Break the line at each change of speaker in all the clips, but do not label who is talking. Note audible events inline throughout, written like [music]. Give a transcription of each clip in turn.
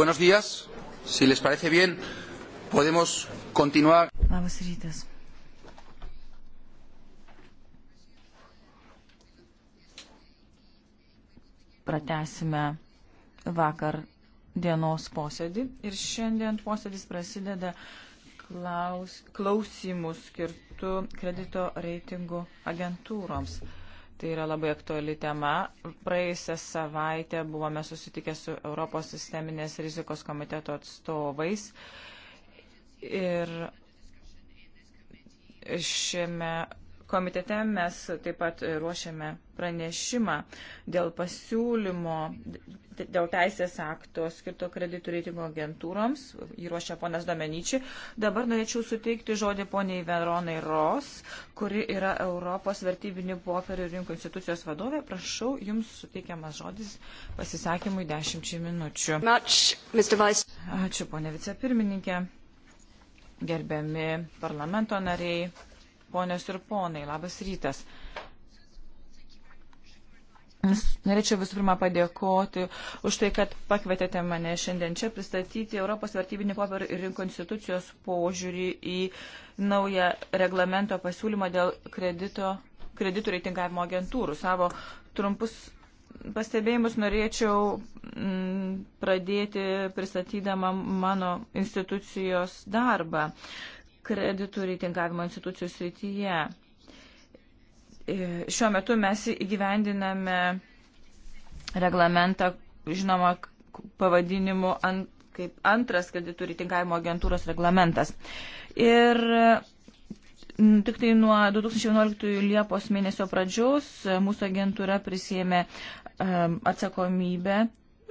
Buenos días. Si les parece bien, podemos continuar.
Labas rytas. Pratesime vakar dienos posėdį ir šiandien posėdis prasideda klaus, klausimų skirtų kredito reitingų agentūroms. Tai yra labai aktuali tema. Praėjusią savaitę buvome susitikę su Europos sisteminės rizikos komiteto atstovais. Ir šiame Komitete mes taip pat ruošiame pranešimą dėl pasiūlymo, dėl teisės akto skirto kreditų reitingo agentūroms. Jį ruošia ponas Domeničiai. Dabar norėčiau suteikti žodį poniai Veronai Ros, kuri yra Europos vertybinių popierių rinkų institucijos vadovė. Prašau, jums suteikiamas žodis pasisakymui dešimčiai minučių. Much, Ačiū, ponė vicepirmininkė. Gerbiami parlamento nariai, ponios ir ponai, labas rytas. Mm. Norėčiau visų pirma padėkoti už tai, kad pakvietėte mane šiandien čia pristatyti Europos vertybinį popierų ir rinkų institucijos požiūrį į naują reglamento pasiūlymą dėl kredito, kreditų reitingavimo agentūrų. Savo trumpus pastebėjimus norėčiau mm, pradėti pristatydama mano institucijos darbą kreditų reitingavimo institucijų srityje. E, šiuo metu mes įgyvendiname reglamentą, žinoma, pavadinimu ant, kaip antras kreditų reitingavimo agentūros reglamentas. Ir e, tik tai nuo 2011 Liepos mėnesio pradžios e, mūsų agentūra prisėmė atsakomybę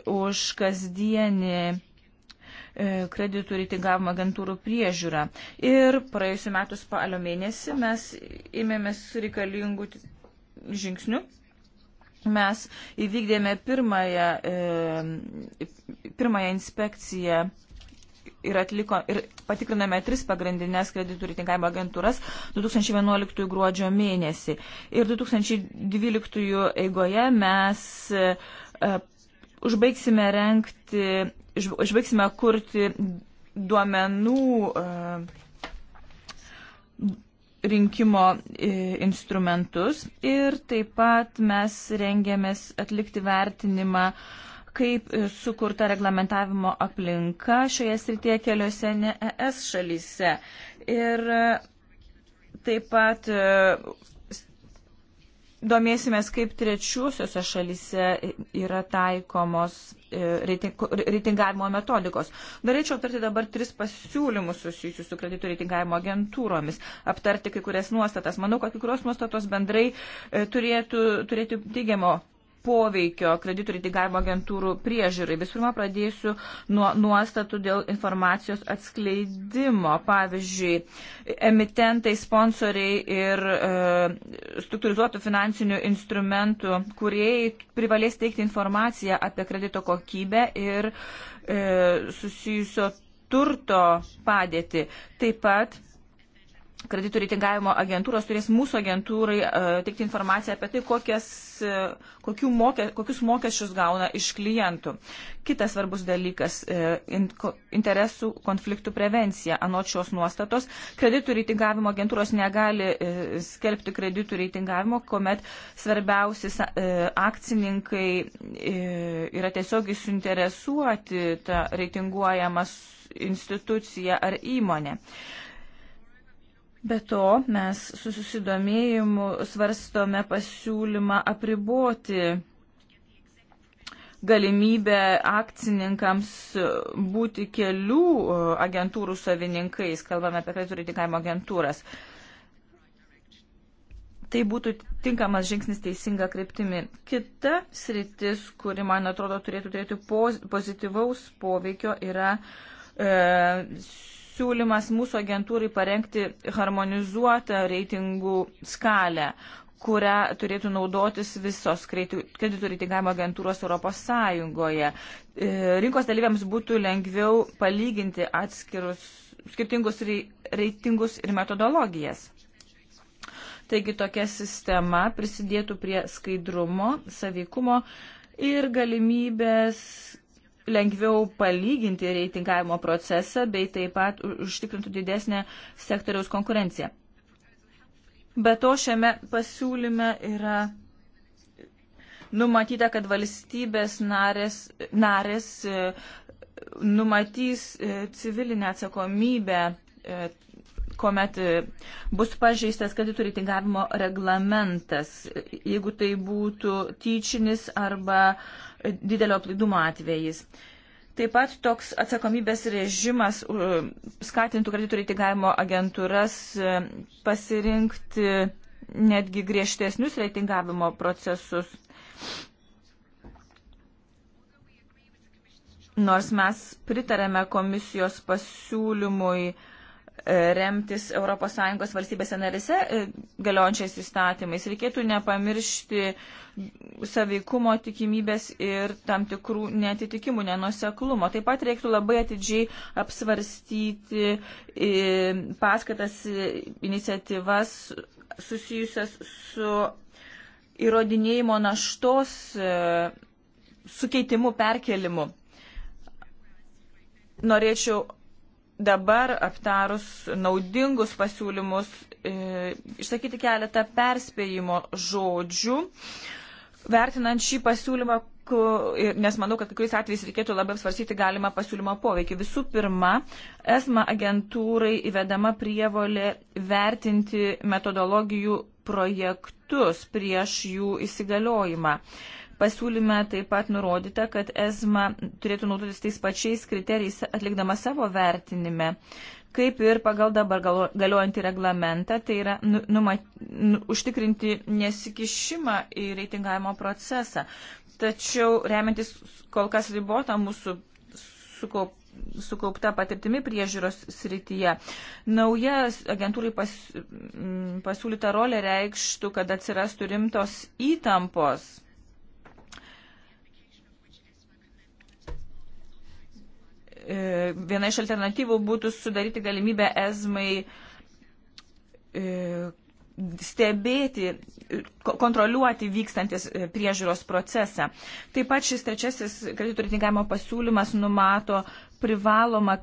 už kasdienį E, kreditų reitingavimo agentūrų priežiūrą. Ir praėjusiu metu spalio mėnesį mes ėmėmės reikalingų žingsnių. Mes įvykdėme pirmąją, e, pirmąją inspekciją ir, atliko, ir patikriname tris pagrindinės kreditų reitingavimo agentūras 2011 gruodžio mėnesį. Ir 2012 eigoje mes uh, užbaigsime renkti išbaigsime kurti duomenų e, rinkimo e, instrumentus ir taip pat mes rengiamės atlikti vertinimą kaip e, sukurta reglamentavimo aplinka šioje srityje keliose ne ES šalyse. Ir taip pat domėsimės, kaip trečiuosiuose šalise yra taikomos e, reitingavimo metodikos. Norėčiau aptarti dabar tris pasiūlymus susijusius su kreditų reitingavimo agentūromis, aptarti kai kurias nuostatas. Manau, kad kai kurios nuostatos bendrai e, turėtų turėti teigiamo poveikio kreditų reitingavimo agentūrų priežiūrai. Visų pirma, pradėsiu nuo nuostatų dėl informacijos atskleidimo. Pavyzdžiui, emitentai, sponsoriai ir e, struktūrizuotų finansinių instrumentų, kurie privalės teikti informaciją apie kredito kokybę ir e, susijusio turto padėtį. Taip pat kreditų reitingavimo agentūros turės mūsų agentūrai e, teikti informaciją apie tai, kokias, e, mokė, kokius mokesčius gauna iš klientų. Kitas svarbus dalykas e, - interesų konfliktų prevencija. Anot šios nuostatos, kreditų reitingavimo agentūros negali skelbti kreditų reitingavimo, kuomet svarbiausi akcininkai yra tiesiog suinteresuoti tą reitinguojamą instituciją ar įmonę. Be to, mes su susidomėjimu svarstome pasiūlymą apriboti galimybę akcininkams būti kelių agentūrų savininkais, kalbame apie kreditų reitingavimo agentūras. Tai būtų tinkamas žingsnis teisinga kryptimi. Kita sritis, kuri, man atrodo, turėtų turėti pozityvaus poveikio, yra e, siūlymas mūsų agentūrai parengti harmonizuotą reitingų skalę, kurią turėtų naudotis visos kreditų reitingavimo agentūros Europos Sąjungoje. E, rinkos dalyviams būtų lengviau palyginti atskirus skirtingus reitingus ir metodologijas. Taigi tokia sistema prisidėtų prie skaidrumo, saveikumo ir galimybės lengviau palyginti reitingavimo procesą, bei taip pat užtikrintų didesnę sektoriaus konkurenciją. Be to šiame pasiūlyme yra numatyta, kad valstybės narės, narės e, numatys e, civilinę atsakomybę, e, kuomet bus pažeistas kreditų reitingavimo reglamentas, jeigu tai būtų tyčinis arba uh, didelio plaidumo atvejais. Taip pat toks atsakomybės režimas skatintų kreditų reitingavimo agentūras e, pasirinkti netgi griežtesnius reitingavimo procesus. Nors mes pritarėme komisijos pasiūlymui uh, remtis ES valstybėse narise e, galiojančiais įstatymais. Reikėtų nepamiršti saveikumo tikimybės ir tam tikrų netitikimų, nenuseklumo. Taip pat reiktų labai atidžiai apsvarstyti e, paskatas e, iniciatyvas susijusias su įrodinėjimo naštos sukeitimu, perkelimu. Norėčiau dabar aptarus naudingus pasiūlymus e, išsakyti keletą perspėjimo žodžių, vertinant šį pasiūlymą, ku, nes manau, kad kiekvienais atvejais reikėtų labai svarsyti galimą pasiūlymo poveikį. Visų pirma, esma agentūrai įvedama prievolė vertinti metodologijų projektus prieš jų įsigaliojimą. Pasiūlyme taip pat nurodyta, kad ESMA turėtų naudotis tais pačiais kriterijais atlikdama savo vertinime, kaip ir pagal dabar galiojantį reglamentą, tai yra nu, numat, nu, užtikrinti nesikišimą į reitingavimo procesą. Tačiau remiantis kol kas ribota mūsų sukaup, sukaupta patirtimi priežiūros srityje, nauja agentūrai pas, pasiūlyta rolė reikštų, kad atsirastų rimtos įtampos E, viena iš alternatyvų būtų sudaryti galimybę esmai e, stebėti, kontroliuoti vykstantis e, priežiūros procesą. Taip pat šis trečiasis kreditų reitingavimo pasiūlymas numato privalomą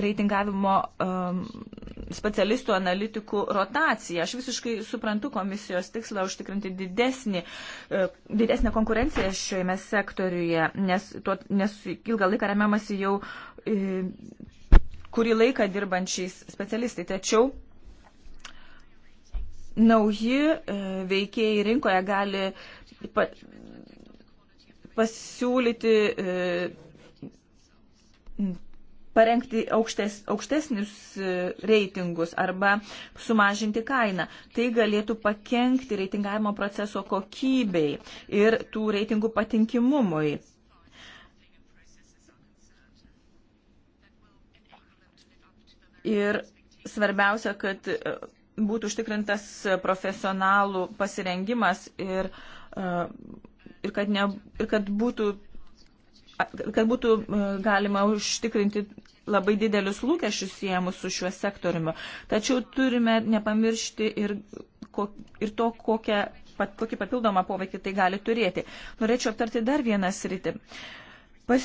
reitingavimo um, specialistų analitikų rotaciją. Aš visiškai suprantu komisijos tikslą užtikrinti didesnį, uh, didesnę konkurenciją šiame sektoriuje, nes, tuo, nes ilgą laiką remiamasi jau uh, E, kurį laiką dirbančiais specialistai. Tačiau nauji e, veikėjai rinkoje gali pasiūlyti, e, parengti aukštes, aukštesnius reitingus arba sumažinti kainą. Tai galėtų pakengti reitingavimo proceso kokybei ir tų reitingų patinkimumui. Ir svarbiausia, kad e, būtų užtikrintas profesionalų pasirengimas ir, e, ir, kad, ne, ir kad, būtų, kad būtų e, galima užtikrinti labai didelius lūkesčius siejamus su šiuo sektoriumi. Tačiau turime nepamiršti ir, ir to, kokią, pat, kokį papildomą poveikį tai gali turėti. Norėčiau aptarti dar vieną sritį. Pas,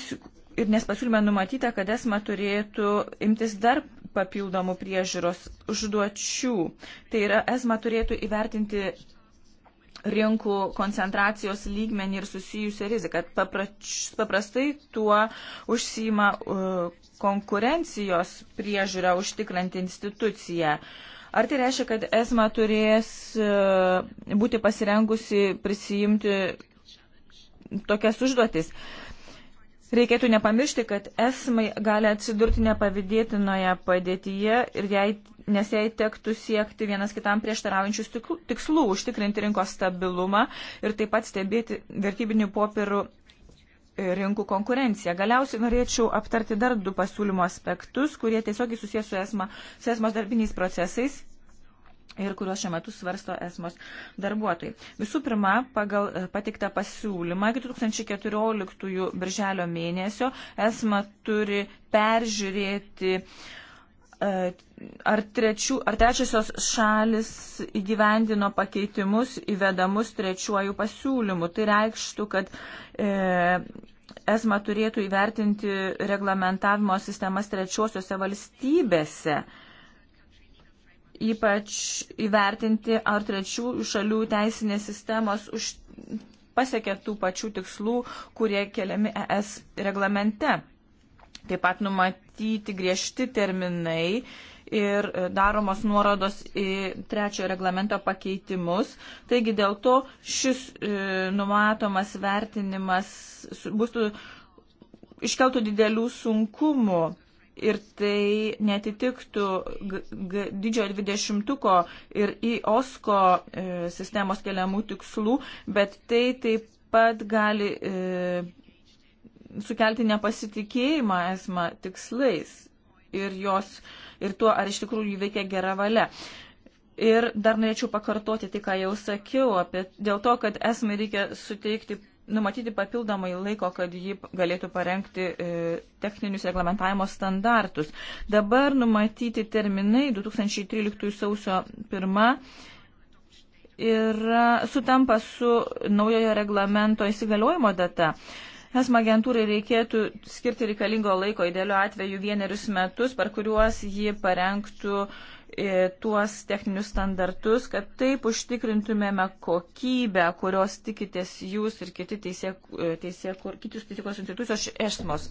ir nes pasiūlyme numatyta, kad esma turėtų imtis dar papildomų priežiūros užduočių. Tai yra, esma turėtų įvertinti rinkų koncentracijos lygmenį ir susijusią riziką. Paprastai tuo užsima uh, konkurencijos priežiūrą užtikrinti instituciją. Ar tai reiškia, kad ESMA turės uh, būti pasirengusi prisijimti tokias užduotis? Reikėtų nepamiršti, kad esmai gali atsidurti nepavydėtinoje padėtyje, jai, nes jai tektų siekti vienas kitam prieštaraujančius tikslų, užtikrinti rinkos stabilumą ir taip pat stebėti vertybinių popierų e, rinkų konkurenciją. Galiausiai norėčiau aptarti dar du pasiūlymo aspektus, kurie tiesiogiai susijęs su esma, su esmos darbiniais procesais ir kuriuos šiuo metu svarsto esmos darbuotojai. Visų pirma, pagal e, patiktą pasiūlymą iki 2014 birželio mėnesio esma turi peržiūrėti e, Ar, trečių, ar trečiosios šalis įgyvendino pakeitimus įvedamus trečiuoju pasiūlymu? Tai reikštų, kad e, ESMA turėtų įvertinti reglamentavimo sistemas trečiosiose valstybėse. E, ypač įvertinti, ar trečių šalių teisinės sistemos už pasiekė tų pačių tikslų, kurie keliami ES reglamente. Taip pat numatyti griežti terminai ir daromos nuorodos į trečiojo reglamento pakeitimus. Taigi dėl to šis e, numatomas vertinimas bus iškeltų didelių sunkumų ir tai netitiktų didžiojo dvidešimtuko ir į OSKO e, sistemos keliamų tikslų, bet tai taip pat gali e, sukelti nepasitikėjimą esmą tikslais ir, jos, ir tuo, ar iš tikrųjų veikia gera valia. Ir dar norėčiau pakartoti tai, ką jau sakiau, apie, dėl to, kad esmai reikia suteikti numatyti papildomai laiko, kad ji galėtų parengti e, techninius reglamentavimo standartus. Dabar numatyti terminai 2013 sausio 1 yra sutampa su naujojo reglamento įsigaliojimo data. ESMA agentūrai reikėtų skirti reikalingo laiko, idealiu atveju vienerius metus, per kuriuos ji parengtų uh, tuos techninius standartus, kad taip užtikrintumėme kokybę, kurios tikitės jūs ir kiti teisė, teisė kur, kitus teisėkos institucijos esmos.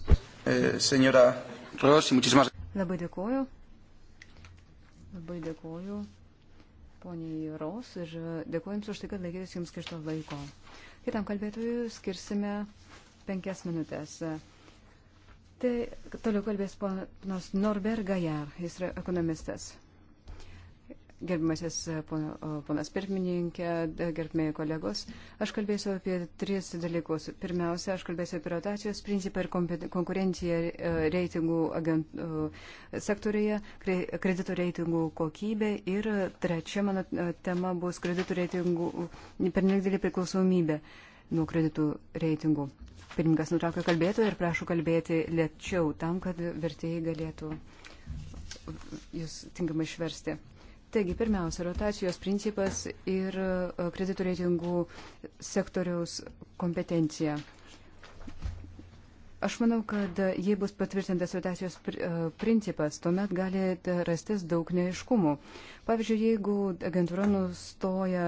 E, Senjora Ros, muchísimas.
Labai dėkoju. Labai dėkoju poniai Ros ir dėkoju Jums už tai, kad laikėtės Jums skirto laiko. Kitam kalbėtojui skirsime penkias minutės. Tai toliau kalbės ponas Norber Gajar, jis yra ekonomistas. Gerbimasis e, e, ponas pirmininkė, gerbėjai kolegos, aš kalbėsiu apie tris dalykus. Pirmiausia, aš kalbėsiu apie rotacijos principą ir konkurenciją e, reitingų agent, sektorėje, kreditų reitingų kokybę ir trečia mano tema bus kreditų reitingų pernelyg priklausomybė nuo kreditų reitingų. Pirmininkas nutraukė kalbėtoją ir prašau kalbėti lėčiau tam, kad vertėjai galėtų jūs tinkamai išversti. Taigi, pirmiausia, rotacijos principas ir e, kreditų reitingų sektoriaus kompetencija. Aš manau, kad jei bus patvirtintas rotacijos e, principas, tuomet gali rastis daug neiškumų. Pavyzdžiui, jeigu agentūra nustoja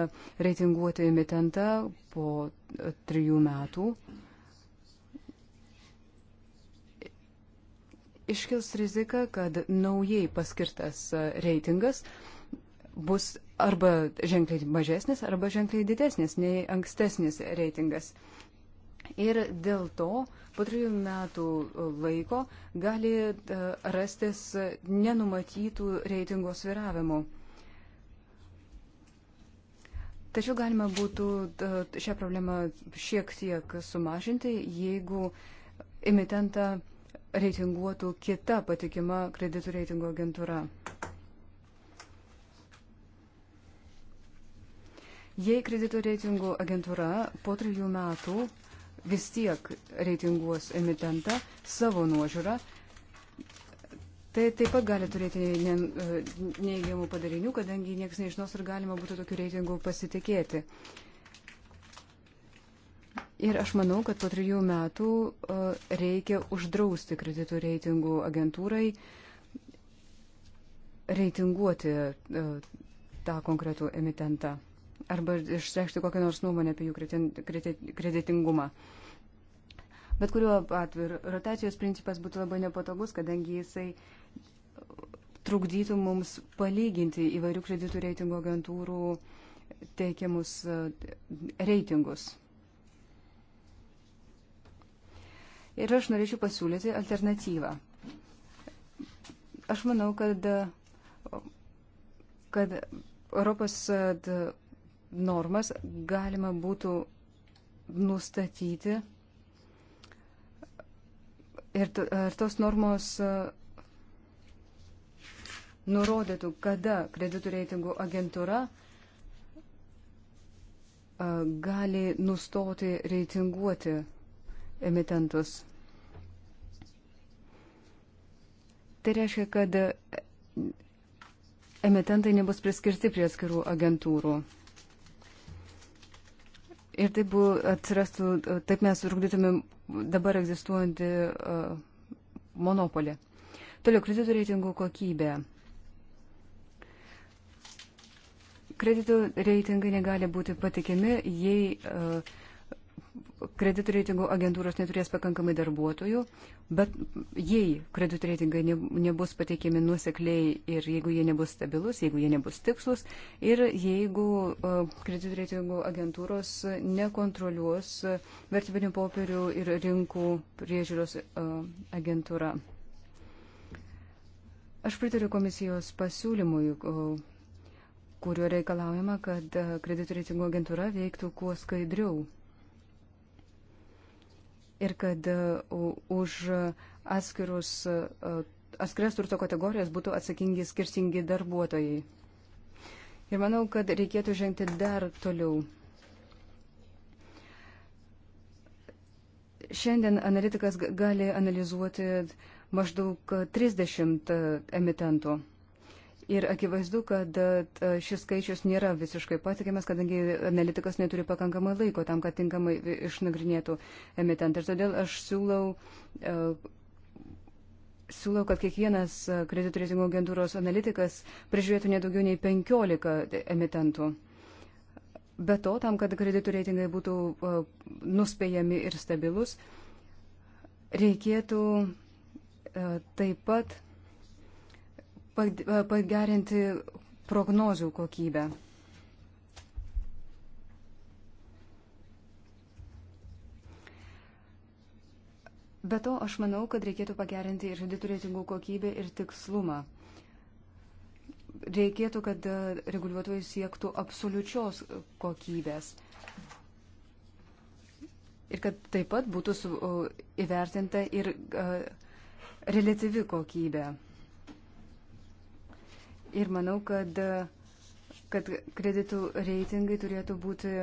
reitinguoti emitentą po e, trijų metų, iškils rizika, kad naujai paskirtas reitingas uh, bus arba ženkliai mažesnis, arba ženkliai didesnis nei ankstesnis reitingas. Ir dėl to po trijų metų laiko gali e, rastis nenumatytų reitingo sviravimų. Tačiau galima būtų e, šią problemą šiek tiek sumažinti, jeigu emitentą reitinguotų kita patikima kreditų reitingo agentūra. Jei kredito reitingų agentūra po trijų metų vis tiek reitinguos emitentą savo nuožiūrą, tai taip pat gali turėti neįgiamų padarinių, kadangi niekas nežinos, ar galima būtų tokiu reitingu pasitikėti. Ir aš manau, kad po trijų metų e, reikia uždrausti kreditų reitingų agentūrai reitinguoti e, tą konkretų emitentą arba išreikšti kokią nors nuomonę apie jų kreditingumą. Bet kuriuo atveju, rotacijos principas būtų labai nepatogus, kadangi jisai trukdytų mums palyginti įvairių kreditų reitingo agentūrų teikiamus e, reitingus. Ir aš norėčiau pasiūlyti alternatyvą. Aš manau, kad, kad Europos e, normas galima būtų nustatyti ir, ir tos normos e, nurodytų, kada kreditų reitingų agentūra e, gali nustoti reitinguoti emitentus. Tai reiškia, kad e, emitentai nebus priskirti prie atskirų agentūrų. Ir taip atsirastų, taip mes surugdytumėm dabar egzistuojantį uh, monopolį. Toliau, kreditų reitingų kokybė. Kreditų reitingai negali būti patikimi, jei uh, kredito reitingų agentūros neturės pakankamai darbuotojų, bet jei kredito reitingai ne, nebus pateikiami nusekliai ir jeigu jie nebus stabilus, jeigu jie nebus tikslus ir jeigu uh, e, kredito reitingų agentūros nekontroliuos uh, vertybinių popierių ir rinkų priežiūros uh, agentūra. Aš pritariu komisijos pasiūlymui, kuriuo reikalaujama, kad kredito reitingų agentūra veiktų kuo skaidriau ir kad e, už atskirus, e, atskiras turto kategorijas būtų atsakingi skirtingi darbuotojai. Ir manau, kad reikėtų žengti dar toliau. Šiandien analitikas gali analizuoti maždaug 30 e, emitentų. Ir akivaizdu, kad e, šis skaičius nėra visiškai patikimas, kadangi analitikas neturi pakankamai laiko tam, kad tinkamai išnagrinėtų emitentą. Ir todėl aš siūlau. E, siūlau, kad kiekvienas e, kreditų reitingų agentūros analitikas prižiūrėtų nedaugiau nei 15 emitentų. Be to, tam, kad kreditų reitingai būtų nuspėjami ir stabilus, reikėtų taip pat E, pagerinti prognozių kokybę. Be to, aš manau, kad reikėtų pagerinti ir kreditų reitingų kokybę ir tikslumą. Reikėtų, kad e, reguliuotojai siektų absoliučios kokybės. Ir kad taip pat būtų su, uh, įvertinta ir uh, e, relativi kokybė. Ir manau, kad, kad kreditų reitingai turėtų būti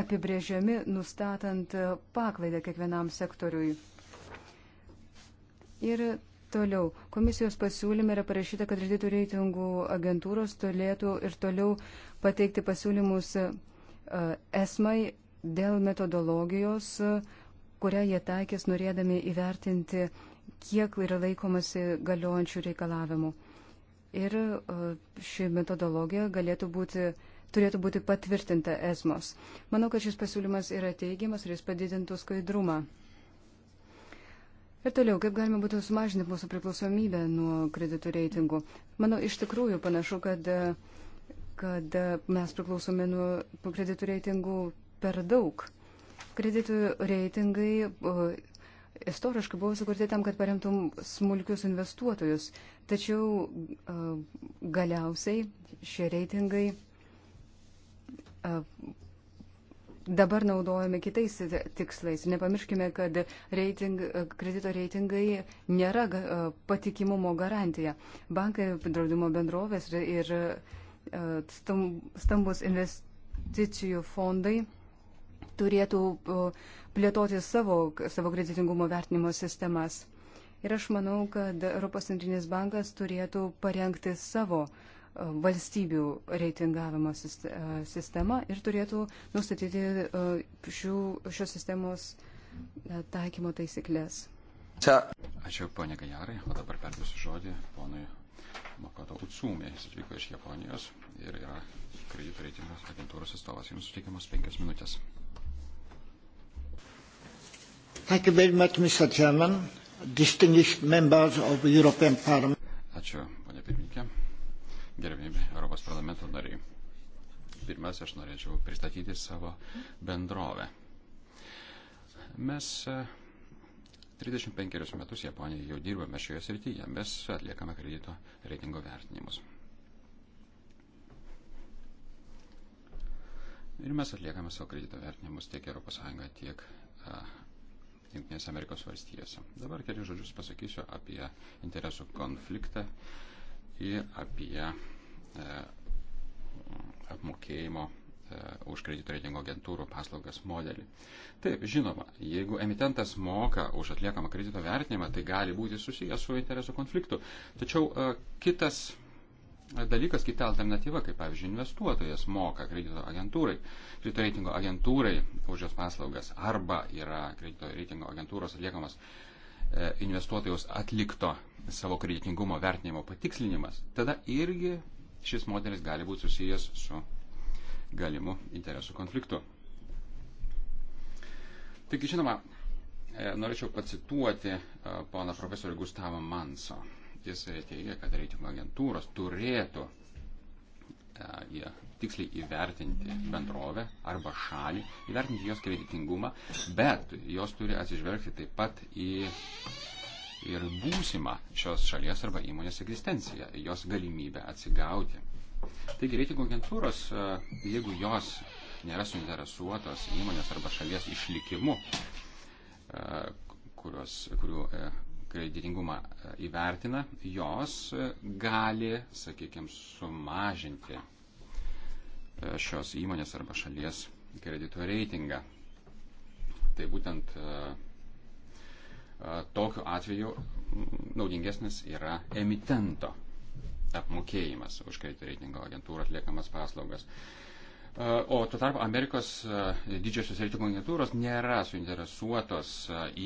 apibrėžiami, nustatant paklaidą kiekvienam sektoriui. Ir toliau. Komisijos pasiūlyme yra parašyta, kad kreditų reitingų agentūros turėtų ir toliau pateikti pasiūlymus esmai dėl metodologijos, kurią jie taikės norėdami įvertinti uh, kiek yra laikomasi galiojančių reikalavimų. Ir e, ši metodologija galėtų būti, turėtų būti patvirtinta esmos. Manau, kad šis pasiūlymas yra teigiamas ir jis padidintų skaidrumą. Ir toliau, kaip galima būtų sumažinti mūsų priklausomybę nuo kreditų reitingų? Manau, iš tikrųjų panašu, kad, e, kad e, mes priklausome nuo kreditų reitingų per daug. Kreditų reitingai istoriškai buvo sukurti tam, kad paremtum smulkius investuotojus. Tačiau galiausiai šie reitingai dabar naudojami kitais tikslais. Nepamirškime, kad reiting, kredito reitingai nėra patikimumo garantija. Bankai, draudimo bendrovės ir stambus investicijų fondai turėtų uh, plėtoti savo, savo kreditingumo vertinimo sistemas. Ir aš manau, kad Europos centrinis bankas turėtų parengti savo e, valstybių reitingavimo e, sistemą ir turėtų nustatyti e, šių, šios sistemos taikymo taisyklės.
Čia. Ačiū, ponė Gajarai. O dabar perduosiu žodį ponui Makoto Utsumė. Jis atvyko iš Japonijos ir yra kredito reitingos agentūros atstovas. Jums suteikiamas penkias minutės. Thank you very much, Mr. Chairman. Distinguished members of European Parliament. Ačiū, ponė pirmininkė. Gerbėjami Europos parlamento nariai. Pirmiausia, aš norėčiau pristatyti savo bendrovę. Mes 35 e, metus Japonijoje jau dirbame šioje srityje. Mes atliekame kredito reitingo vertinimus. Ir mes atliekame savo kredito vertinimus tiek ES, tiek e, Junktinėse Amerikos valstijose. Dabar keli žodžius pasakysiu apie interesų konfliktą ir apie e, apmokėjimo e, už kredito reitingo agentūrų paslaugas modelį. Taip, žinoma, jeigu emitentas moka už atliekamą kredito vertinimą, tai gali būti susijęs su interesų konfliktu. Tačiau e, kitas dalykas, kita alternatyva, kaip pavyzdžiui investuotojas moka kredito agentūrai, kredito reitingo agentūrai už jos paslaugas arba yra kredito reitingo agentūros atliekamas e, investuotojos atlikto savo kreditingumo vertinimo patikslinimas, tada irgi šis modelis gali būti susijęs su galimu interesų konfliktu. Taigi, žinoma, e, norėčiau pacituoti e, poną profesorių Gustavą Manso jis e, teigia, kad reitingų agentūros turėtų e, jie tiksliai įvertinti bendrovę arba šalį, įvertinti jos kreditingumą, bet jos turi atsižvelgti taip pat į ir būsimą šios šalies arba įmonės egzistenciją, jos galimybę atsigauti. Taigi reitingų agentūros, e, jeigu jos nėra suinteresuotos įmonės arba šalies išlikimu, kurios, kurių kreditingumą e, įvertina, jos e, gali, sakykime, sumažinti e, šios įmonės arba šalies kredito reitingą. Tai būtent tokiu atveju naudingesnis yra emitento apmokėjimas už kredito reitingo agentūrų atliekamas paslaugas. O tuo tarpu Amerikos didžiosios reitingų agentūros nėra suinteresuotos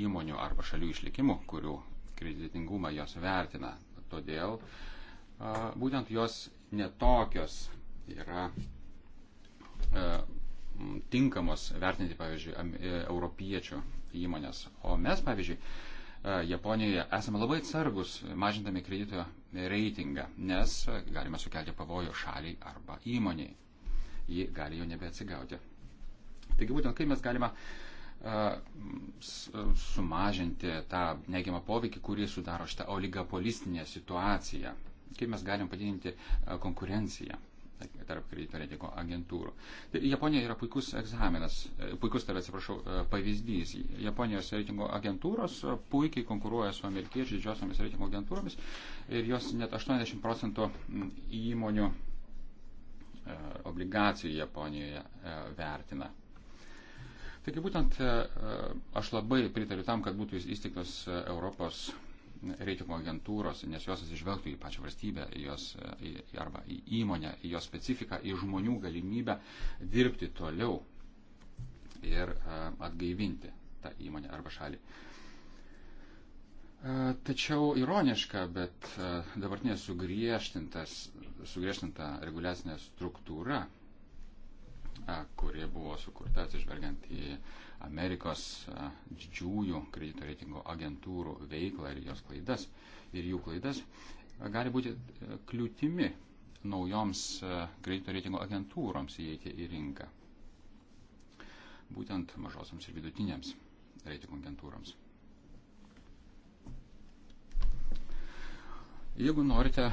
įmonių arba šalių išlikimu, kurių kreditingumą, jos vertina. Todėl būtent jos netokios yra tinkamos vertinti, pavyzdžiui, e, europiečių įmonės. O mes, pavyzdžiui, Japonijoje esame labai atsargus mažindami kredito reitingą, nes galime sukelti pavojų šaliai arba įmoniai. Ji gali jau nebeatsigauti. Taigi būtent kaip mes galime uh, sumažinti tą neigiamą poveikį, kurį sudaro šitą oligopolistinę situaciją. Kaip mes galim padidinti konkurenciją tarp kredito reitingo agentūrų. Tai Japonija yra puikus egzaminas, e, puikus, tai atsiprašau, e, pavyzdys. Japonijos reitingo agentūros e, puikiai konkuruoja su amerikiečių didžiosiomis reitingo agentūromis ir jos net 80 procentų įmonių obligacijų Japonijoje vertina. Taigi būtent e, e, aš labai pritariu tam, kad būtų įsteigtos e, Europos reitingų agentūros, nes jos atsižvelgtų į pačią valstybę, į jos, į, arba į įmonę, į jos specifiką, į žmonių galimybę dirbti toliau ir atgaivinti tą įmonę arba šalį. Tačiau ironiška, bet dabartinė sugriežtinta reguliacinė struktūra kuri buvo sukurta atsižvelgiant į Amerikos didžiųjų kredito reitingo agentūrų veiklą ir jos klaidas ir jų klaidas, gali būti kliūtimi naujoms kredito reitingo agentūroms įeiti į rinką. Būtent mažosiams ir vidutinėms reitingo agentūroms. Jeigu norite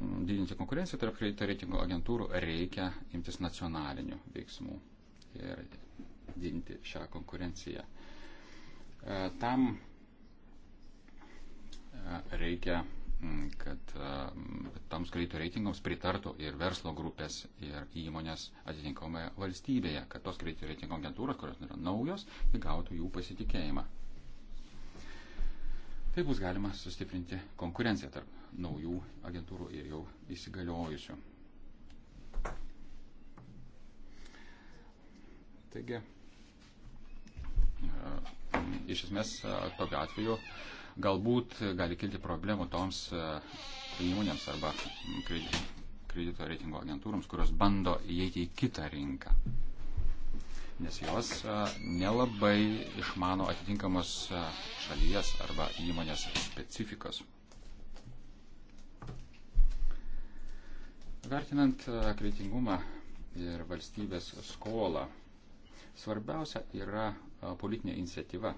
didinti konkurenciją tarp kredito reitingo agentūrų, reikia imtis nacionalinių veiksmų ir didinti šią konkurenciją. E, tam e, reikia, kad e, toms kredito reitingams pritartų ir verslo grupės, ir įmonės atitinkamoje valstybėje, kad tos kredito reitingo agentūros, kurios yra naujos, įgautų jų pasitikėjimą. Tai bus galima sustiprinti konkurenciją tarp naujų agentūrų ir jau įsigaliojusių. Taigi, e, iš esmės, e, tokiu atveju galbūt gali kilti problemų toms e, įmonėms arba kredito reitingo agentūroms, kurios bando įeiti į kitą rinką nes jos nelabai išmano atitinkamos šalies arba įmonės specifikos. Vertinant kreditingumą ir valstybės skolą, svarbiausia yra politinė iniciatyva,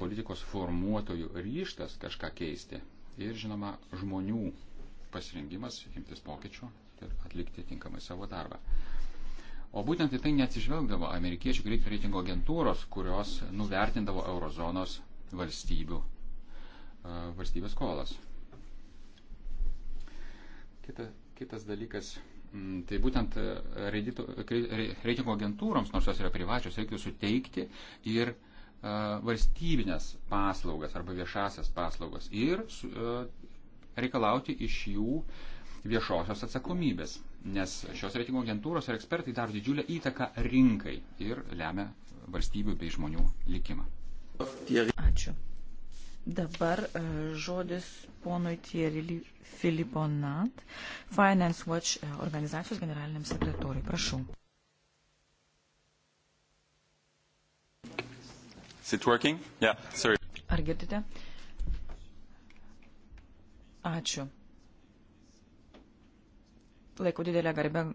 politikos formuotojų ryštas kažką keisti ir, žinoma, žmonių pasirengimas imtis pokyčių ir atlikti tinkamai savo darbą. O būtent į tai neatsižvelgdavo amerikiečių kredito reitingo agentūros, kurios nuvertindavo eurozonos valstybių, e, valstybės skolas. Kita, kitas dalykas, mm, tai būtent e, reidito, reitingo agentūroms, nors jos yra privačios, reikia suteikti ir e, valstybinės paslaugas arba viešasias paslaugas ir reikalauti iš jų viešosios atsakomybės nes šios reitingų agentūros ir ekspertai daro didžiulę įtaką rinkai ir lemia valstybių bei žmonių likimą. Ačiū.
Dabar e, žodis ponui Thierry Filiponat, Finance Watch e, organizacijos generaliniam sekretoriui. Prašau.
Yeah,
Ar girdite? Ačiū laiko didelę garbę e,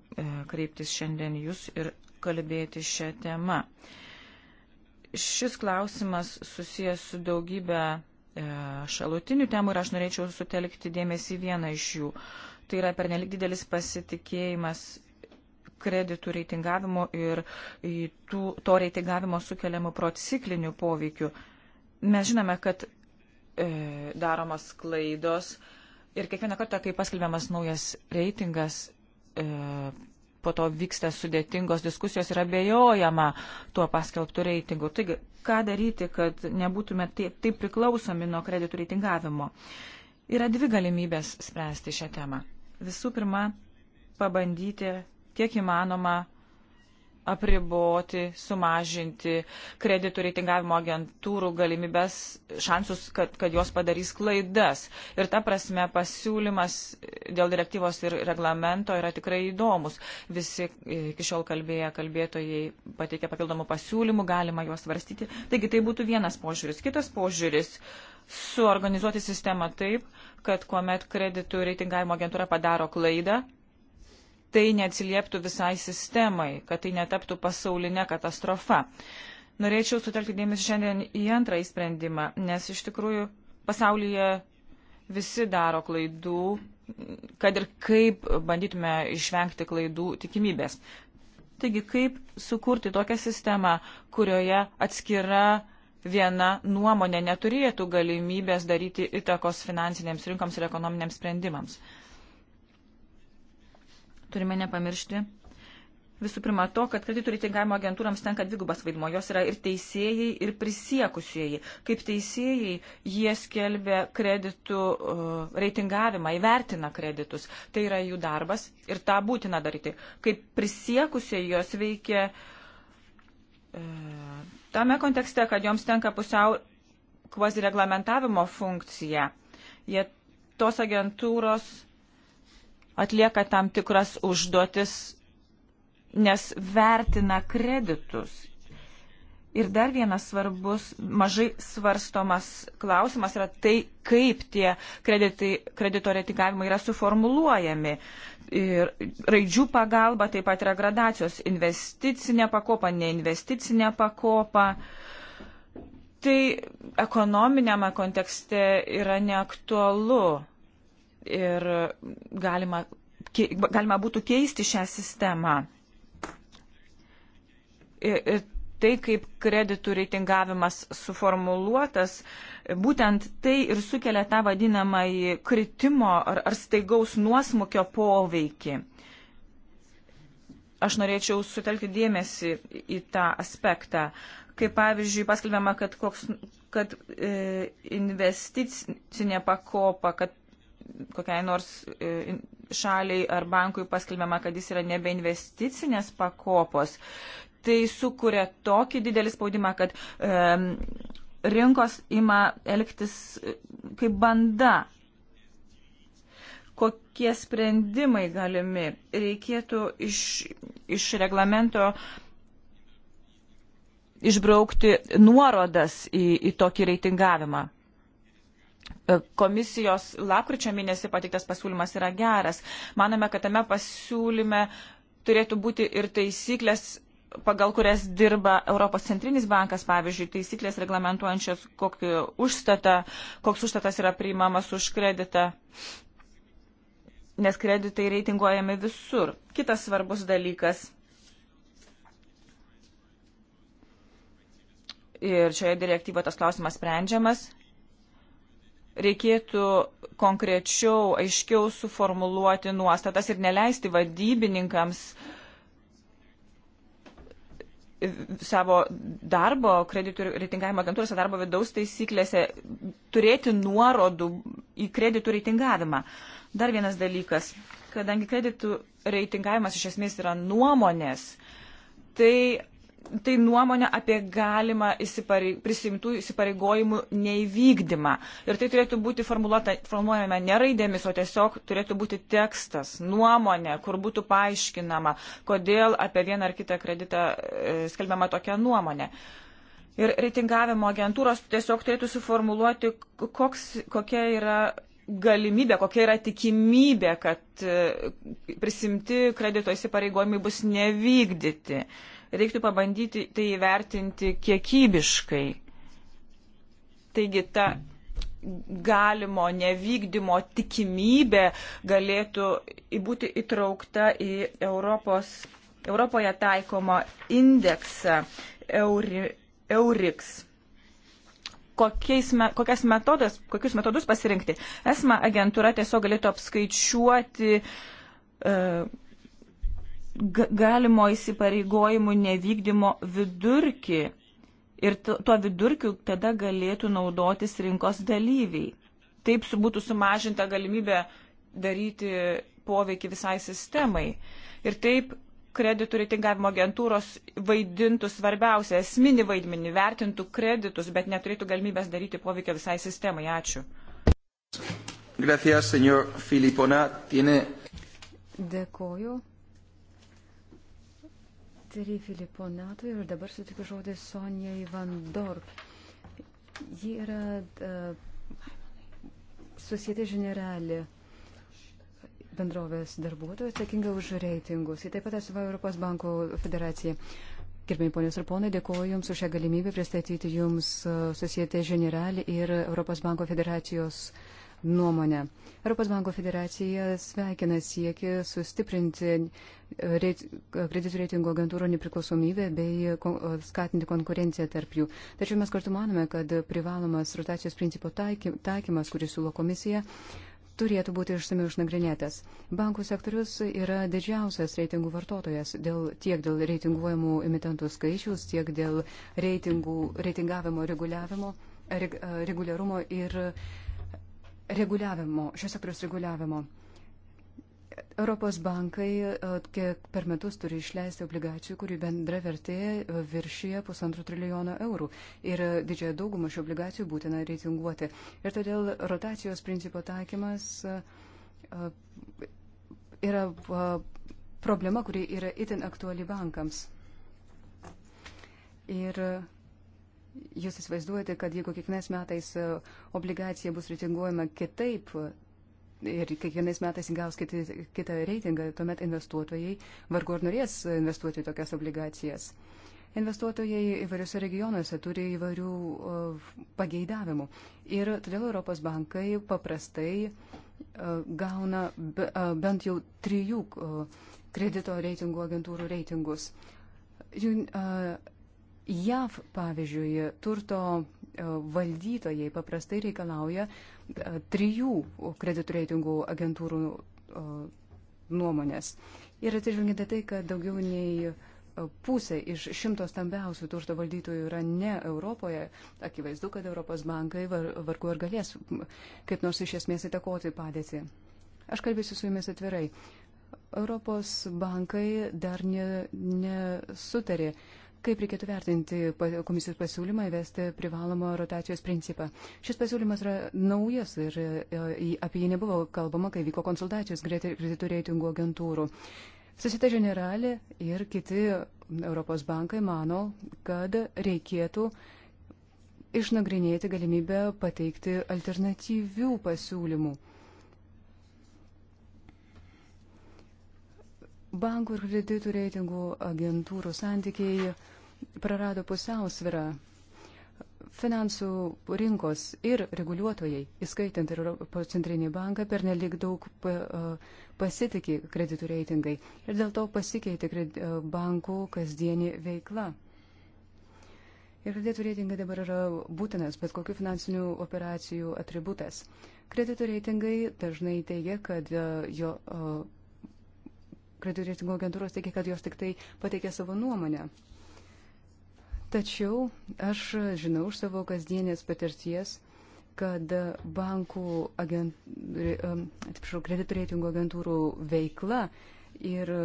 kreiptis šiandien jūs ir kalbėti šią temą. Šis klausimas susijęs su daugybė e, šalutinių temų ir aš norėčiau sutelkti dėmesį vieną iš jų. Tai yra pernelik didelis pasitikėjimas kreditų reitingavimo ir tų, to reitingavimo sukeliamų prociklinių poveikių. Mes žinome, kad e, daromos klaidos ir kiekvieną kartą, kai paskelbiamas naujas reitingas, e, po to vyksta sudėtingos diskusijos ir abejojama tuo paskelbtų reitingu. Taigi, ką daryti, kad nebūtume taip, taip priklausomi nuo kreditų reitingavimo? Yra dvi galimybės spręsti šią temą. Visų pirma, pabandyti kiek įmanoma apriboti, sumažinti kreditų reitingavimo agentūrų galimybės, šansus, kad, kad jos padarys klaidas. Ir ta prasme pasiūlymas dėl direktyvos ir reglamento yra tikrai įdomus. Visi e, iki šiol kalbėję kalbėtojai pateikė papildomų pasiūlymų, galima juos svarstyti. Taigi tai būtų vienas požiūris. Kitas požiūris - suorganizuoti sistemą taip, kad kuomet kreditų reitingavimo agentūra padaro klaidą, tai neatsilieptų visai sistemai, kad tai netaptų pasaulinė katastrofa. Norėčiau sutelkti dėmesį šiandien į antrąjį sprendimą, nes iš tikrųjų pasaulyje visi daro klaidų, kad ir kaip bandytume išvengti klaidų tikimybės. Taigi, kaip sukurti tokią sistemą, kurioje atskira viena nuomonė neturėtų galimybės daryti įtakos finansinėms rinkoms ir ekonominiams sprendimams turime nepamiršti visų pirma to, kad kreditų reitingavimo agentūrams tenka dvigubas vaidmo. Jos yra ir teisėjai, ir prisiekusieji. Kaip teisėjai, jie skelbia kreditų uh, reitingavimą, įvertina kreditus. Tai yra jų darbas ir tą būtina daryti. Kaip prisiekusieji jos veikia uh, tame kontekste, kad joms tenka pusiau kvazi reglamentavimo funkcija. Jie tos agentūros atlieka tam tikras užduotis, nes vertina kreditus. Ir dar vienas svarbus, mažai svarstomas klausimas yra tai, kaip tie kreditai, kredito reitingavimai yra suformuluojami. Ir raidžių pagalba taip pat yra gradacijos investicinė pakopa, neinvesticinė pakopa. Tai ekonominėme kontekste yra neaktualu ir galima, galima būtų keisti šią sistemą. Ir, ir tai, kaip kreditų reitingavimas suformuluotas, būtent tai ir sukelia tą vadinamąjį kritimo ar, ar staigaus nuosmukio poveikį. Aš norėčiau sutelkti dėmesį į tą aspektą. Kaip pavyzdžiui, paskelbėma, kad, koks, kad e, investicinė pakopa, kad kokiai nors e, šaliai ar bankui paskelbiama, kad jis yra nebeinvesticinės pakopos, tai sukuria tokį didelį spaudimą, kad um, rinkos ima elgtis e, kaip banda. Kokie sprendimai galimi? Reikėtų iš, iš reglamento išbraukti nuorodas į, į tokį reitingavimą komisijos lapkričio mėnesį pateiktas pasiūlymas yra geras. Manome, kad tame pasiūlyme turėtų būti ir taisyklės pagal kurias dirba Europos centrinis bankas, pavyzdžiui, taisyklės reglamentuojančios, užstata, koks užstatas yra priimamas už kreditą, nes kreditai reitinguojami visur. Kitas svarbus dalykas. Ir šioje direktyvoje tas klausimas sprendžiamas reikėtų konkrečiau, aiškiau suformuluoti nuostatas ir neleisti vadybininkams savo darbo, kreditų reitingavimo agentūrose darbo vidaus taisyklėse turėti nuorodų į kreditų reitingavimą. Dar vienas dalykas, kadangi kreditų reitingavimas iš esmės yra nuomonės, tai tai nuomonė apie galimą įsiparei, prisimtų įsipareigojimų neįvykdymą. Ir tai turėtų būti formuojama ne raidėmis, o tiesiog turėtų būti tekstas, nuomonė, kur būtų paaiškinama, kodėl apie vieną ar kitą kreditą e, skelbiama tokia nuomonė. Ir reitingavimo agentūros tiesiog turėtų suformuluoti, koks, kokia yra galimybė, kokia yra tikimybė, kad e, prisimti kredito įsipareigojimai bus nevykdyti. Uh, reiktų pabandyti tai įvertinti kiekybiškai. Taigi ta galimo nevykdymo tikimybė galėtų būti įtraukta į Europos, Europoje taikomą indeksą Euri, Euriks. Kokiais, kokias metodas, kokius metodus pasirinkti? Esma agentūra tiesiog galėtų apskaičiuoti uh, galimo įsipareigojimų nevykdymo vidurkį ir tuo vidurkiu tada galėtų naudotis rinkos dalyviai. Taip būtų sumažinta galimybė daryti poveikį visai sistemai. Ir taip kreditų reitingavimo agentūros vaidintų svarbiausią esminį vaidmenį, vertintų kreditus, bet neturėtų galimybės daryti poveikio visai sistemai. Ačiū.
Gracias, señor Filipona. Tiene...
Dėkoju dr. Filipo Natui ir dabar sutikiu žodį Sonija Ivandorp. Ji yra uh, Societė Generalė bendrovės darbuotojų atsakinga už reitingus. Ji taip pat atstovauja Europos banko federaciją. Gerbėjai ponios ir ponai, dėkuoju Jums už šią galimybę pristatyti Jums e, Societė Generalė ir Europos banko federacijos uh, nuomonę. Europos banko federacija sveikina siekį sustiprinti kreditų reitingo agentūrų nepriklausomybę bei skatinti konkurenciją tarp jų. Tačiau mes kartu manome, kad privalomas rotacijos principo taikymas, kurį siūlo komisija, turėtų būti išsami išnagrinėtas. Bankų sektorius yra didžiausias reitingų vartotojas dėl, tiek dėl reitinguojamų emitentų skaičiaus, tiek dėl reitingų, reitingavimo reguliavimo, reg, reguliarumo ir uh, reguliavimo, šios sektoriaus reguliavimo. Europos bankai e, kiek per metus turi išleisti obligacijų, kurių bendra vertė e, viršyje pusantro trilijono eurų. Ir e, didžiąją daugumą šių obligacijų būtina reitinguoti. Ir todėl rotacijos principo taikymas yra problema, kuri yra itin aktuali bankams. Ir Jūs įsivaizduojate, kad jeigu kiekvienais metais e, obligacija bus reitinguojama kitaip ir kiekvienais metais įgaus kiti, kitą reitingą, tuomet investuotojai vargu ar norės investuoti į tokias obligacijas. Investuotojai įvairiose regionuose turi įvairių e, pageidavimų ir todėl Europos bankai paprastai e, gauna bent jau trijų kredito reitingų agentūrų reitingus. Jų, JAV, pavyzdžiui, turto e, valdytojai paprastai reikalauja e, trijų kreditų reitingų agentūrų e, nuomonės. Ir atsižvelgiant į tai, kad daugiau nei pusė iš šimto stambiausių turto valdytojų yra ne Europoje, akivaizdu, kad Europos bankai var, vargu ar galės kaip nors iš esmės įtakoti padėtį. Aš kalbėsiu su jumis atvirai. Europos bankai dar nesutarė. Ne, ne Kaip reikėtų vertinti komisijos pasiūlymą įvesti privalomą rotacijos principą? Šis pasiūlymas yra naujas ir e, apie jį nebuvo kalbama, kai vyko konsultacijos kreditų reitingų agentūrų. Sasita Generalė ir kiti Europos bankai mano, kad reikėtų išnagrinėti galimybę pateikti alternatyvių pasiūlymų. bankų ir kreditų reitingų agentūrų santykiai prarado pusiausvirą. Finansų rinkos ir reguliuotojai, įskaitant ir Europos centrinį banką, per nelik daug pasitikė kreditų reitingai ir dėl to pasikeitė bankų kasdienį veiklą. Ir kreditų reitingai dabar yra būtinas bet kokių finansinių operacijų atributas. Kreditų reitingai dažnai teigia, kad jo. Kreditų reitingo agentūros teigia, kad jos tik tai pateikia savo nuomonę. Tačiau aš žinau iš savo kasdienės patirties, kad bankų agent, atsiprašau, kreditų reitingų agentūrų veikla ir e,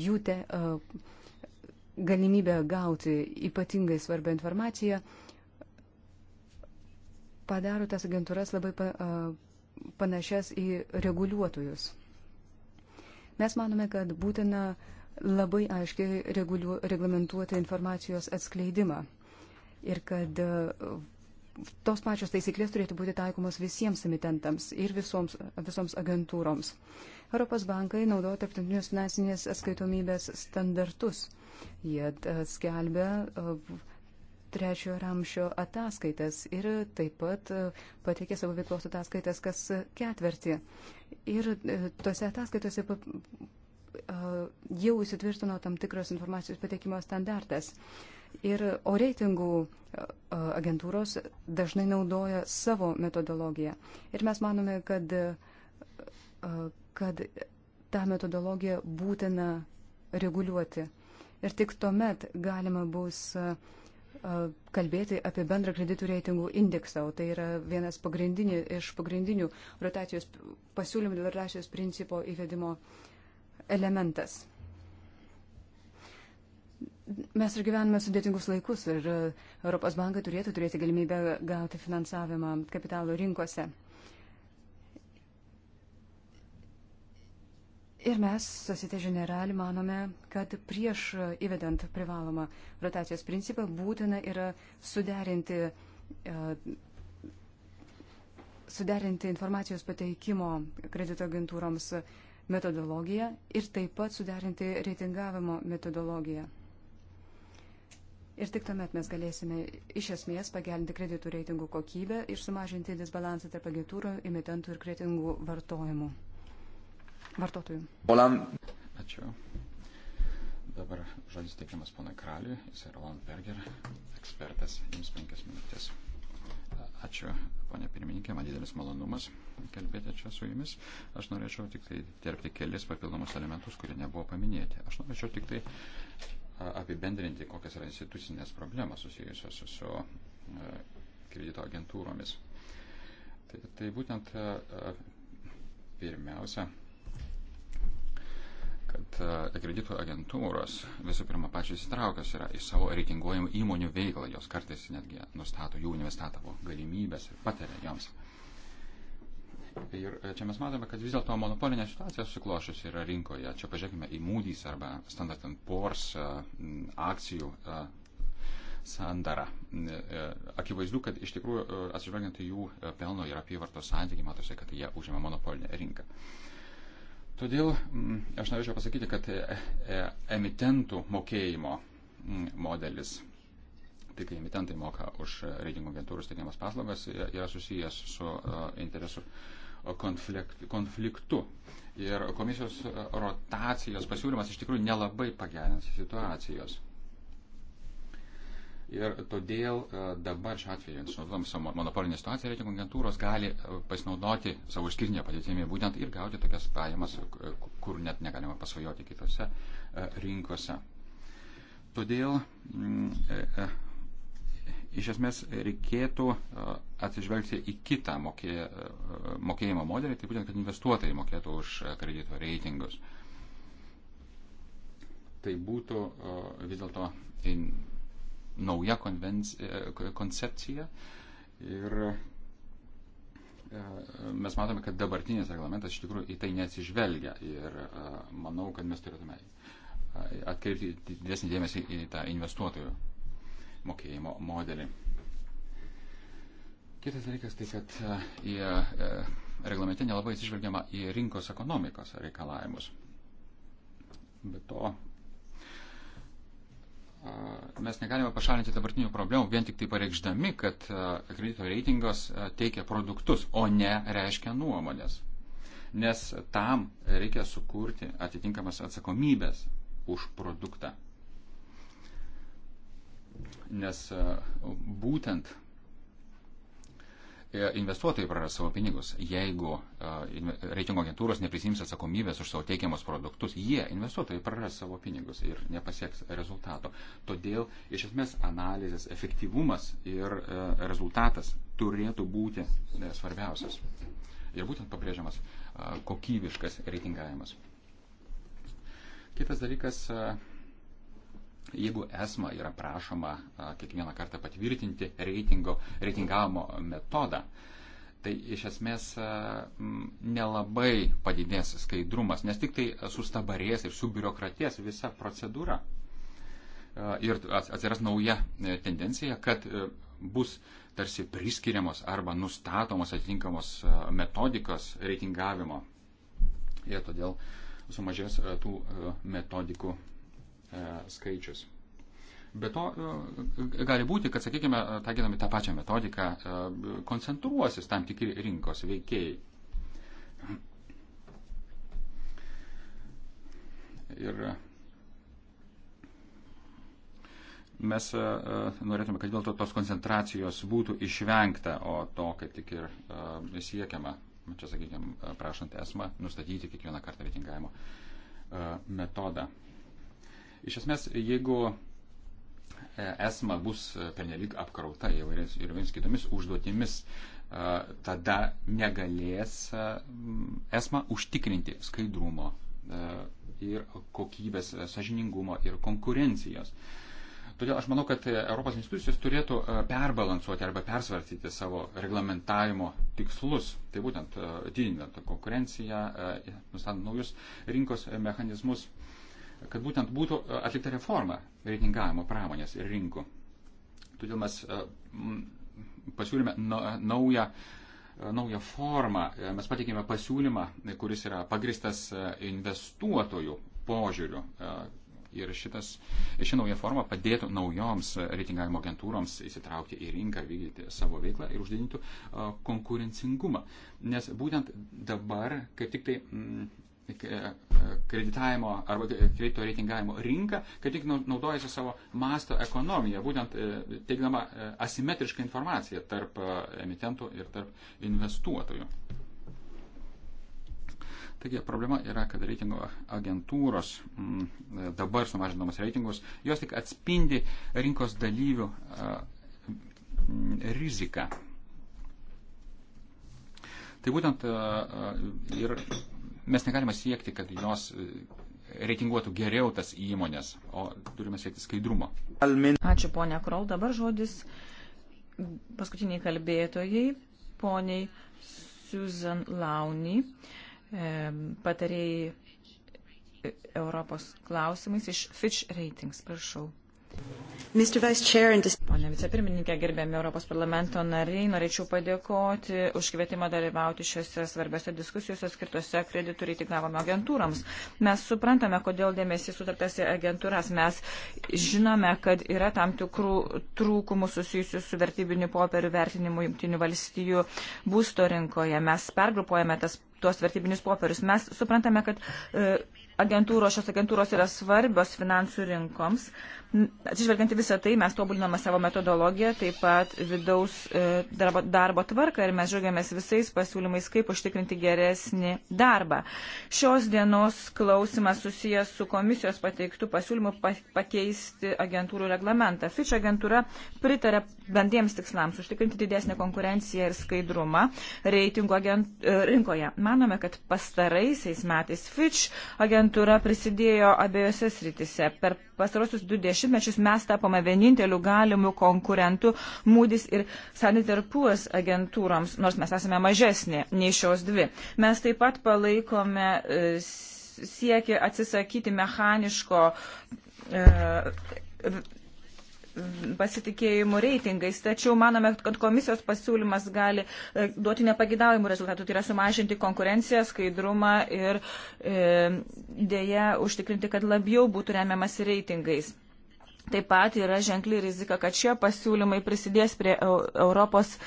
jų te, e, galimybė gauti ypatingai svarbią informaciją padaro tas agentūras labai e, panašias į reguliuotojus. Mes manome, kad būtina uh, labai aiškiai reguliu, reglamentuoti informacijos atskleidimą ir kad e, tos pačios taisyklės turėtų būti taikomos visiems emitentams ir visoms, visoms agentūroms. Europos bankai naudoja tarptautinius finansinės atskaitomybės standartus. Jie skelbia e, trečiojo ramšio ataskaitas ir taip pat e, pateikė savo veiklos ataskaitas kas ketvirtį. Ir tose ataskaitose jau įsitvirtino tam tikras informacijos patekimo standartas. Ir, o reitingų agentūros dažnai naudoja savo metodologiją. Ir mes manome, kad, kad tą metodologiją būtina reguliuoti. Ir tik tuomet galima bus kalbėti apie bendrą kreditų reitingų indeksą, o tai yra vienas pagrindinį, iš pagrindinių rotacijos pasiūlymų dėl rotacijos principo įvedimo uh, elementas. Mes ir gyvename sudėtingus laikus ir e, Europos bankai turėtų turėti galimybę gauti finansavimą kapitalo rinkose. Ir mes, Sosite Generali, manome, kad prieš įvedant privalomą rotacijos principą būtina yra suderinti, e, suderinti informacijos pateikimo kredito agentūroms metodologiją ir taip pat suderinti reitingavimo metodologiją. Ir tik tuomet mes galėsime iš esmės pagelinti kreditų reitingų kokybę ir sumažinti disbalansą tarp agentūrų, imitentų ir kreditingų vartojimų. Vartotojų.
Olam.
Ačiū. Dabar žodis teikiamas ponai Kraliui, jis yra Olam Berger, ekspertas, jums penkias minutės. Ačiū, ponė pirmininkė, man didelis malonumas kalbėti čia su jumis. Aš norėčiau tik tai terpti kelis papildomus elementus, kurie nebuvo paminėti. Aš norėčiau tik tai apibendrinti, kokias yra institucinės problemos susijusios su kredito agentūromis. Tai, tai būtent pirmiausia, kad e, kredito agentūros visų pirma pačios įsitraukios yra į savo reitinguojamų įmonių veiklą, jos kartais netgi nustato jų investavimo galimybės ir patarė joms. Ir e, čia mes matome, kad vis dėlto monopolinė situacija susiklošusi yra rinkoje. Čia pažiūrėkime į Moody's arba Standard Poor's e, akcijų sandarą. Akivaizdu, kad iš tikrųjų atsižvelgiant į jų pelno ir apyvartos santykį, matosi, kad jie užima monopolinę rinką. Todėl mm, aš norėčiau pasakyti, kad e, e, emitentų mokėjimo mm, modelis, tai kai emitentai moka už reitingų agentūros teikiamas paslaugas, e, yra susijęs su interesų konflikt, konfliktu. Ir komisijos rotacijos pasiūlymas iš tikrųjų nelabai pagerins situacijos. Ir todėl e, dabar šiuo atveju, išnaudodama monopolinę situaciją, reitingų agentūros gali e, pasinaudoti savo išskirtinę padėtimi būtent ir gauti tokias pajamas, e, kur net negalima pasvajoti kitose rinkose. Todėl mm, iš esmės reikėtų atsižvelgti į kitą mokė, mokėjimo modelį, tai būtent, kad investuotojai mokėtų už kredito reitingus. Tai būtų vis dėlto nauja e, koncepcija ir e, mes matome, kad dabartinis reglamentas iš tikrųjų į tai neatsižvelgia ir e, manau, kad mes turėtume atkreipti didesnį dėmesį į tą investuotojų mokėjimo modelį. Kitas dalykas tai, kad į reglamente nelabai atsižvelgiama į rinkos ekonomikos reikalavimus. Be to, mes negalime pašalinti dabartinių problemų vien tik tai pareikšdami, kad kredito reitingas teikia produktus, o ne reiškia nuomonės. Nes tam reikia sukurti atitinkamas atsakomybės už produktą. Nes būtent E, investuotojai praras savo pinigus, jeigu e, reitingo agentūros neprisims atsakomybės už savo teikiamus produktus, jie, investuotojai, praras savo pinigus ir nepasieks rezultato. Todėl iš esmės analizės efektyvumas ir e, rezultatas turėtų būti svarbiausias. Ir būtent pabrėžiamas kokybiškas reitingavimas. Kitas dalykas Jeigu esma yra prašoma kiekvieną kartą patvirtinti reitingo, reitingavimo metodą, tai iš esmės nelabai padidės skaidrumas, nes tik tai sustabarės ir subiurokratės visa procedūra. Ir atsiras nauja e, tendencija, kad e, bus tarsi priskiriamos arba nustatomos atitinkamos metodikos reitingavimo. Ir todėl sumažės tų metodikų E, skaičius. Be to, e, gali būti, kad, sakykime, taikydami tą pačią metodiką, e, koncentruosis tam tikri rinkos veikėjai. Ir mes norėtume, kad dėl to tos koncentracijos būtų išvengta, o to, kaip tik ir siekiama, čia, sakykime, prašant esmą, nustatyti kiekvieną kartą reitingavimo metodą. Iš esmės, jeigu e, esma bus e, pernelyg apkrauta įvairiais ir vis kitomis užduotimis, e, tada negalės esma užtikrinti skaidrumo ir kokybės, sažiningumo ir konkurencijos. Todėl aš manau, kad Europos institucijos turėtų perbalansuoti arba persvarstyti savo reglamentavimo tikslus. Tai būtent didinant konkurenciją, nustatant naujus rinkos mechanizmus. Uh, kad būtent būtų e, atlikta reforma reitingavimo pramonės ir rinkų. Todėl mes e, pasiūlėme e, naują, naują formą, mes pateikėme pasiūlymą, kuris yra pagristas investuotojų požiūriu. Ir šitas, ši nauja forma padėtų naujoms reitingavimo agentūroms įsitraukti į rinką, vykdyti savo veiklą ir uždidintų konkurencingumą. Nes būtent dabar, kaip tik tai kreditavimo arba kredito reitingavimo rinka, kaip tik naudojasi savo masto ekonomiją, būtent e, teikdama e, asimetrišką informaciją tarp e, emitentų ir tarp investuotojų. Taigi problema yra, kad reitingo agentūros m, mm, dabar sumažinamos reitingus, jos tik atspindi rinkos dalyvių a, m, mm, riziką. Tai būtent a, a, ir mes negalime siekti, kad jos e, reitinguotų geriau tas įmonės, o turime siekti skaidrumo.
Ačiū ponia Krol, dabar žodis paskutiniai kalbėtojai, poniai Susan Launi, e, patarėjai e, Europos klausimais iš Fitch Ratings, prašau.
Pone
vicepirmininkė, gerbėmi Europos parlamento nariai, norėčiau padėkoti už kvietimą dalyvauti šiuose svarbiose diskusijose skirtose kreditų reitingavimo agentūrams. Mes suprantame, kodėl dėmesys sutartas į agentūras. Mes žinome, kad yra tam tikrų trūkumų susijusių su vertybinių popierių vertinimu jungtinių valstijų būsto rinkoje. Mes pergrupuojame tas tuos vertybinius popierius. Mes suprantame, kad e, agentūros, šios agentūros yra svarbios finansų rinkoms. Atsižvelgiant į visą tai, mes tobuliname savo metodologiją, taip pat vidaus e, darbo, darbo tvarką ir mes žiūrėjomės visais pasiūlymais, kaip užtikrinti geresnį darbą. Šios dienos klausimas susijęs su komisijos pateiktų pasiūlymų pakeisti agentūrų reglamentą. Fitch agentūra pritarė bendriems tikslams užtikrinti didesnį konkurenciją ir skaidrumą reitingų agent, e, rinkoje. Man Manome, kad pastaraisiais metais Fitch agentūra prisidėjo abiejose sritise. Per pastarosius du dešimtmečius mes tapome vieninteliu galimu konkurentu Moody's ir Sanitar Poor's agentūroms, nors mes esame mažesnė nei šios dvi. Mes taip pat palaikome e, siekia atsisakyti mechaniško e, pasitikėjimų reitingais, tačiau manome, kad komisijos pasiūlymas gali e, duoti nepagidaujimų rezultatų, tai yra sumažinti konkurenciją, skaidrumą ir e, dėja užtikrinti, kad labiau būtų remiamas reitingais. Taip pat yra ženkli rizika, kad šie pasiūlymai prisidės prie Europos e,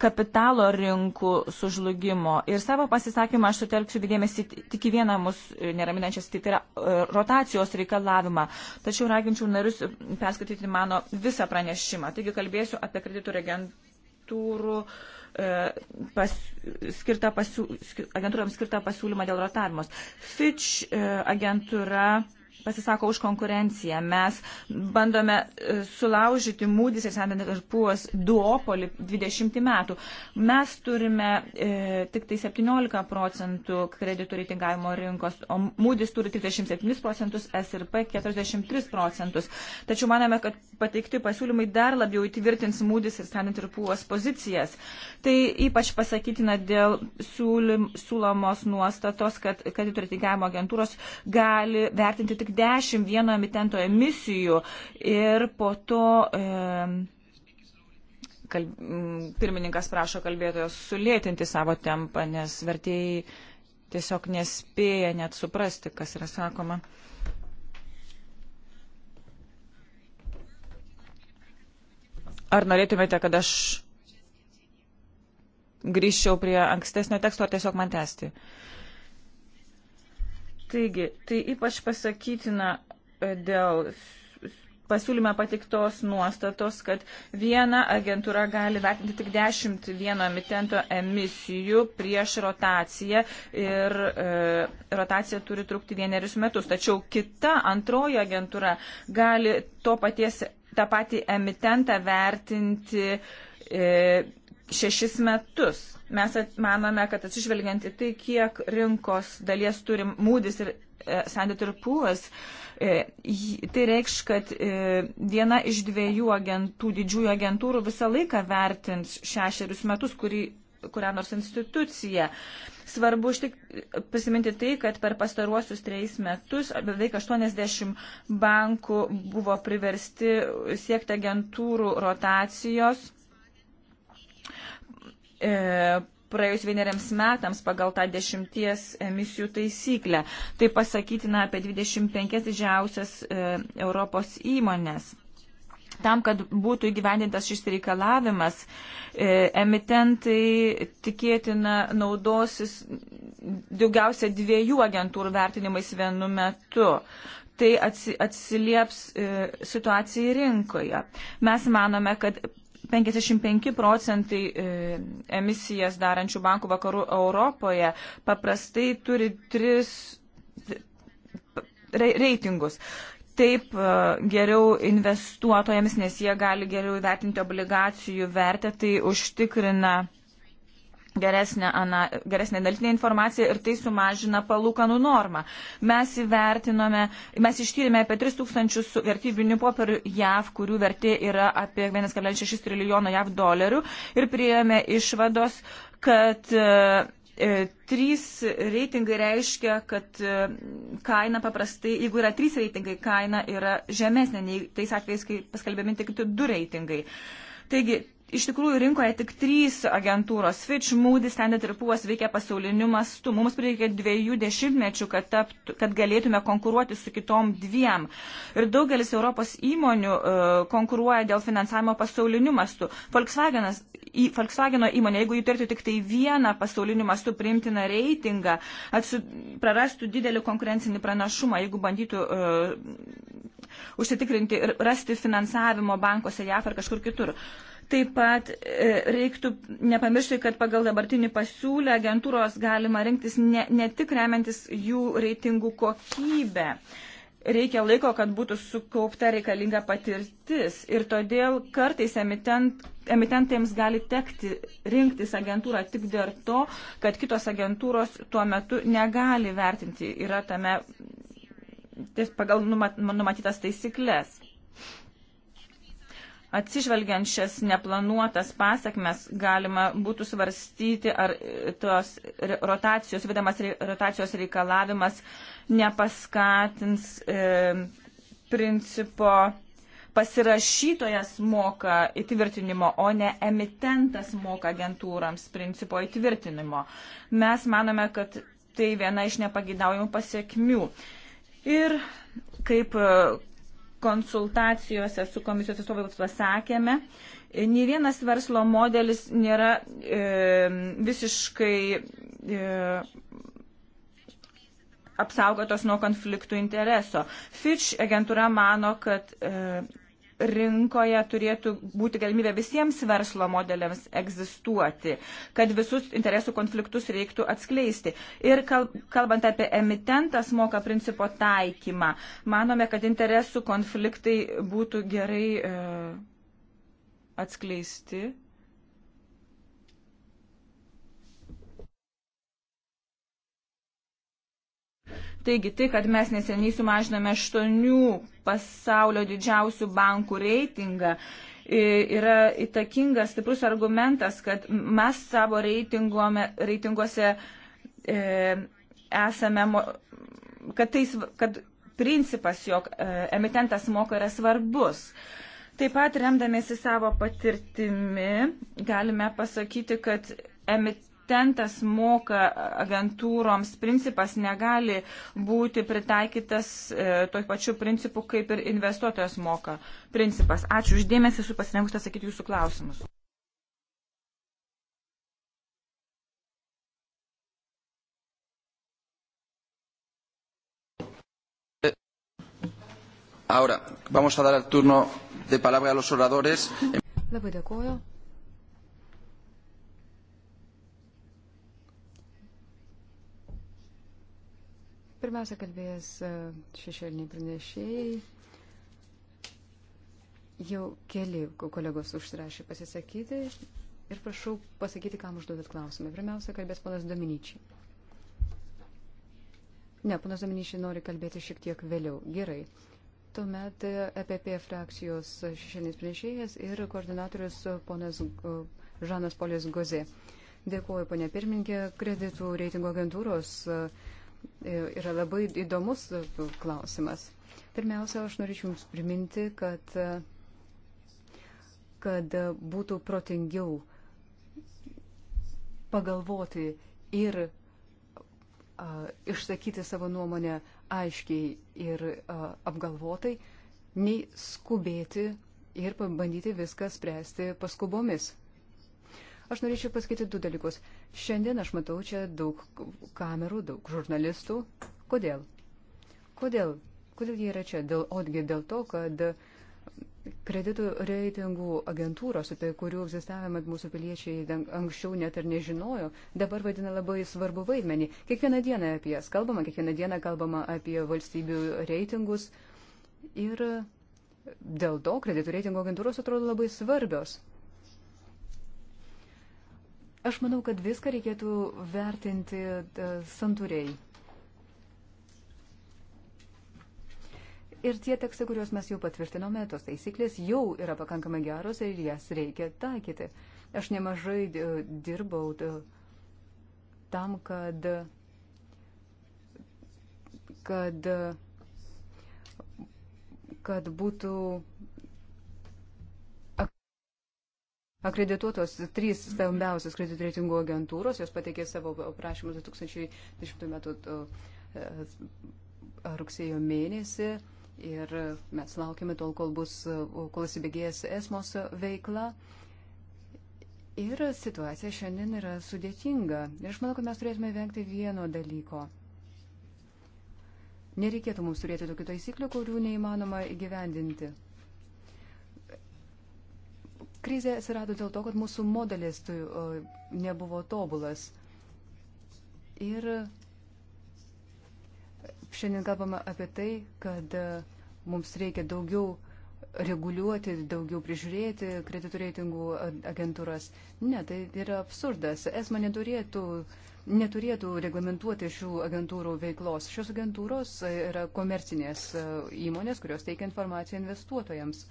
kapitalo rinkų sužlugimo. Ir savo pasisakymą aš sutelksiu dėmesį tik į vieną mus e, neraminančią sritį, tai yra e, rotacijos reikalavimą. Tačiau raginčiau narius perskaityti mano visą pranešimą. Taigi kalbėsiu apie kreditų agentūrų e, pas, skirtą pasiū, agentūrams skirtą pasiūlymą dėl rotavimus. Fitch agentūra pasisako už konkurenciją. Mes bandome e, sulaužyti mūdys ir sandant ir puos duopolį 20 metų. Mes turime e, tik tai 17 procentų kreditų reitingavimo rinkos, o mūdys turi 37 procentus, SRP 43 procentus. Tačiau manome, kad pateikti pasiūlymai dar labiau įtvirtins mūdys ir sandant ir puos pozicijas. Tai ypač pasakytina dėl siūlymų siūlomos nuostatos, kad kreditų reitingavimo agentūros gali vertinti tik 10 vieno emitento emisijų ir po to e, kalb, mm, pirmininkas prašo kalbėtojos sulėtinti savo tempą, nes vertėjai tiesiog nespėja net suprasti, kas yra sakoma. Ar norėtumėte, kad aš grįžčiau prie ankstesnio teksto, ar tiesiog man tęsti? Uh, Taigi, tai ypač pasakytina e, dėl pasiūlyme patiktos nuostatos, kad viena agentūra gali vertinti tik 10 vieno emitento emisijų prieš rotaciją ir e, rotacija turi trukti vienerius metus. Tačiau kita antroji agentūra gali to paties, tą patį emitentą vertinti. E, šešis metus. Mes manome, kad atsižvelgiant į tai, kiek rinkos dalies turi mūdis ir Sandit ir Pūlas, tai reikš, kad e, viena iš dviejų agentų, didžiųjų agentūrų visą laiką vertins šešerius metus, kurį kurią nors instituciją. Svarbu tik prisiminti tai, kad per pastaruosius trejus metus beveik 80 bankų buvo priversti siekti agentūrų rotacijos E, praėjus vieneriams metams pagal tą dešimties emisijų taisyklę. Tai pasakytina apie 25 didžiausias e, Europos įmonės. Tam, kad būtų įgyvendintas šis reikalavimas, e, emitentai tikėtina naudosis daugiausia dviejų agentūrų vertinimais vienu metu tai atsilieps situacijai rinkoje. Mes manome, kad 55 procentai e, emisijas darančių bankų vakarų Europoje paprastai turi tris reitingus. Taip e, geriau investuotojams, nes jie gali geriau įvertinti obligacijų vertę, tai užtikrina geresnė, ana, geresnė analitinė informacija ir tai sumažina palūkanų normą. Mes įvertinome, mes ištyrėme apie 3000 vertybinių popierių JAV, kurių vertė yra apie 1,6 trilijono JAV dolerių ir prieėmė išvados, kad e, e, trys reitingai reiškia, kad e, kaina paprastai, jeigu yra trys reitingai, kaina yra žemesnė nei tais atvejais, kai paskelbėmi tik du reitingai. Taigi, Iš tikrųjų, rinkoje tik trys agentūros - Fitch, Moody's, Standard ir Puos veikia pasauliniu mastu. Mums prireikė dviejų dešimtmečių, kad, taptų, kad galėtume konkuruoti su kitom dviem. Ir daugelis Europos įmonių uh, konkuruoja dėl finansavimo pasauliniu mastu. Volkswagenas į Volkswageno įmonę, jeigu jį turėtų tik tai vieną pasauliniu mastu priimtiną reitingą, atsu, prarastų didelį konkurencinį pranašumą, jeigu bandytų uh, užsitikrinti ir rasti finansavimo bankose JAF ar kažkur kitur. Uh, Taip pat e, reiktų nepamiršti, kad pagal dabartinį pasiūlę agentūros galima rinktis ne, ne tik remiantis jų reitingų kokybę. Reikia laiko, kad būtų sukaupta reikalinga patirtis ir todėl kartais emitent, emitentėms gali tekti rinktis agentūrą tik dėl to, kad kitos agentūros tuo metu negali vertinti, yra tame pagal numatytas taisyklės. Atsižvelgiant šias neplanuotas pasakmes, galima būtų svarstyti, ar e, tos rotacijos, vidamas rotacijos reikalavimas nepaskatins e, principo pasirašytojas moka įtvirtinimo, o ne emitentas moka agentūrams principo įtvirtinimo. Mes manome, kad tai viena iš nepagidaujamų pasiekmių. Ir kaip e, konsultacijose su komisijos atstovais pasakėme, nei vienas verslo modelis nėra e, visiškai e, apsaugotos nuo konfliktų intereso. Fitch agentūra mano, kad e, rinkoje turėtų būti galimybė visiems verslo modeliams egzistuoti, kad visus interesų konfliktus reiktų atskleisti. Ir kalbant apie emitentas moka principo taikymą, manome, kad interesų konfliktai būtų gerai e, atskleisti Taigi tai, kad mes neseniai sumažiname aštuonių pasaulio didžiausių bankų reitingą, yra įtakingas stiprus argumentas, kad mes savo reitinguose e, esame, kad, tai, kad principas, jog e, emitentas moka, yra svarbus. Taip pat remdamėsi savo patirtimi, galime pasakyti, kad emitentas patentas moka agentūroms principas negali būti pritaikytas e, toj pačiu principu, kaip ir investuotojas moka principas. Ačiū uždėmesi, esu pasirengusi atsakyti jūsų klausimus.
Ahora vamos a dar el turno de palabra a los oradores.
Labai dėkoju. Pirmiausia, kalbėjęs e, šešėliniai pranešėjai. Jau keli kolegos užsirašė pasisakyti ir prašau pasakyti, kam užduodat klausimą. Pirmiausia, kalbės ponas Dominyčiai. Ne, ponas Dominyčiai nori kalbėti šiek tiek vėliau. Gerai. Tuomet EPP e frakcijos šešėlinis pranešėjas ir koordinatorius ponas e, Žanas Polis Gozė. Dėkuoju, ponė pirmininkė, kreditų reitingo agentūros uh, yra labai įdomus klausimas. Pirmiausia, aš norėčiau Jums priminti, kad, kad būtų protingiau pagalvoti ir a, išsakyti savo nuomonę aiškiai ir a, apgalvotai, nei skubėti ir pabandyti viską spręsti paskubomis. Aš norėčiau pasakyti du dalykus. Šiandien aš matau čia daug kamerų, daug žurnalistų. Kodėl? Kodėl? Kodėl jie yra čia? Dėl, odgi dėl to, kad kreditų reitingų agentūros, apie kurių egzistavimą mūsų piliečiai anksčiau net ir nežinojo, dabar vadina labai svarbu vaidmenį. Kiekvieną dieną apie jas kalbama, kiekvieną dieną kalbama apie valstybių reitingus. Ir dėl to kreditų reitingų agentūros atrodo labai svarbios. Aš manau, kad viską reikėtų vertinti e, santūriai. Ir tie tekstai, kuriuos mes jau patvirtinome, tos taisyklės jau yra pakankamai geros ir jas reikia taikyti. Aš nemažai e, dirbau e, tam, kad, kad, kad būtų akredituotos trys stambiausios kreditų reitingų agentūros, jos pateikė savo prašymus 2010 metų e, e, rugsėjo mėnesį ir mes laukime tol, kol bus, kol įsibėgėjęs esmos veikla. Ir situacija šiandien yra sudėtinga. Ir aš manau, kad mes turėtume vengti vieno dalyko. Nereikėtų mums turėti tokių taisyklių, kurių neįmanoma įgyvendinti. Krizė atsirado dėl to, kad mūsų modelis nebuvo tobulas. Ir šiandien kalbame apie tai, kad e, mums reikia daugiau reguliuoti, daugiau prižiūrėti kreditų reitingų agentūras. Ne, tai yra absurdas. ESMA neturėtų, neturėtų reglamentuoti šių agentūrų veiklos. Šios agentūros e, yra komercinės e, įmonės, kurios teikia informaciją investuotojams.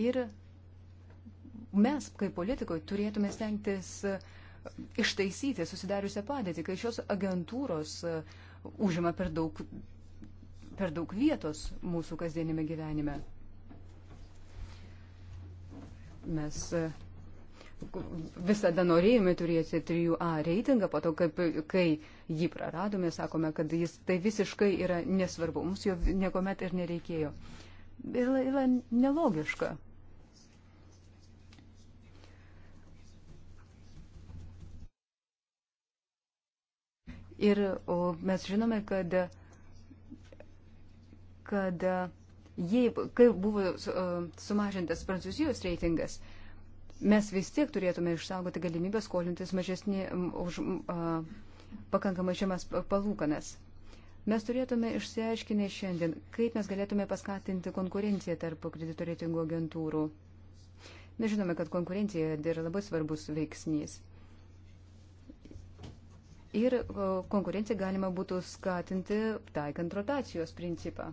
Ir mes, kaip politikoje, turėtume stengtis e, ištaisyti susidariusią padėtį, kai šios agentūros e, užima per daug, per daug vietos mūsų kasdienime gyvenime. Mes e, visada norėjome turėti 3A reitingą, po to, kaip, kai jį praradome, sakome, kad jis tai visiškai yra nesvarbu, mums jo niekuomet ir nereikėjo. Yra, yra nelogiška. Ir mes žinome, kad, kad jei, kai buvo sumažintas Prancūzijos reitingas, mes vis tiek turėtume išsaugoti galimybę skolintis mažesnį už uh, pakankamai žemas palūkanas. Mes turėtume išsiaiškinę šiandien, kaip mes galėtume paskatinti konkurenciją tarp kredito reitingų agentūrų. Nežinome, kad konkurencija yra labai svarbus veiksnys ir e, konkurenciją galima būtų skatinti taikant rotacijos principą.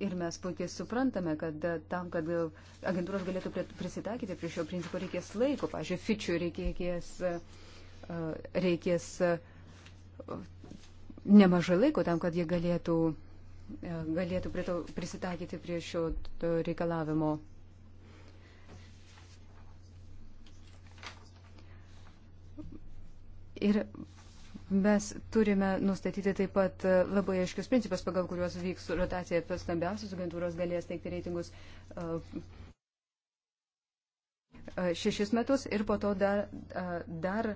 Ir mes puikiai suprantame, kad e, tam, kad agentūros galėtų prisitaikyti prie šio principo, reikės laiko. Pavyzdžiui, fičių reikės, e, reikės nemažai laiko tam, kad jie galėtų, galėtų prie to prisitaikyti prie šio reikalavimo. Ir mes turime nustatyti taip pat labai aiškius principus, pagal kuriuos vyks rotacija, pas stambiausios agentūros galės teikti reitingus šešis metus ir po to dar, dar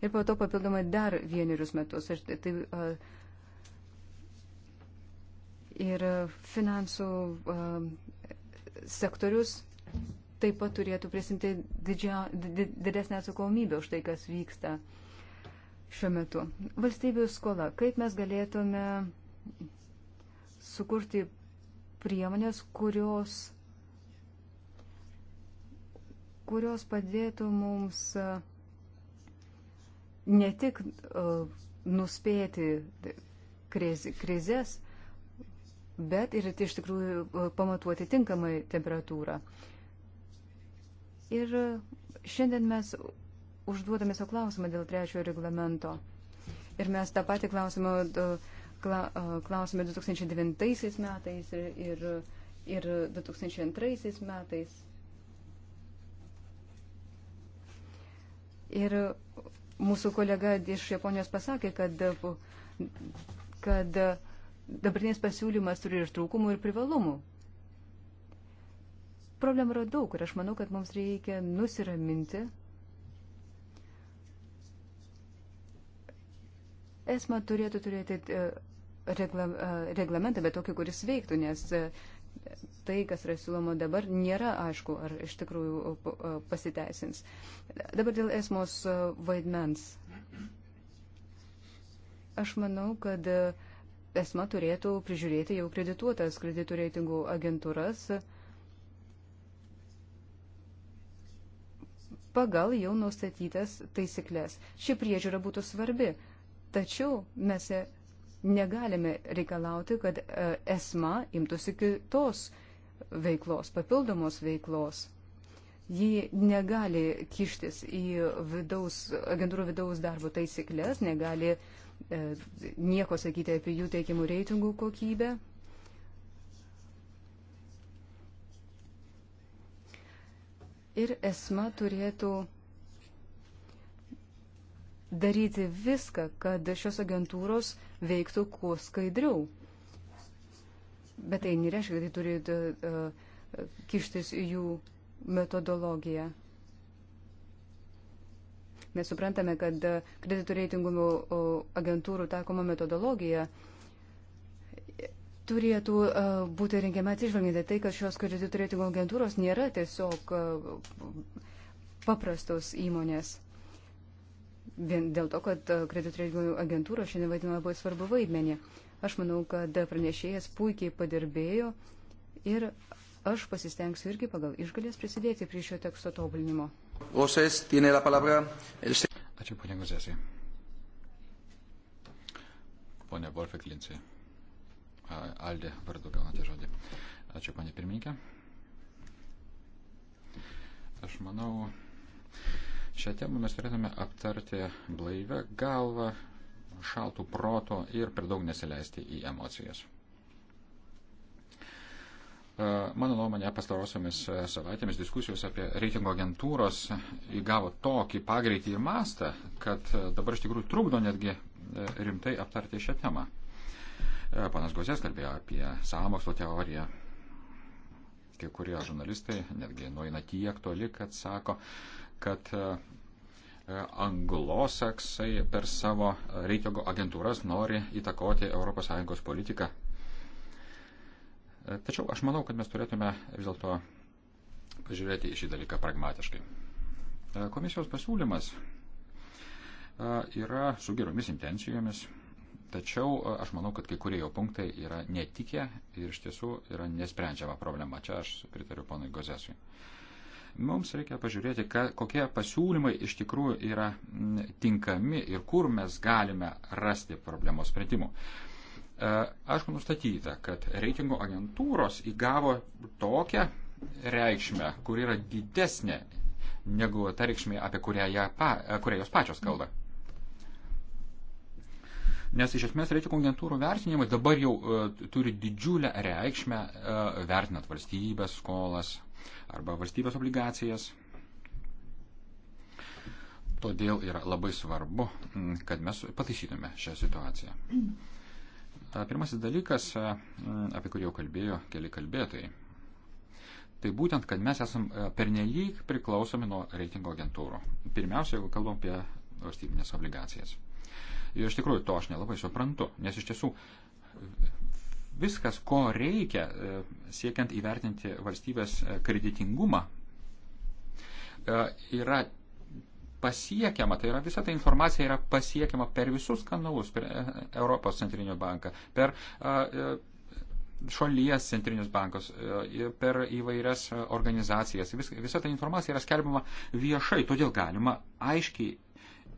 ir po to papildomai dar vienerius metus. Ir, tai, tai ir finansų sektorius taip pat turėtų prisimti didžia, didesnę atsakomybę už tai, kas vyksta šiuo metu. Valstybių skola. Kaip mes galėtume sukurti priemonės, kurios, kurios padėtų mums uh, ne tik uh, nuspėti krizės, bet ir iš tikrųjų uh, pamatuoti tinkamai temperatūrą. Uh, Ir šiandien mes užduodame savo klausimą dėl trečiojo reglamento. Ir mes tą patį klausimą klausime 2009 metais ir, ir, ir 2002 metais. Ir mūsų kolega iš Japonijos pasakė, kad, kad dabartinės pasiūlymas turi ir trūkumų, ir privalumų. Problemų yra daug ir aš manau, kad mums reikia nusiraminti. Esma turėtų turėti e, regla, e, reglamentą, bet tokį, kuris veiktų, nes e, tai, kas yra siūloma dabar, nėra aišku, ar iš tikrųjų pasiteisins. Dabar dėl esmos vaidmens. Aš manau, kad esma turėtų prižiūrėti jau kredituotas kreditų reitingų agentūras. pagal jau nustatytas taisyklės. Ši priežiūra būtų svarbi, tačiau mes negalime reikalauti, kad e, esma imtųsi kitos veiklos, papildomos veiklos. Ji negali kištis į vidaus, agentūrų vidaus darbo taisyklės, negali e, nieko sakyti apie jų teikimų reitingų kokybę. ir esma turėtų daryti viską, kad šios agentūros veiktų kuo skaidriau. Bet tai nereiškia, kad tai turi uh, kištis į jų metodologiją. Mes suprantame, kad e, kreditų reitingų agentūrų taikoma metodologija uh, turėtų e, būti rengiama atsižvelgiant tai, kad šios kreditų turėtų agentūros nėra tiesiog e, paprastos įmonės. Vien dėl to, kad e, kreditų reitingų agentūros šiandien vaidina labai svarbu vaidmenį. Aš manau, kad pranešėjas puikiai padirbėjo ir aš pasistengsiu irgi pagal išgalės prisidėti prie šio teksto tobulinimo.
Ačiū, ponė Gozėsė. Ponė Borfeklincija. Aldė vardu gaunate žodį. Ačiū, panė pirmininkė. Aš manau, šią temą mes turėtume aptarti blaivę galvą, šaltų proto ir per daug nesileisti į emocijas. Mano nuomonė, pastarosiomis e, savaitėmis diskusijos apie reitingo agentūros įgavo tokį pagreitį ir mastą, kad e, dabar iš tikrųjų trukdo netgi e, rimtai aptarti šią temą. E, panas Gozės kalbėjo apie sąmokslo teoriją. Kai kurie žurnalistai netgi nueina tiek toli, kad sako, kad e, anglosaksai per savo reitingo agentūras nori įtakoti ES politiką. E, tačiau aš manau, kad mes turėtume vis dėlto pažiūrėti į šį dalyką pragmatiškai. Komisijos pasiūlymas yra su geromis intencijomis Tačiau e, aš manau, kad kai kurie jo punktai yra netikę ir iš tiesų yra nesprendžiama problema. Čia aš pritariu ponui Gozesui. Mums reikia pažiūrėti, ka, kokie pasiūlymai iš tikrųjų yra tinkami ir kur mes galime rasti problemos sprendimų. E, aišku, nustatyta, kad reitingo agentūros įgavo tokią reikšmę, kur yra didesnė negu ta reikšmė, apie kurią, ją, e, kurią jos pačios kalba. Mm. Nes iš esmės reitingų agentūrų vertinimai dabar jau uh, turi didžiulę reikšmę uh, vertinant valstybės skolas arba valstybės obligacijas. Todėl yra labai svarbu, kad mes pataisytume šią situaciją. Pirmasis dalykas, e, apie kurį jau kalbėjo keli kalbėtojai, tai būtent, kad mes esam pernelyg priklausomi nuo reitingo agentūrų. Pirmiausia, jeigu kalbam apie valstybinės obligacijas. Ir iš tikrųjų to aš nelabai suprantu, nes iš tiesų viskas, ko reikia e, siekiant įvertinti valstybės e, kreditingumą, e, yra pasiekiama, tai yra visa ta informacija yra pasiekiama per visus kanalus, per Europos centrinio banką, per šalies centrinius bankus, per įvairias organizacijas. Vis, visa ta informacija yra skelbiama viešai, todėl galima aiškiai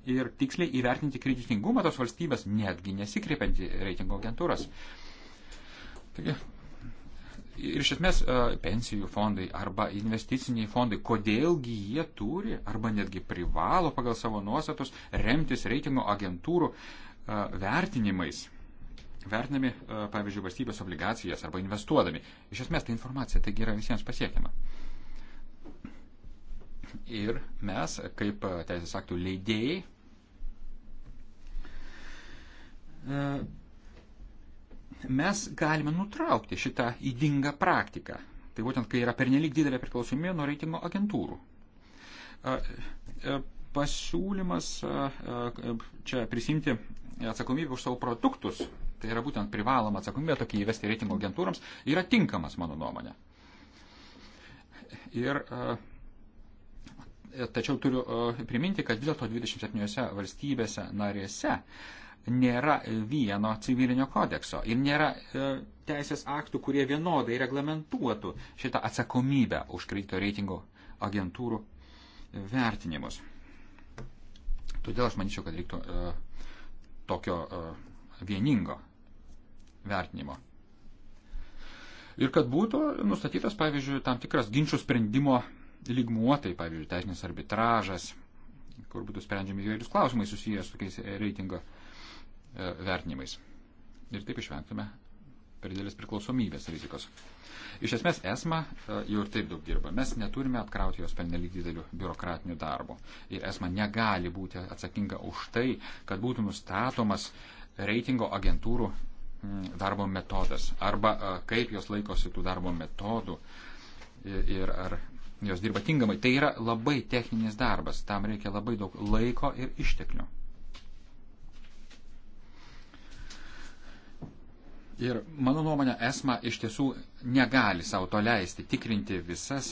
ir tiksliai įvertinti kreditingumą tos valstybės, netgi nesikreipiant į reitingo agentūras. Taigi, ir iš esmės e, pensijų fondai arba investiciniai fondai, kodėlgi jie turi arba netgi privalo pagal savo nuostatus remtis reitingo agentūrų e, vertinimais vertinami, e, pavyzdžiui, valstybės obligacijas arba investuodami. Iš esmės, ta informacija taigi yra visiems pasiekiama. Ir mes, kaip teisės aktų leidėjai, E, mes galime nutraukti šitą įdingą praktiką. Tai būtent, kai yra pernelik didelė priklausomybė nuo reitingo agentūrų. E, e, pasiūlymas čia prisimti atsakomybę už savo produktus, tai yra būtent privaloma atsakomybė tokia įvesti reitingo agentūrams, yra tinkamas mano nuomonė. Ir tačiau turiu priminti, kad vis dėlto 27 valstybėse narėse uh, nėra vieno civilinio kodekso ir nėra e, teisės aktų, kurie vienodai reglamentuotų šitą atsakomybę už kredito reitingo agentūrų e, vertinimus. Todėl aš manyčiau, kad reiktų e, tokio e, vieningo vertinimo. Ir kad būtų nustatytas, pavyzdžiui, tam tikras ginčių sprendimo lygmuo, tai pavyzdžiui, teisinis arbitražas, kur būtų sprendžiami įvairius klausimai susijęs su tokiais reitingo uh, E, vertinimais. Ir taip išvengtume per didelės priklausomybės rizikos. Iš esmės, ESMA e, jau ir taip daug dirba. Mes neturime apkrauti jos pernelyg dideliu biurokratiniu darbu. Ir ESMA negali būti atsakinga už tai, kad būtų nustatomas reitingo agentūrų darbo metodas. Arba e, kaip jos laikosi tų darbo metodų ir ar jos dirba tinkamai. Tai yra labai techninis darbas. Tam reikia labai daug laiko ir išteklių. Ir mano nuomonė, ESMA iš tiesų negali savo to leisti tikrinti visas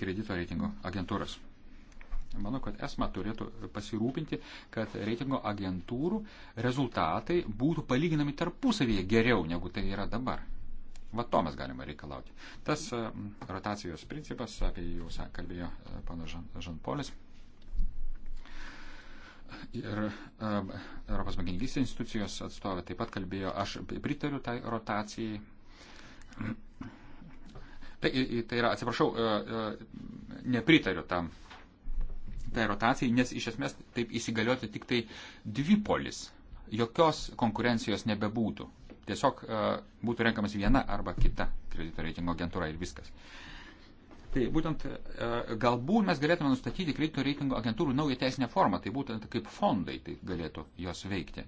kredito reitingo agentūras. Manau, kad ESMA turėtų pasirūpinti, kad reitingo agentūrų rezultatai būtų palyginami tarpusavyje geriau, negu tai yra dabar. Va to mes galime reikalauti. Tas rotacijos principas, apie jį jau kalbėjo e, panas Žanpolis. Žan ir e, Europos bankininkystės institucijos atstovė taip pat kalbėjo, aš pritariu tai rotacijai. Tai, tai yra, atsiprašau, e, e, nepritariu tam tai rotacijai, nes iš esmės taip įsigalioti tik tai dvi polis. Jokios konkurencijos nebebūtų. Tiesiog būtų renkamas viena arba kita kredito reitingo agentūra ir viskas. Uh, Tai būtent e, galbūt mes galėtume nustatyti kredito reitingo agentūrų naują teisinę formą, tai būtent kaip fondai tai galėtų jos veikti.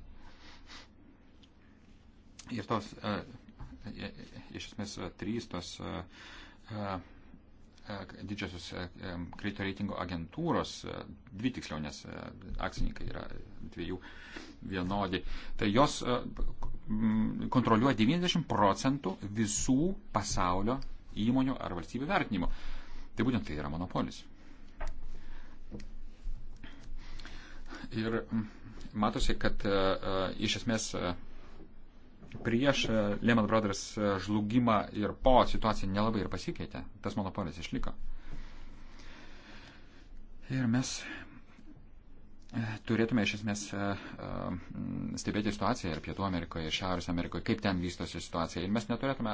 Ir tos, e, e, iš esmės, trys tos didžiosios kredito reitingo agentūros, dvi tiksliau, nes akcininkai yra dviejų vienodi, tai jos kontroliuoja 90 procentų visų pasaulio įmonių ar valstybių vertinimo. Tai būtent tai yra monopolis. Ir matosi, kad e, e, iš esmės e, prieš Lehman Brothers žlugimą ir po situacija nelabai ir pasikeitė. Tas monopolis išliko. Ir mes turėtume iš esmės stebėti situaciją ir Pietų Amerikoje, ir Šiaurės Amerikoje, kaip ten vystosi situacija. Ir mes neturėtume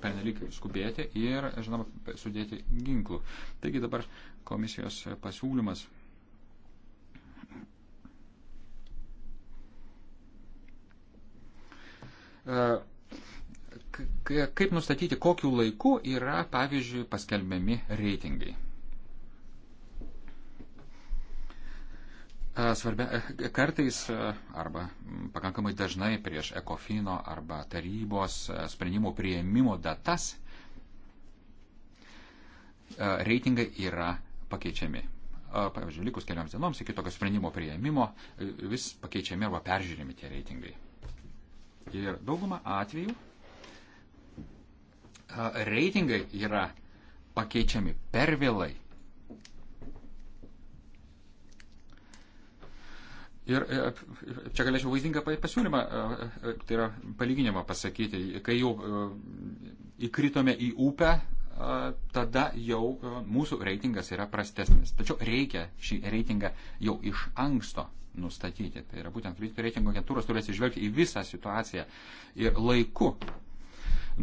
pernelik skubėti ir, žinoma, sudėti ginklų. Taigi dabar komisijos pasiūlymas. E, kaip nustatyti, kokiu laiku yra, pavyzdžiui, paskelbiami reitingai? Svarbia, e, kartais e, arba pakankamai dažnai prieš ekofino arba tarybos e, sprendimų prieimimo datas reitingai yra pakeičiami. Pavyzdžiui, likus kelioms dienoms iki tokio sprendimo prieimimo vis pakeičiami arba peržiūrimi tie reitingai. Ir dauguma atvejų reitingai yra pakeičiami per vėlai Ir čia galėčiau vaizdingą pasiūlymą, tai yra palyginimą pasakyti, kai jau įkritome į upę, tada jau mūsų reitingas yra prastesnis. Tačiau reikia šį reitingą jau iš anksto nustatyti. Tai yra būtent kredito reitingo agentūros turės išvelgti į visą situaciją ir laiku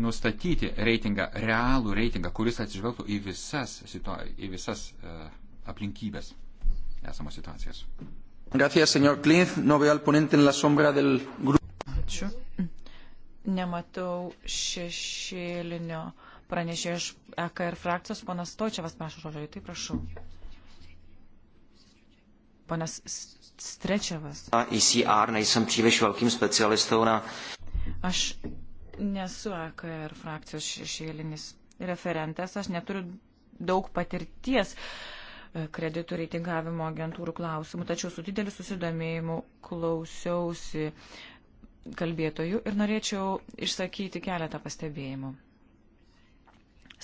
nustatyti reitingą, realų reitingą, kuris atsižvelgtų į visas, situa į visas aplinkybės esamos situacijos.
Gracias, señor Klinz. No veo al ponente en la sombra del grupo. Ačiū.
Nematau šešėlinio pranešėjo iš EKR frakcijos. Ponas Točiavas prašo žodžio. Tai prašau. Ponas Strečevas. ICR, e nejsem příliš velkým specialistou na... Aš nesu EKR frakcijos šešėlinis referentas. Aš neturiu daug patirties. Uh, kreditų reitingavimo agentūrų klausimų, tačiau su dideliu susidomėjimu klausiausi kalbėtojų ir norėčiau išsakyti keletą pastebėjimų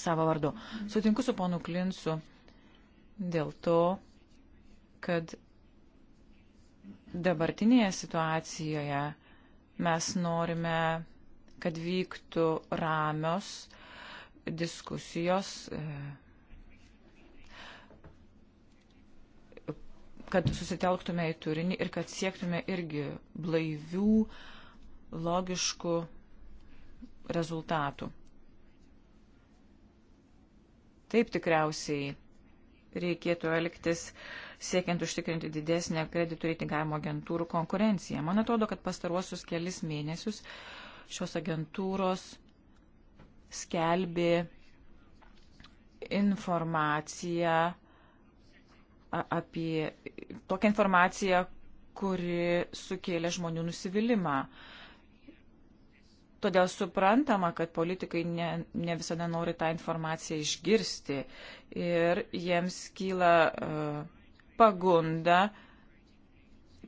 savo vardu. Sutinku su ponu Klinsu dėl to, kad dabartinėje situacijoje mes norime, kad vyktų ramios diskusijos. E, kad susitelktume į turinį ir kad siektume irgi blaivių, logiškų rezultatų. Taip tikriausiai reikėtų elgtis siekiant užtikrinti didesnę kreditų reitingavimo agentūrų konkurenciją. Man atrodo, kad pastaruosius kelis mėnesius šios agentūros skelbė informaciją apie tokią informaciją, kuri sukėlė žmonių nusivylimą. Todėl suprantama, kad politikai ne, ne visada nori tą informaciją išgirsti ir jiems kyla uh, pagunda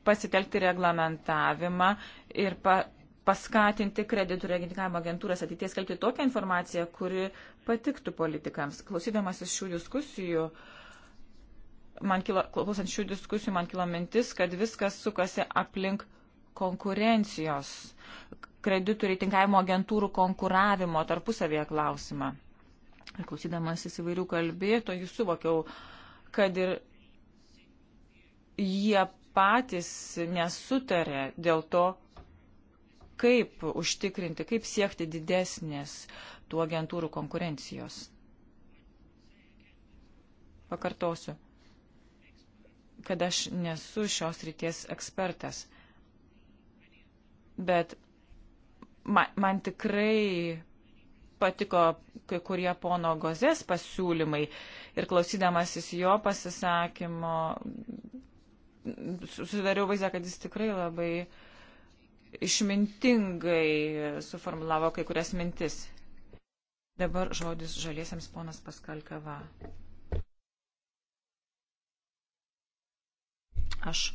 pasitelkti reglamentavimą ir pa, paskatinti kreditų reikinkavimo agentūras ateities skelbti tokią informaciją, kuri patiktų politikams. Klausydamas iš šių diskusijų, uh, man kilo, klausant šių diskusijų, man kilo mintis, kad viskas sukasi aplink konkurencijos, kreditų reitingavimo agentūrų konkuravimo tarpusavėje klausimą. Ir klausydamas įvairių kalbėtojų suvokiau, kad ir jie patys nesutarė dėl to, kaip užtikrinti, kaip siekti didesnės tų agentūrų konkurencijos. Pakartosiu kad aš nesu šios ryties ekspertas. Bet man, man tikrai patiko kai kurie pono Gozės pasiūlymai ir klausydamasis jo pasisakymo, susidariau vaizdą, kad jis tikrai labai išmintingai suformulavo kai kurias mintis. Dabar žodis žaliesiams ponas Paskalkava. Aš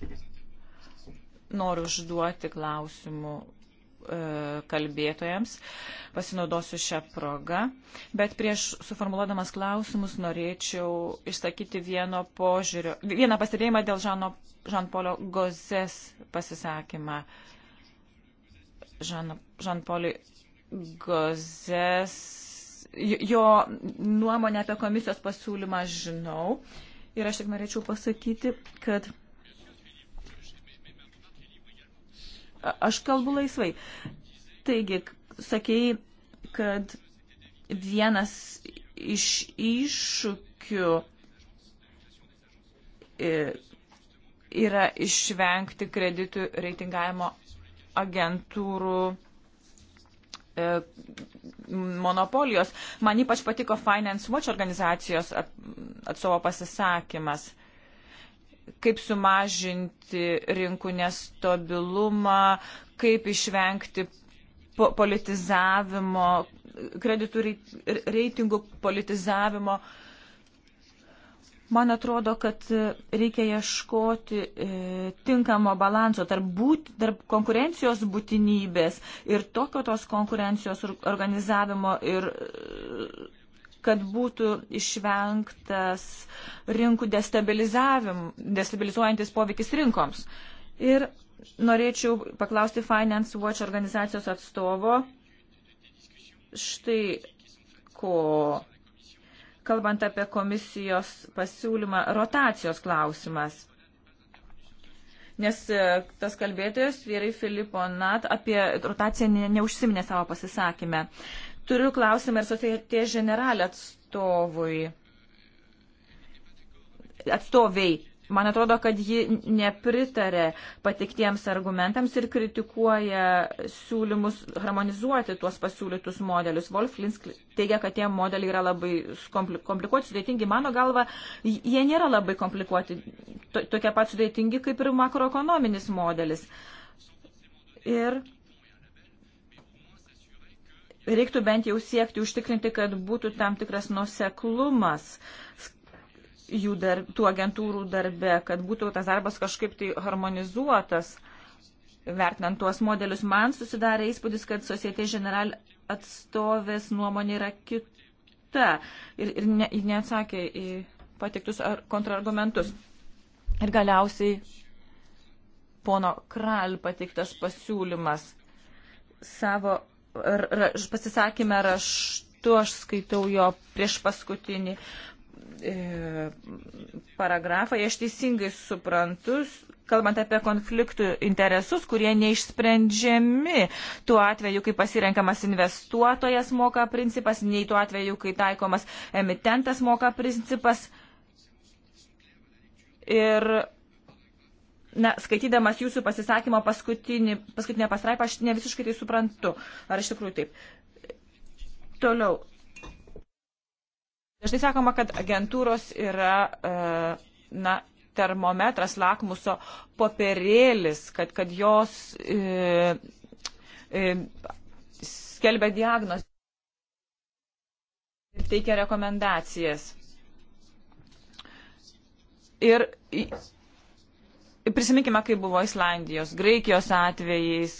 noriu užduoti klausimų e, kalbėtojams. Pasinaudosiu šią progą. Bet prieš suformuluodamas klausimus norėčiau išsakyti vieno požiūrio, vieną pastebėjimą dėl Žano, Žanpolio Gozės pasisakymą. Žan, Žanpoliui Gozės. Jo nuomonę apie komisijos pasiūlymą žinau. Ir aš tik norėčiau pasakyti, kad Aš kalbu laisvai. Taigi, sakėjai, kad vienas iš iššūkių e, yra išvengti kreditų reitingavimo agentūrų e, monopolijos. Man ypač patiko Finance Watch organizacijos atsovo pasisakymas kaip sumažinti rinkų nestabilumą, kaip išvengti politizavimo, kreditų reitingų politizavimo. Man atrodo, kad reikia ieškoti e, tinkamo balanso tarp, būt, tarp konkurencijos būtinybės ir tokio tos konkurencijos organizavimo ir e, kad būtų išvengtas rinkų destabilizuojantis poveikis rinkoms. Ir norėčiau paklausti Finance Watch organizacijos atstovo štai ko, kalbant apie komisijos pasiūlymą, rotacijos klausimas. Nes e, tas kalbėtojas, vyrai Filipo Nat, apie rotaciją neužsiminė savo pasisakymę. Turiu klausimą ir societė generalė atstovui. Atstoviai. Man atrodo, kad ji nepritarė patiktiems argumentams ir kritikuoja siūlymus harmonizuoti tuos pasiūlytus modelius. Wolf Linz teigia, kad tie modeliai yra labai komplikuoti, sudėtingi. Mano galva, jie nėra labai komplikuoti, tokie pat sudėtingi kaip ir makroekonominis modelis. Ir reiktų bent jau siekti užtikrinti, kad būtų tam tikras nuseklumas jų dar, tų agentūrų darbe, kad būtų tas darbas kažkaip tai harmonizuotas. Vertinant tuos modelius, man susidarė įspūdis, kad Societė General atstovės nuomonė yra kita ir, ir, ne, ir neatsakė į patiktus ar kontrargumentus. Ir galiausiai pono Kral patiktas pasiūlymas savo ra, pasisakymę raštu, aš skaitau jo prieš paskutinį e, paragrafą, aš teisingai suprantu, kalbant apie konfliktų interesus, kurie neišsprendžiami tuo atveju, kai pasirenkamas investuotojas moka principas, nei tuo atveju, kai taikomas emitentas moka principas. Ir na, skaitydamas jūsų pasisakymo paskutinę pastraipą, aš ne visiškai tai suprantu. Ar iš tikrųjų taip? Toliau. Dažnai sakoma, kad agentūros yra, e, na, termometras, lakmuso popierėlis, kad, kad jos e, e, skelbia diagnozę ir teikia rekomendacijas. Ir Prisiminkime, kaip buvo Islandijos, Graikijos atvejais.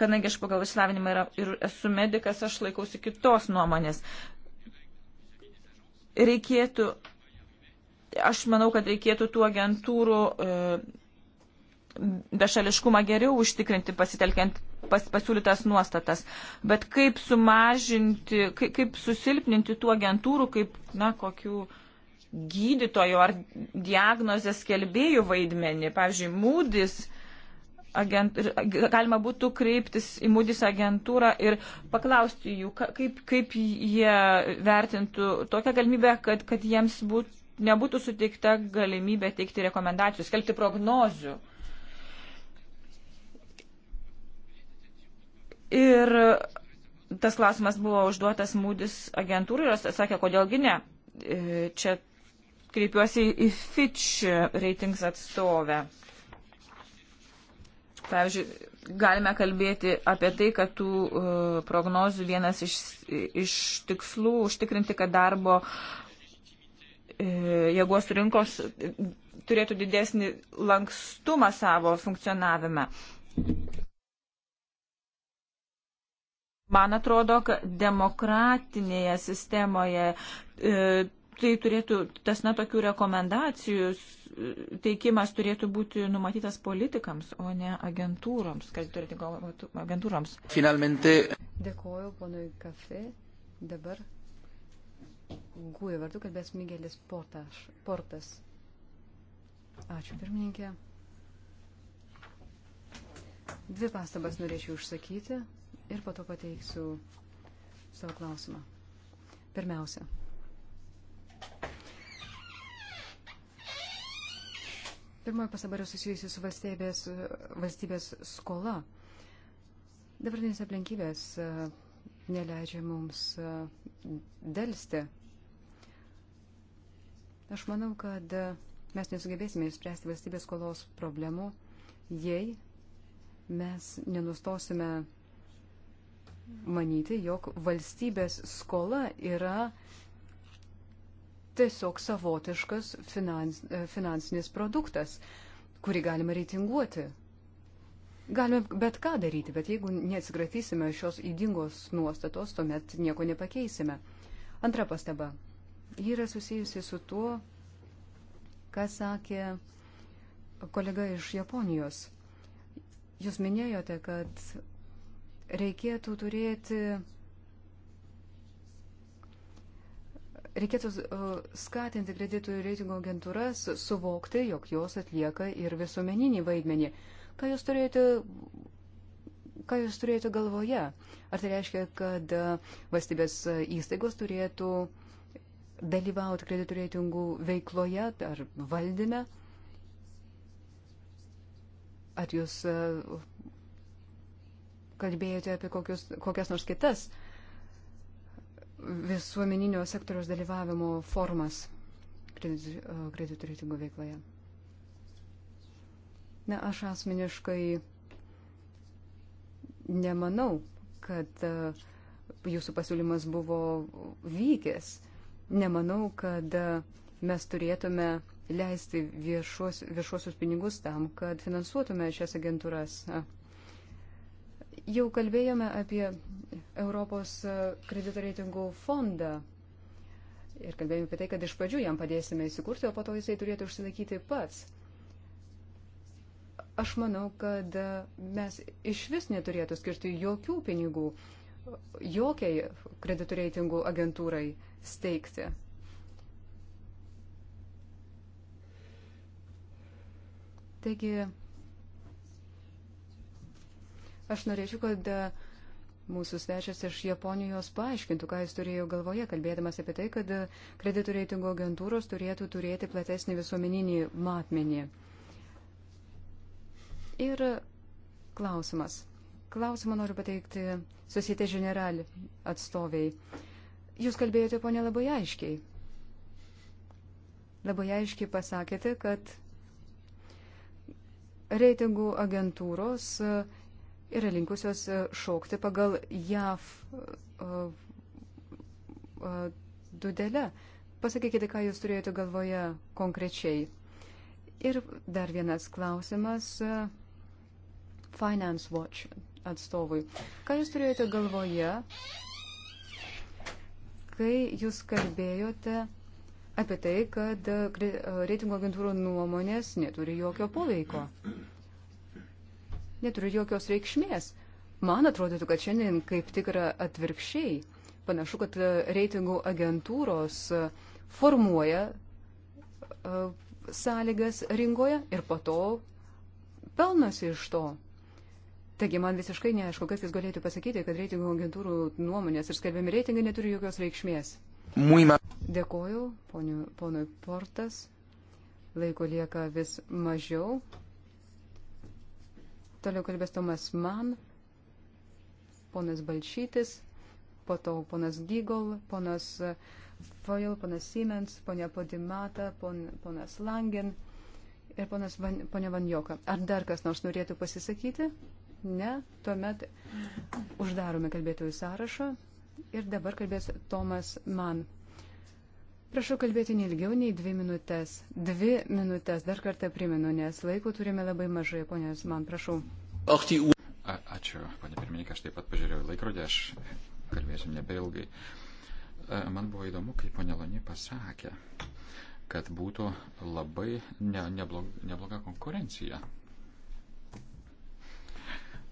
Kadangi aš pagal išsilavinimą ir esu medikas, aš laikausi kitos nuomonės. Reikėtų, aš manau, kad reikėtų tų agentūrų e, bešališkumą geriau užtikrinti pasitelkiant pas, pasiūlytas nuostatas. Bet kaip sumažinti, kaip, kaip susilpninti tų agentūrų, kaip, na, kokių gydytojų ar diagnozės kelbėjų vaidmenį. Pavyzdžiui, mūdis agent, galima būtų kreiptis į Moody's agentūrą ir paklausti jų, kaip, kaip jie vertintų tokią galimybę, kad, kad jiems būt, nebūtų suteikta galimybė teikti rekomendacijų, skelbti prognozių. Ir tas klausimas buvo užduotas Moody's agentūrai ir atsakė, kodėlgi ne. E, čia kreipiuosi į Fitch ratings atstovę. Pavyzdžiui, galime kalbėti apie tai, kad tų uh, prognozių vienas iš, iš tikslų užtikrinti, kad darbo uh, jėgos rinkos turėtų didesnį lankstumą savo funkcionavime. Man atrodo, kad demokratinėje sistemoje e, tai turėtų, tas na tokių rekomendacijų teikimas turėtų būti numatytas politikams, o ne agentūroms, kas turėtų galvoti agentūroms.
Finalmente.
Dėkuoju, ponui Kafe. Dabar Gūjo vardu kalbės Migelis Portaš, Portas. Ačiū, pirmininkė. Dvi pastabas norėčiau užsakyti ir po to pateiksiu savo klausimą. Pirmiausia, Pirmoji pasaba yra susijusi su valstybės, valstybės skola. Dabartinės aplinkybės e, neleidžia mums e, dėlsti. Aš manau, kad e, mes nesugebėsime išspręsti valstybės skolos problemų, jei mes nenustosime manyti, jog valstybės skola yra tiesiog savotiškas finans, e, finansinis produktas, kurį galima reitinguoti. Galime bet ką daryti, bet jeigu neatsigratysime šios įdingos nuostatos, tuomet nieko nepakeisime. Antra pastaba. Ji yra susijusi su tuo, ką sakė kolega iš Japonijos. Jūs minėjote, kad reikėtų turėti reikėtų e, skatinti kreditų reitingo agentūras suvokti, jog jos atlieka ir visuomeninį vaidmenį. Ką jūs turėjote, ką jūs turėjote galvoje? Ar tai reiškia, kad e, valstybės įstaigos turėtų dalyvauti kreditų reitingų veikloje ar valdyme? Ar jūs e, kalbėjote apie kokius, kokias nors kitas visuomeninio sektoriaus dalyvavimo formas e, kreditų reitingo veikloje. Na, aš asmeniškai nemanau, kad e, jūsų pasiūlymas buvo vykęs. Nemanau, kad e, mes turėtume leisti viešuos, viešuosius pinigus tam, kad finansuotume šias agentūras. Jau kalbėjome apie Europos kredito reitingų fondą ir kalbėjome apie tai, kad iš pradžių jam padėsime įsikurti, o po to jisai turėtų užsilaikyti pats. Aš manau, kad mes iš vis neturėtų skirti jokių pinigų jokiai kreditų reitingų agentūrai steigti. Taigi, Aš norėčiau, kad e, mūsų svečias iš Japonijos paaiškintų, ką jis turėjo galvoje, kalbėdamas apie tai, kad e, kreditų reitingo agentūros turėtų turėti platesnį visuomeninį matmenį. Ir klausimas. Klausimą noriu pateikti susitė general atstoviai. Jūs kalbėjote, ponė, labai aiškiai. Labai aiškiai pasakėte, kad reitingų agentūros uh, yra linkusios e, šaukti pagal JAV e, e, dudelę. Pasakykite, ką jūs turėjote galvoje konkrečiai. Ir dar vienas klausimas Finance Watch atstovui. Ką jūs turėjote galvoje, kai jūs kalbėjote apie tai, kad reitingo agentūrų nuomonės neturi jokio poveiko? neturi jokios reikšmės. Man atrodytų, kad šiandien kaip tik yra atvirkščiai. Panašu, kad reitingų agentūros e, formuoja e, sąlygas rinkoje ir po to pelnosi iš to. Taigi man visiškai neaišku, kas jis galėtų pasakyti, kad reitingų agentūrų nuomonės ir skelbiami reitingai neturi jokios reikšmės. Muima. Dėkoju, ponui Portas. Laiko lieka vis mažiau. Toliau kalbės Tomas Man, ponas Balčytis, po to ponas Gygol, ponas Foil, ponas Siemens, ponia Podimata, pon, ponas Langen ir ponas Van, ponia Vanjoka. Ar dar kas nors norėtų pasisakyti? Ne, tuomet uždarome kalbėtojų sąrašą ir dabar kalbės Tomas Man. Prašau kalbėti neilgiau nei dvi minutės. Dvi minutės, dar kartą primenu, nes laiko turime labai mažai, ponės, man prašau.
A, ačiū, ponė pirmininkė, aš taip pat pažiūrėjau laikrodį, aš kalbėsiu nebeilgai. Man buvo įdomu, kaip ponė Loni pasakė, kad būtų labai ne, neblog, nebloga konkurencija.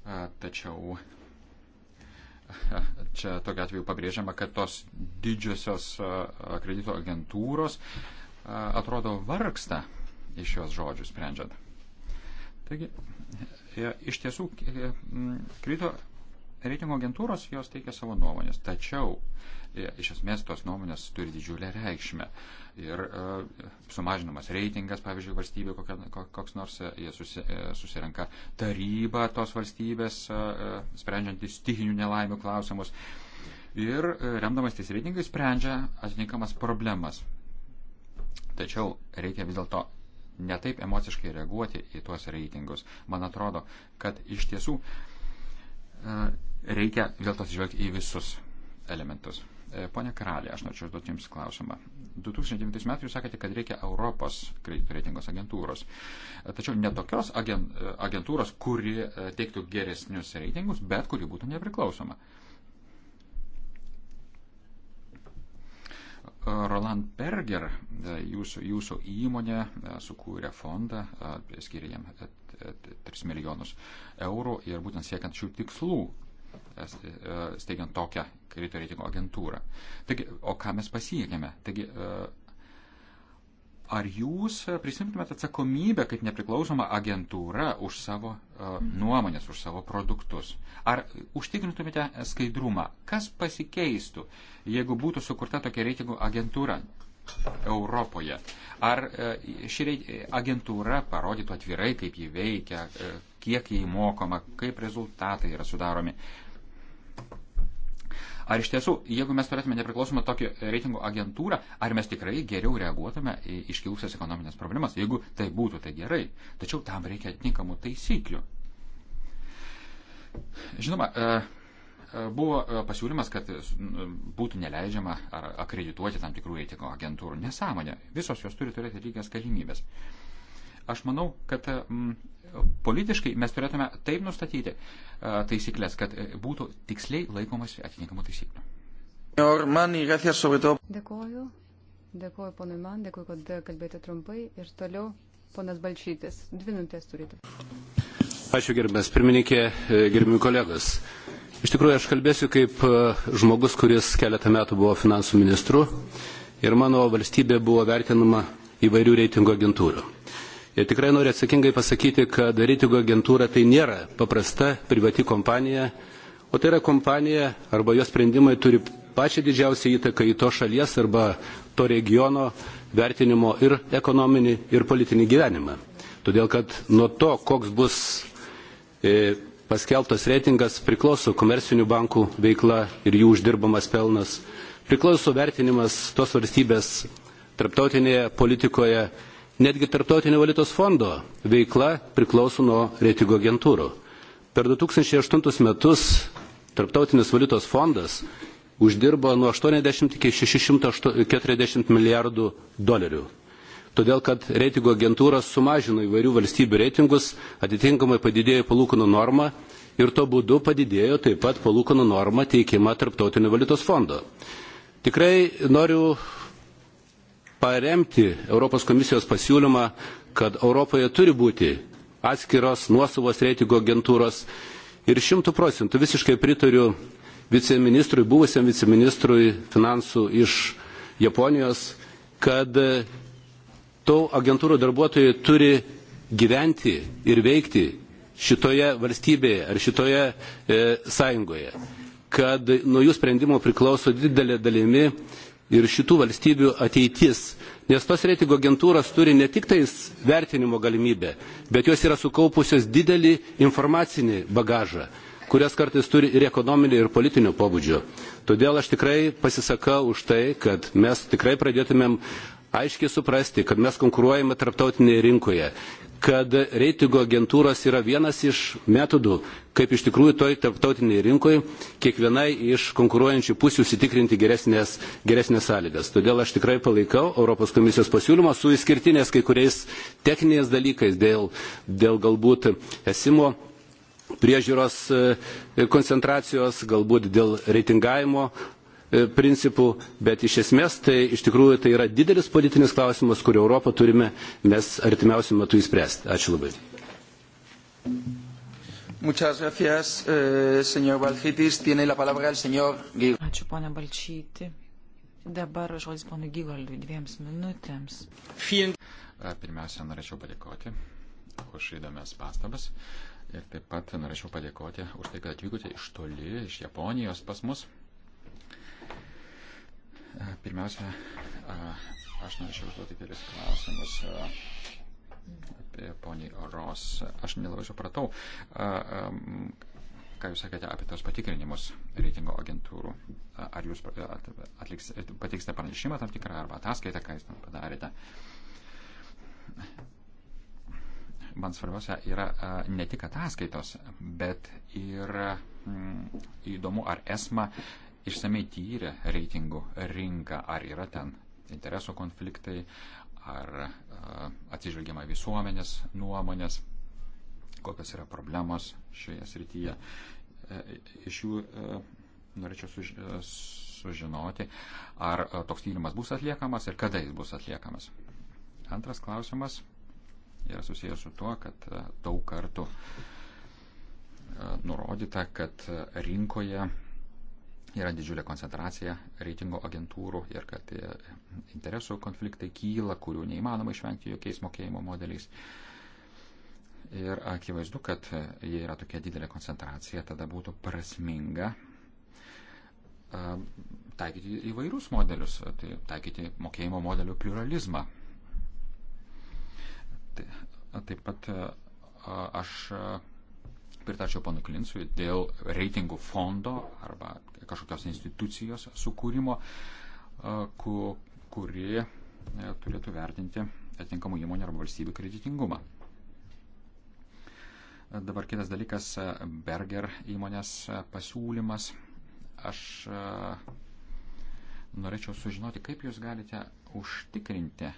A, tačiau [laughs] čia tokia atveju pabrėžiama, kad tos didžiosios kredito agentūros atrodo vargsta iš jos žodžių sprendžiant. Taigi, e, iš tiesų, e, kredito reitingo agentūros jos teikia savo nuomonės, tačiau uh, E, iš esmės tos nuomonės turi didžiulę reikšmę. Ir e, sumažinamas reitingas, pavyzdžiui, valstybė kokia, koks nors, e, jie susi, susirenka tarybą tos valstybės, sprendžiantį stichinių nelaimių klausimus. Ir remdamas tais reitingais sprendžia atitinkamas problemas. Tačiau reikia vis dėlto netaip emociškai reaguoti į tuos reitingus. Man atrodo, kad iš tiesų reikia vėl tos žvelgti į visus elementus. E, Pone Karalė, aš norėčiau užduoti Jums klausimą. 2009 metais Jūs sakėte, kad reikia Europos kreditų reitingos agentūros. E, tačiau ne tokios e, agentūros, kuri teiktų geresnius reitingus, bet kuri būtų nepriklausoma. Roland Berger, jūsų, jūsų įmonė sukūrė fondą, skiria jam 3 milijonus eurų ir būtent siekiant šių tikslų E, steigiant tokią kredito reitingo agentūrą. Taigi, o ką mes pasiekėme? Taigi, e, ar jūs prisimtumėte atsakomybę kaip nepriklausoma agentūra už savo e, nuomonės, už savo produktus? Ar užtikrintumėte skaidrumą? Kas pasikeistų, jeigu būtų sukurta tokia reitingų agentūra? Europoje. Ar ši agentūra parodytų atvirai, kaip ji veikia, kiek jai mokoma, kaip rezultatai yra sudaromi. Ar iš tiesų, jeigu mes turėtume nepriklausomą tokį reitingų agentūrą, ar mes tikrai geriau reaguotume į iškilusias ekonominės problemas? Jeigu tai būtų, tai gerai. Tačiau tam reikia atitinkamų taisyklių. Žinoma, e, e, buvo e, pasiūlymas, kad būtų neleidžiama akredituoti tam tikrų reitingų agentūrų. Nesąmonė. Visos jos turi turėti lygias galimybės. Aš manau, kad politiškai mes turėtume taip nustatyti, taisyklės, kad e, būtų tiksliai laikomas atitinkamų taisyklių.
Dėkuoju. Dėkuoju ponui man, dėkuoju, kad kalbėjote trumpai. Ir toliau ponas Balčytis. Dvi minutės turite.
Ačiū gerbiamas pirmininkė, e, gerbimi kolegos. Iš tikrųjų, aš kalbėsiu kaip e, žmogus, kuris keletą metų buvo finansų ministru ir mano valstybė buvo vertinama įvairių reitingo agentūrų. Ir tikrai noriu atsakingai pasakyti, kad reitingo agentūra tai nėra paprasta privati kompanija, o tai yra kompanija arba jos sprendimai turi pačią didžiausią įtaką į to šalies arba to regiono vertinimo ir ekonominį, ir politinį gyvenimą. Todėl, kad nuo to, koks bus e, paskelbtas reitingas, priklauso komersinių bankų veikla ir jų uždirbamas pelnas, priklauso vertinimas tos valstybės tarptautinėje politikoje Netgi tartotinio valiutos fondo veikla priklauso nuo reitingo agentūrų. Per 2008 metus Tarptautinis valiutos fondas uždirbo nuo 80 iki 640 milijardų dolerių. Todėl, kad reitingo agentūros sumažino įvairių valstybių reitingus, atitinkamai padidėjo palūkanų norma ir to būdu padidėjo taip pat palūkanų norma teikima Tarptautinio valiutos fondo. Tikrai noriu paremti Europos komisijos pasiūlymą, kad Europoje turi būti atskiros nuosavos reitingo agentūros ir šimtų procentų visiškai pritariu viceministrui, buvusiam viceministrui finansų iš Japonijos, kad to agentūrų darbuotojai turi gyventi ir veikti šitoje valstybėje ar šitoje e, sąjungoje, kad nuo jų sprendimo priklauso didelė dalimi ir šitų valstybių ateitis nes tos reitingų agentūros turi ne tik tais vertinimo galimybę bet jos yra sukaupusios didelį informacinį bagažą kurias kartais turi ir ekonominio ir politinio pobūdžio todėl aš tikrai pasisakau už tai kad mes tikrai pradėtumėm aiškiai suprasti kad mes konkuruojame tarptautinėje rinkoje kad reitingo agentūros yra vienas iš metodų, kaip iš tikrųjų toj tarptautiniai rinkoje kiekvienai iš konkuruojančių pusių užsitikrinti geresnės, geresnės sąlygas. Todėl aš tikrai palaikau Europos komisijos pasiūlymą su išskirtinės kai kuriais techniniais dalykais dėl, dėl galbūt esimo priežiūros e, koncentracijos, galbūt dėl reitingavimo E, principų, bet iš esmės tai iš tikrųjų tai yra didelis politinis klausimas, kurį Europą turime mes artimiausių metų įspręsti. Ačiū labai.
Muchas gracias, eh, señor Balchitis. Tiene la palabra el señor Gigol.
Ačiū, ponia Balčyti. Dabar žodis ponui Gigolui dviems minutėms.
Pirmiausia, norėčiau padėkoti už įdomias pastabas. Ir taip pat norėčiau padėkoti už tai, kad atvykote iš toli, iš Japonijos pas mus. Pirmiausia, aš norėčiau užduoti kelis klausimus poniai Ros. Aš nelabai supratau, ką jūs sakėte apie tos patikrinimus reitingo agentūrų. Ar jūs atliks, patiksite pranešimą tam tikrą arba ataskaitą, ką jūs tam padarėte? Man svarbiausia yra ne tik ataskaitos, bet ir įdomu, ar esma išsamei tyrė reitingų rinką, ar yra ten interesų konfliktai, ar e, atsižvelgiama visuomenės nuomonės, kokios yra problemos šioje srityje. E, iš jų e, norėčiau sužinoti, ar toks tyrimas bus atliekamas ir kada jis bus atliekamas. Antras klausimas yra susijęs su tuo, kad daug kartų nurodyta, kad rinkoje yra didžiulė koncentracija reitingo agentūrų ir kad e, interesų konfliktai kyla, kurių neįmanoma išvengti jokiais mokėjimo modeliais. Ir akivaizdu, kad e, jei yra tokia didelė koncentracija, tada būtų prasminga e, taikyti įvairius modelius, tai taikyti mokėjimo modelių pluralizmą. Taip pat aš pritarčiau panu Klinsui dėl reitingų fondo arba kažkokios institucijos sukūrimo, kuri e, turėtų vertinti atitinkamų įmonių arba valstybių kreditingumą. Dabar kitas dalykas - Berger įmonės pasiūlymas. Aš norėčiau sužinoti, kaip jūs galite užtikrinti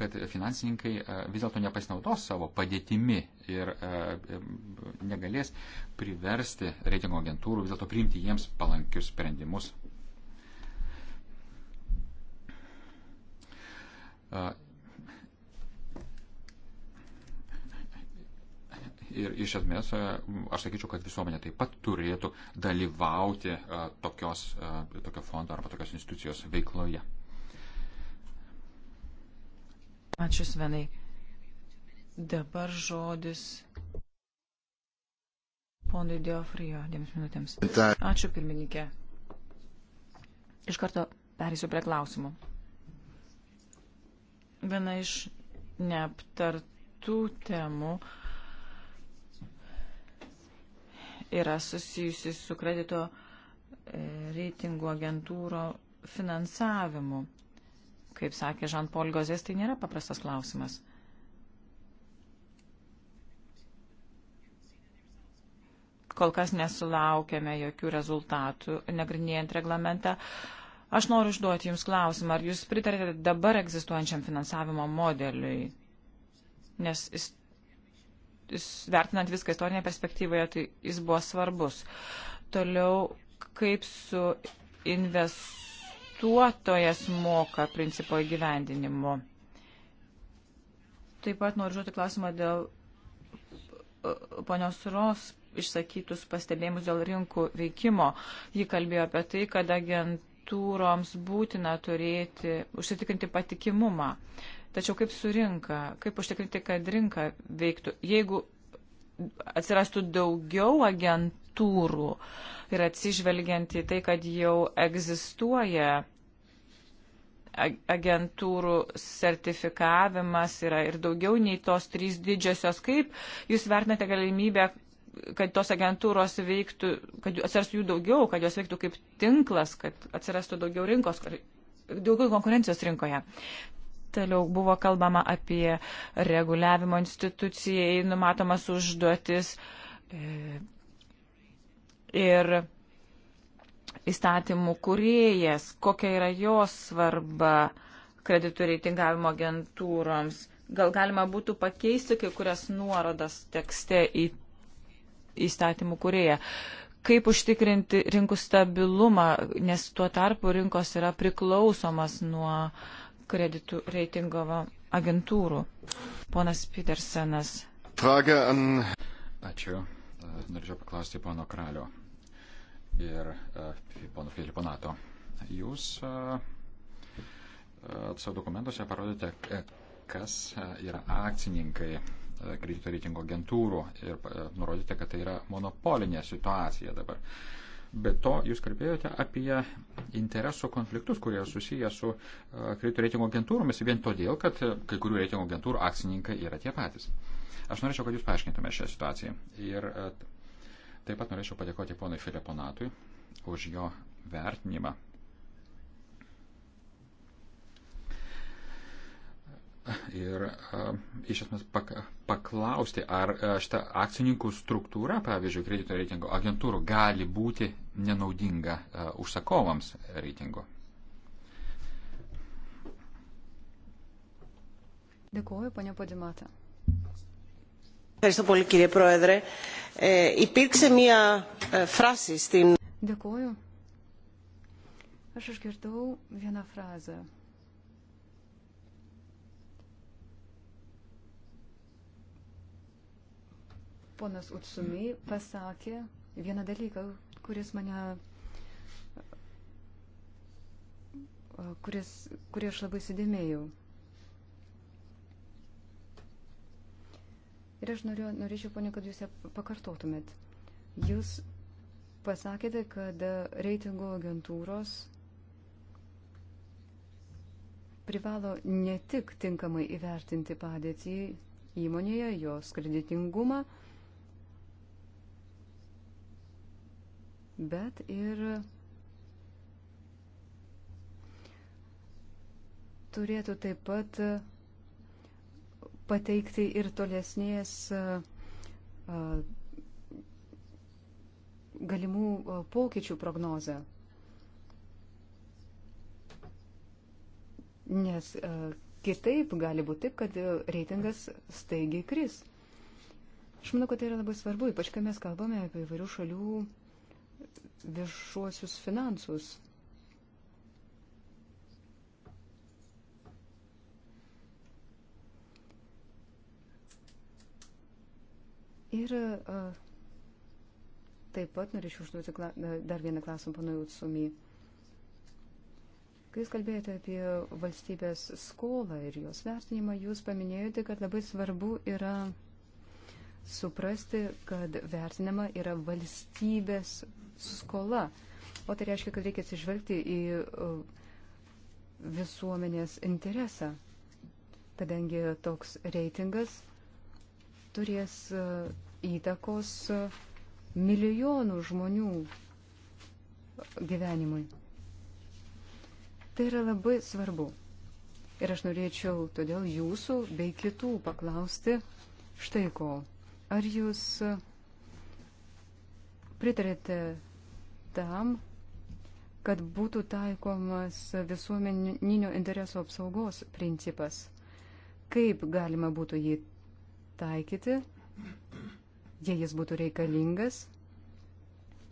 kad finansininkai e, vis dėlto nepasinaudos savo padėtimi ir e, negalės priversti reitingo agentūrų vis dėlto priimti jiems palankius sprendimus. E, ir iš esmės, aš sakyčiau, kad visuomenė taip pat turėtų dalyvauti tokios, tokio fondo arba tokios institucijos veikloje.
Ačiū, Svenai. Dabar žodis ponui Diofrijo, dviems minutėms. Ačiū, pirmininkė. Iš karto perėsiu prie klausimų. Viena iš neaptartų temų yra susijusi su kredito e, reitingų agentūro finansavimu. Kaip sakė Žan-Paul Gozės, tai nėra paprastas klausimas. Kol kas nesulaukėme jokių rezultatų, nagrinėjant reglamentą. Aš noriu užduoti Jums klausimą, ar Jūs pritarėte dabar egzistuojančiam finansavimo modeliui? Nes jis, jis, vertinant viską istorinėje perspektyvoje, tai jis buvo svarbus. Toliau, kaip su investuotojais? investuotojas moka principo įgyvendinimu. Taip pat noriu žuoti klausimą dėl e, ponios Ros išsakytus pastebėjimus dėl rinkų veikimo. Ji kalbėjo apie tai, kad agentūroms būtina turėti, užsitikrinti patikimumą. Tačiau kaip su rinka, kaip užtikrinti, kad rinka veiktų, jeigu atsirastų daugiau agent, struktūrų ir atsižvelgiant į tai, kad jau egzistuoja agentūrų sertifikavimas yra ir daugiau nei tos trys didžiosios. Kaip jūs vertinate galimybę, kad tos agentūros veiktų, kad atsirastų jų daugiau, kad jos veiktų kaip tinklas, kad atsirastų daugiau rinkos, daugiau konkurencijos rinkoje? toliau buvo kalbama apie reguliavimo institucijai numatomas užduotis e, ir įstatymų kuriejas, kokia yra jos svarba kreditų reitingavimo agentūroms. Gal galima būtų pakeisti kai kurias nuorodas tekste į įstatymų kurieją. Kaip užtikrinti rinkų stabilumą, nes tuo tarpu rinkos yra priklausomas nuo kreditų reitingovo agentūrų. Ponas Petersenas.
Ačiū norėčiau paklausti pono Kralio ir e, pono Filiponato. Jūs e, e, savo dokumentuose parodėte, kas yra akcininkai kredito reitingo agentūrų ir nurodėte, kad tai yra monopolinė situacija dabar. Be to, jūs kalbėjote apie interesų konfliktus, kurie susiję su kredito reitingo agentūromis vien todėl, kad kai kurių reitingo agentūrų akcininkai yra tie patys. Aš norėčiau, kad jūs paaiškintume šią situaciją. Ir e, taip pat norėčiau padėkoti ponui Filiponatui už jo vertinimą. Ir e, iš esmės paklausti, ar e, šita akcininkų struktūra, pavyzdžiui, kredito reitingo agentūrų, gali būti nenaudinga užsakovams reitingo.
Dėkuoju, ponia Podimata.
Ευχαριστώ πολύ κύριε Πρόεδρε. Ε, υπήρξε μία ε, φράση
στην... Dėkuoju. Aš išgirdau vieną frazę. Ponas Utsumi pasakė vieną dalyką, kuris mane, kuris, kurį aš labai sidėmėjau. Ir aš noriu, norėčiau, ponė, kad jūs ją pakartotumėt. Jūs pasakėte, kad reitingo agentūros privalo ne tik tinkamai įvertinti padėtį įmonėje, jos kreditingumą, bet ir turėtų taip pat pateikti ir tolesnės galimų pokyčių prognozę. Nes kitaip gali būti taip, kad reitingas staigiai kris. Aš manau, kad tai yra labai svarbu, ypač kai mes kalbame apie įvairių šalių viešuosius finansus. Ir taip pat norėčiau užduoti dar vieną klausimą panui Utsumi. Kai jūs kalbėjote apie valstybės skolą ir jos vertinimą, jūs paminėjote, kad labai svarbu yra suprasti, kad vertinama yra valstybės skola. O tai reiškia, kad reikia atsižvelgti į visuomenės interesą, kadangi toks reitingas turės įtakos milijonų žmonių gyvenimui. Tai yra labai svarbu. Ir aš norėčiau todėl jūsų bei kitų paklausti štai ko. Ar jūs pritarėte tam, kad būtų taikomas visuomeninio interesų apsaugos principas? Kaip galima būtų jį taikyti jei jis būtų reikalingas,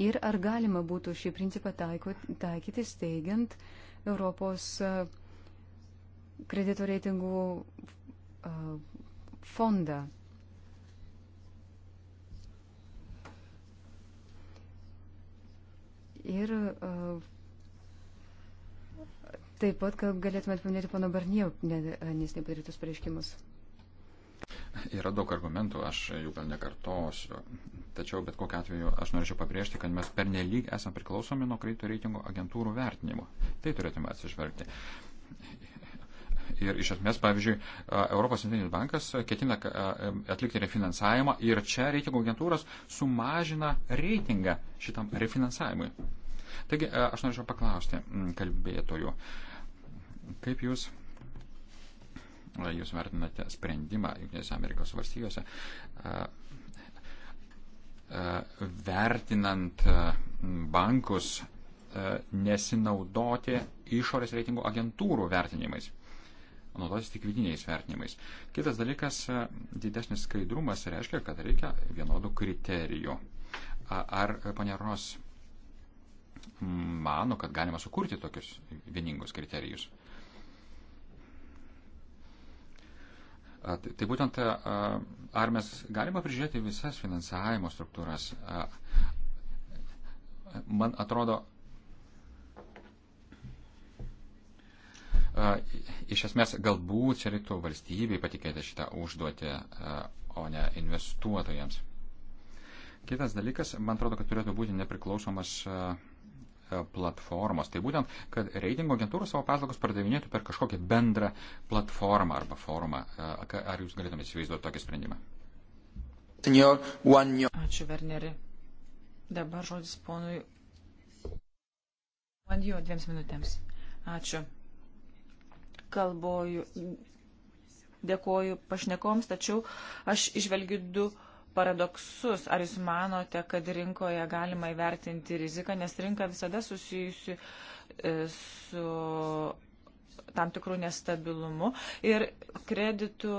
ir ar galima būtų šį principą taiko, taikyti steigiant Europos kredito reitingų fondą. Ir taip pat, kad galėtumėt paminėti pono Barnijo nesnei padarytus pareiškimus.
Yra daug argumentų, aš jų gal nekartosiu. Tačiau bet kokiu atveju aš norėčiau pabrėžti, kad mes pernelyg esame priklausomi nuo kredito reitingo agentūrų vertinimo. Tai turėtume atsižvelgti. Ir iš esmės, pavyzdžiui, Europos centrinis bankas ketina e, atlikti refinansavimą ir čia reitingo agentūros sumažina reitingą šitam refinansavimui. Taigi, e, aš norėčiau paklausti kalbėtojų, kaip jūs jūs vertinate sprendimą Junktinėse Amerikos valstijose, vertinant bankus nesinaudoti išorės reitingų agentūrų vertinimais, naudotis tik vidiniais vertinimais. Kitas dalykas, didesnis skaidrumas reiškia, kad reikia vienodų kriterijų. Ar paneros mano, kad galima sukurti tokius vieningus kriterijus? Tai, tai būtent, ar mes galime prižiūrėti visas finansavimo struktūras? Man atrodo, iš esmės galbūt čia reiktų valstybei patikėti šitą užduotį, o ne investuotojams. Kitas dalykas, man atrodo, kad turėtų būti nepriklausomas platformos. Tai būtent, kad reitingo agentūros savo paslaugas pardavinėtų per kažkokią bendrą platformą arba forumą. E, ar jūs galėtumėte įsivaizduoti tokį sprendimą? Ačiū,
Werneri. Dabar žodis ponui. Man jo dviems minutėms. Ačiū. Kalboju, dėkoju pašnekoms, tačiau aš išvelgiu du uh, paradoksus. Ar jūs manote, kad rinkoje galima įvertinti riziką, nes rinka visada susijusi e, su tam tikrų nestabilumu ir kreditų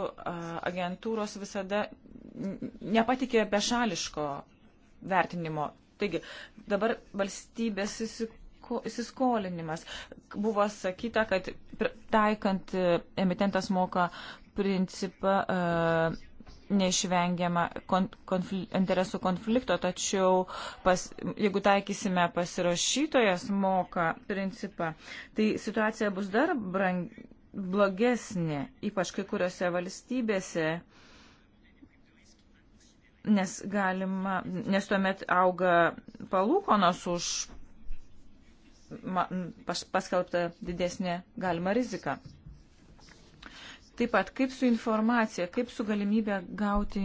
agentūros visada nepatikė bešališko vertinimo. Taigi, dabar valstybės įsikūrė įsiskolinimas. Buvo sakyta, kad taikant e, emitentas moka principą, e, neišvengiama kon, konfl, interesų konflikto, tačiau pas, jeigu taikysime pasirašytojas moka principą, tai situacija bus dar brang, blogesnė, ypač kai kuriuose valstybėse, nes, galima, nes tuomet auga palūkonos už pas, paskelbtą didesnę galimą riziką. Taip pat, kaip su informacija, kaip su galimybė gauti,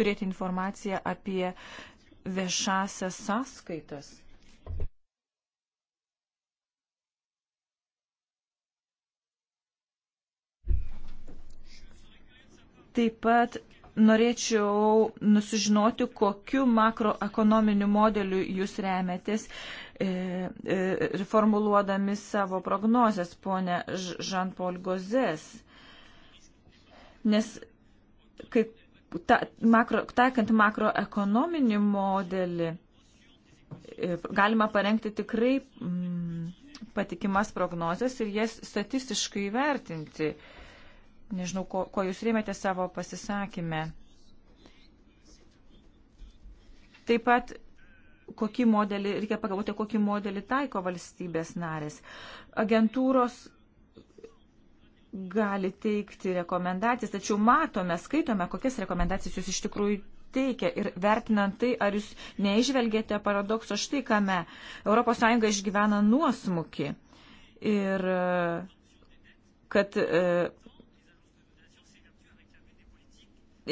turėti informaciją apie viešasias sąskaitas. Taip pat norėčiau nusižinoti, kokiu makroekonominiu modeliu jūs remetės e, e, formuluodami savo prognozes, ponė Žan-Paul Gozės nes kaip ta, makro, taikant makroekonominį modelį e, galima parengti tikrai mm, patikimas prognozes ir jas statistiškai vertinti. Nežinau, ko, ko jūs rėmėte savo pasisakymę. Taip pat, kokį modelį, reikia pagalvoti, kokį modelį taiko valstybės narės. Agentūros gali teikti rekomendacijas, tačiau matome, skaitome, kokias rekomendacijas jūs iš tikrųjų teikia ir vertinant tai, ar jūs neižvelgėte paradokso štai kame. ES išgyvena nuosmukį ir e, kad. E,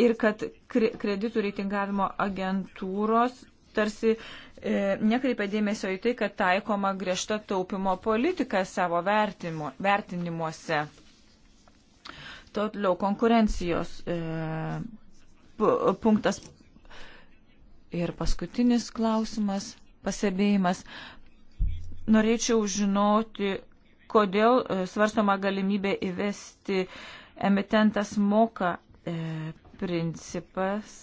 ir kad kreditų reitingavimo agentūros tarsi e, nekreipia dėmesio į tai, kad taikoma griežta taupimo politika savo vertimo, vertinimuose. Toliau konkurencijos e, punktas ir paskutinis klausimas, pasebėjimas. Norėčiau žinoti, kodėl e, svarstoma galimybė įvesti emitentas moka e, principas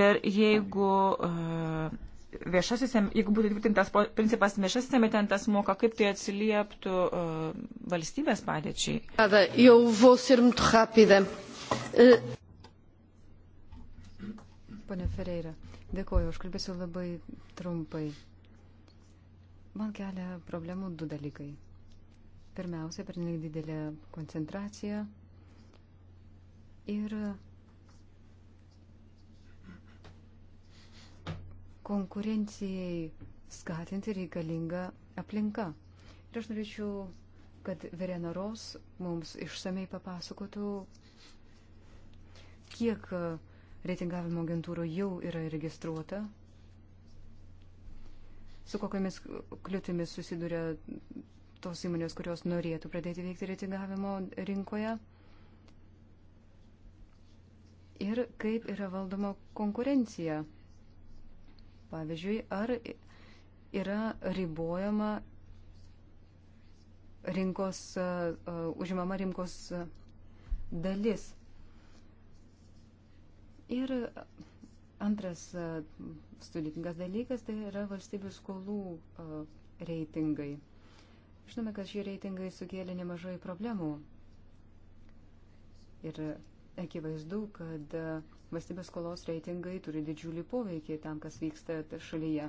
ir jeigu e, viešasis, jeigu būtų tvirtintas principas viešasis emitentas moka, kaip tai atsilieptų uh,
valstybės padėčiai? Pane e- Ferreira, dėkoju, aš kalbėsiu labai trumpai. Man kelia problemų du dalykai. Pirmiausia, per nedidelę koncentraciją ir konkurencijai skatinti reikalinga aplinka. Ir aš norėčiau, kad Verena Ros mums išsamei papasakotų, kiek reitingavimo agentūrų jau yra registruota, su kokiamis kliūtimis susiduria tos įmonės, kurios norėtų pradėti veikti reitingavimo rinkoje ir kaip yra valdoma konkurencija Pavyzdžiui, ar yra ribojama rinkos, užimama rinkos dalis. Ir antras sudėtingas dalykas tai yra valstybių skolų reitingai. Žinome, kad šie reitingai sukėlė nemažai problemų. Ir akivaizdu, kad uh, Valstybės skolos reitingai turi didžiulį poveikį tam, kas vyksta šalyje.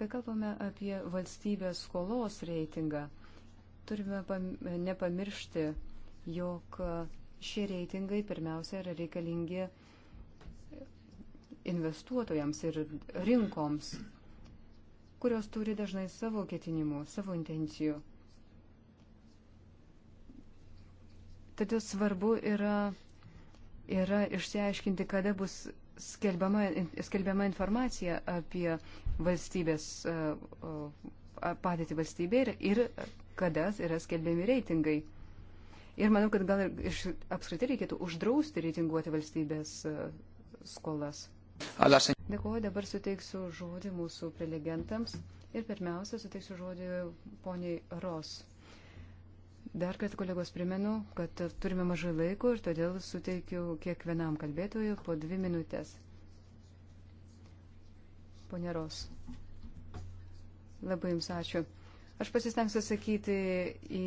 Kai kalbame apie valstybės skolos reitingą, turime nepamiršti, jog šie reitingai pirmiausia yra reikalingi investuotojams ir rinkoms, kurios turi dažnai savo ketinimų, savo intencijų. Todėl svarbu yra, yra išsiaiškinti, kada bus skelbiama, skelbiama informacija apie valstybės e, e, padėti valstybė ir, ir kada yra skelbiami reitingai. Ir manau, kad gal iš, apskritai reikėtų uždrausti reitinguoti valstybės e, skolas.
Dėkuoju,
dabar suteiksiu žodį mūsų prelegentams ir pirmiausia suteiksiu žodį poniai Ros. Dar kartą kolegos primenu, kad turime mažai laiko ir todėl suteikiu kiekvienam kalbėtojui po dvi minutės. Pone Ros, labai Jums ačiū. Aš pasistengsiu atsakyti į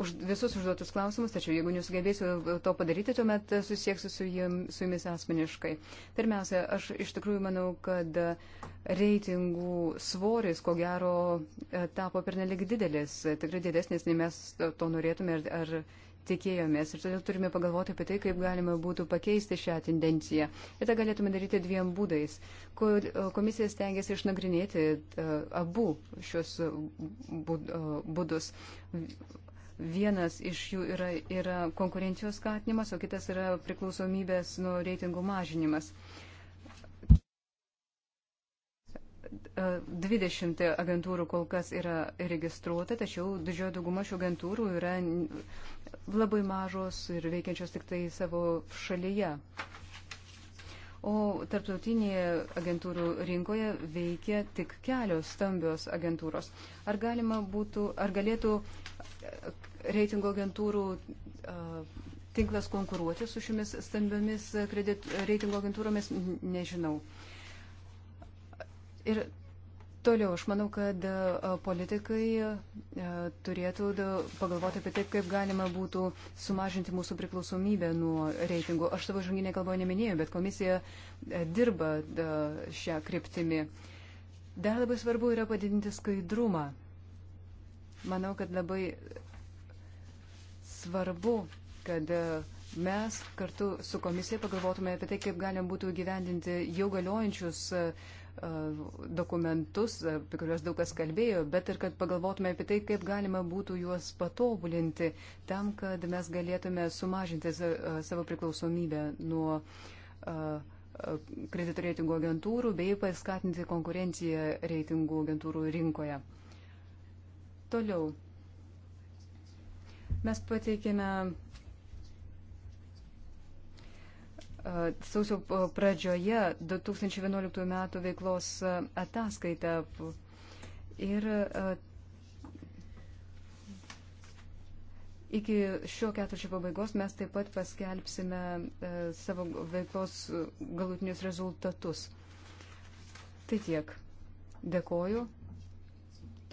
už visus užduotus klausimus, tačiau jeigu nesugebėsiu to padaryti, tuomet susieksiu su, jim, su jumis asmeniškai. Pirmiausia, aš iš tikrųjų manau, kad reitingų svoris, ko gero, e, tapo pernelik didelis, tikrai didesnis, nei mes to norėtume ar, ar tikėjomės. Ir todėl turime pagalvoti apie tai, kaip galima būtų pakeisti šią tendenciją. Ir tą galėtume daryti dviem būdais. Ko, e, komisija stengiasi išnagrinėti e, abu šios būdus Vienas iš jų yra, yra konkurencijos skatinimas, o kitas yra priklausomybės nuo reitingų mažinimas. 20 agentūrų kol kas yra registruota, tačiau didžioji dauguma šių agentūrų yra labai mažos ir veikiančios tik tai savo šalyje o tarptautinėje agentūrų rinkoje veikia tik kelios stambios agentūros. Ar, būtų, ar galėtų e, reitingo agentūrų e, tinklas konkuruoti su šiomis stambiomis kredit, reitingo agentūromis, nežinau. Ir Toliau, aš manau, kad e, politikai e, turėtų pagalvoti apie taip, kaip galima būtų sumažinti mūsų priklausomybę nuo reitingų. Aš savo žanginė kalboje neminėjau, bet komisija e, dirba šią kryptimį. Dar labai svarbu yra padidinti skaidrumą. Manau, kad labai svarbu, kad mes kartu su komisija pagalvotume apie tai, kaip galima būtų gyvendinti jau galiojančius uh, E, dokumentus, e, apie kuriuos daug kas kalbėjo, bet ir kad pagalvotume apie tai, kaip galima būtų juos patobulinti tam, kad mes galėtume sumažinti e, savo priklausomybę nuo kredito reitingų agentūrų bei paskatinti konkurenciją reitingų agentūrų rinkoje. Toliau. Mes pateikėme sausio pradžioje 2011 metų veiklos ataskaitą. Ir iki šio ketvirčio pabaigos mes taip pat paskelbsime savo veiklos galutinius rezultatus. Tai tiek. Dėkoju.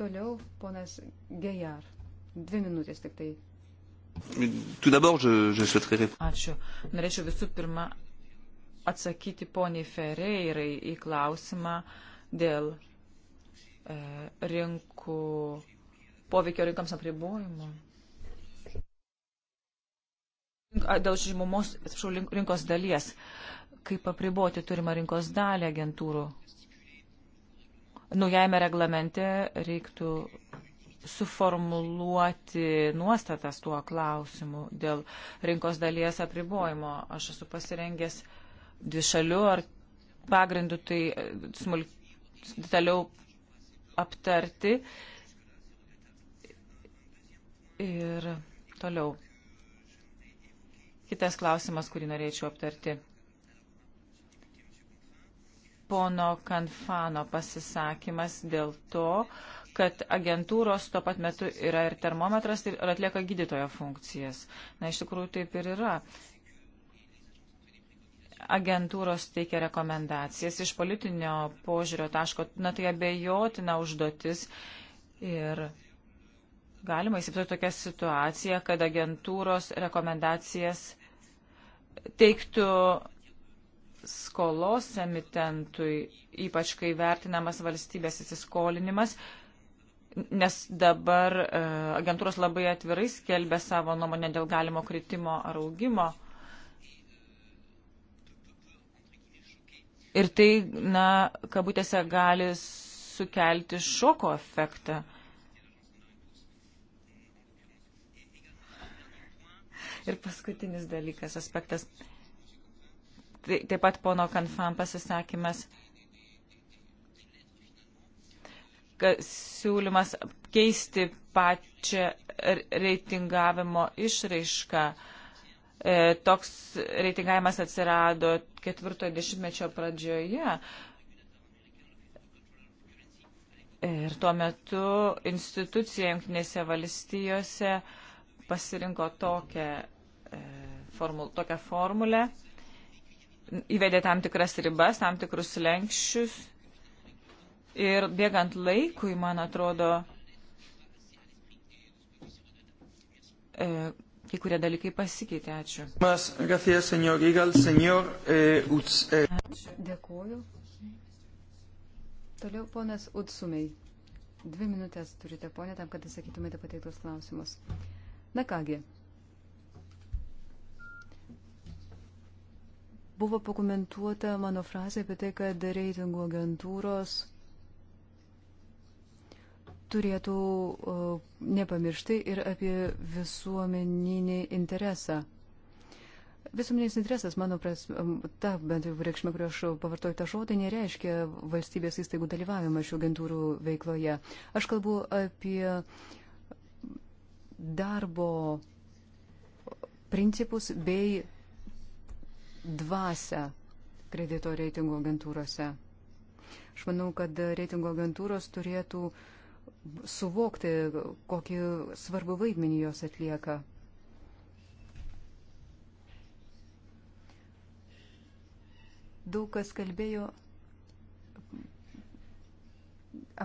Toliau ponas Gejar. Dvi minutės tik tai
Ačiū.
Norėčiau visų pirma atsakyti
poniai Ferreirai į klausimą dėl e, rinkų poveikio rinkams apribojimo. Dėl žymumos, atsiprašau, rinkos dalies. Kaip apriboti turimą rinkos dalį agentūrų? Naujajame reglamente reiktų suformuluoti nuostatas tuo klausimu dėl rinkos dalies apribojimo. Aš esu pasirengęs dvišaliu ar pagrindu tai e, smulk, detaliau aptarti. Ir toliau. Kitas klausimas, kurį norėčiau aptarti. Pono Kanfano pasisakymas dėl to, kad agentūros tuo pat metu yra ir termometras ir atlieka gydytojo funkcijas. Na, iš tikrųjų taip ir yra. Agentūros teikia rekomendacijas iš politinio požiūrio taško, na tai abejotina užduotis ir galima įsivaizduoti tokią situaciją, kad agentūros rekomendacijas teiktų skolos emitentui, ypač kai vertinamas valstybės įsiskolinimas nes dabar e, agentūros labai atvirai skelbia savo nuomonę dėl galimo kritimo ar augimo. Ir tai, na, kabutėse gali sukelti šoko efektą. Ir paskutinis dalykas, aspektas. Tai, taip pat pono Kanfan pasisakymas siūlymas keisti pačią reitingavimo išraišką. E, toks reitingavimas atsirado ketvirtojo dešimtmečio pradžioje. Ir tuo metu institucija Junktinėse valstijose pasirinko tokią, e, formul, tokią formulę, įvedė tam tikras ribas, tam tikrus lenkščius Ir bėgant laikui, man atrodo, e, kai kurie
dalykai pasikeitė. Ačiū.
E, e. Ačiū.
Dėkuoju. Toliau ponas Utsumiai. Dvi minutės turite, ponė, tam, kad atsakytumėte pateiktus klausimus. Na kągi. Buvo pakomentuota mano frazė apie tai, kad reitingų agentūros turėtų nepamiršti ir apie visuomeninį interesą. Visuomeninis interesas, mano prasme, ta bent jau reikšmė, kurio aš pavartoju tą žodį, nereiškia valstybės įstaigų dalyvavimą šių agentūrų veikloje. Aš kalbu apie darbo principus bei dvasę kredito reitingų agentūrose. Aš manau, kad reitingų agentūros turėtų uh, suvokti, kokį svarbų vaidmenį jos atlieka. Daug kas kalbėjo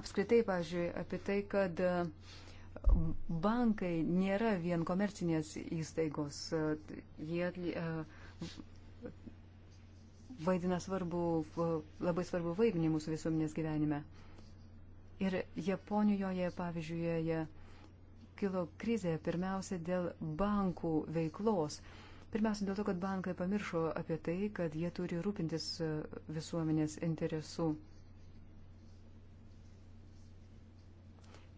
apskritai, pažiūrėjau, apie tai, kad bankai nėra vien komercinės įstaigos. Jie vaidina svarbu, labai svarbu vaidmenį mūsų visuomenės gyvenime. Ir Japonijoje, pavyzdžiui, kilo krizė pirmiausia dėl bankų veiklos. Pirmiausia dėl to, kad bankai pamiršo apie tai, kad jie turi rūpintis e, visuomenės interesų.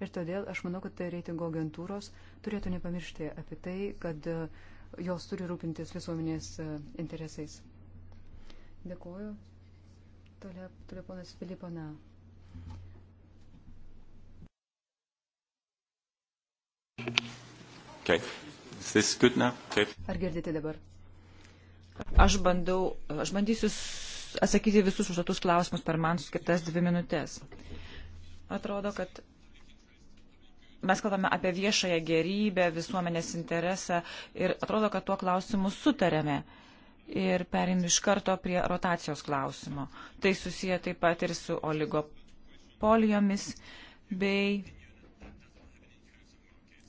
Ir todėl aš manau, kad reitingo agentūros turėtų nepamiršti apie tai, kad e, jos turi rūpintis visuomenės e, interesais. Dėkuoju. Toliau, toliau ponas Filipona. Mhm.
Okay. Okay.
Ar girdite dabar? Aš, bandau, aš bandysiu atsakyti visus užduotus klausimus per man skirtas dvi minutės. Atrodo, kad mes kalbame apie viešąją gerybę, visuomenės interesą ir atrodo, kad tuo klausimu sutarėme. Ir perinu iš karto prie rotacijos klausimo. Tai susiję taip pat ir su oligopolijomis bei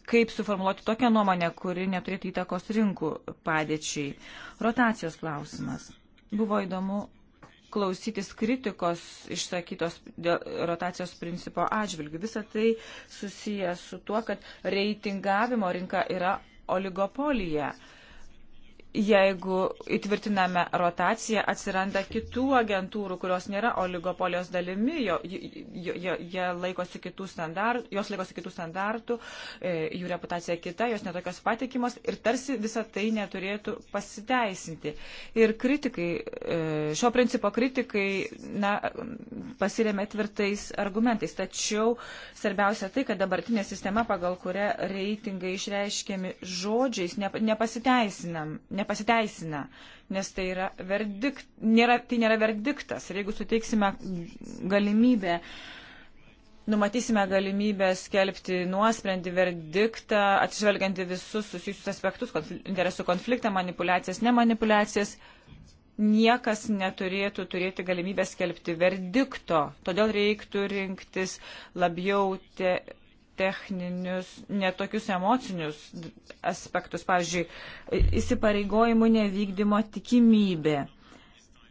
kaip suformuoluoti tokią nuomonę, kuri neturėtų įtakos rinkų padėčiai. Rotacijos klausimas. Buvo įdomu klausytis kritikos išsakytos rotacijos principo atžvilgių. Visą tai susijęs su tuo, kad reitingavimo rinka yra oligopolija. Uh, jeigu įtvirtiname rotaciją, atsiranda kitų agentūrų, kurios nėra oligopolijos dalimi, jo, jo, jo, laikosi kitų standart, jos laikosi kitų standartų, e, jų reputacija kita, jos netokios patikimos ir tarsi visa tai neturėtų pasiteisinti. Ir kritikai, e, šio principo kritikai na, pasiremė tvirtais argumentais. Tačiau svarbiausia tai, kad dabartinė sistema, pagal kurią reitingai išreiškiami žodžiais, nepasiteisinam nepasiteisina, nes tai, yra verdikt, nėra, tai nėra verdiktas. Ir jeigu suteiksime galimybę, numatysime galimybę skelbti nuosprendį, verdiktą, atsižvelgianti visus susijusius aspektus, konfl interesų konfliktą, manipulacijas, nemanipulacijas, niekas neturėtų turėti galimybę skelbti verdikto. Todėl reiktų rinktis labiau te, techninius, netokius emocinius aspektus, pavyzdžiui, įsipareigojimų nevykdymo tikimybė.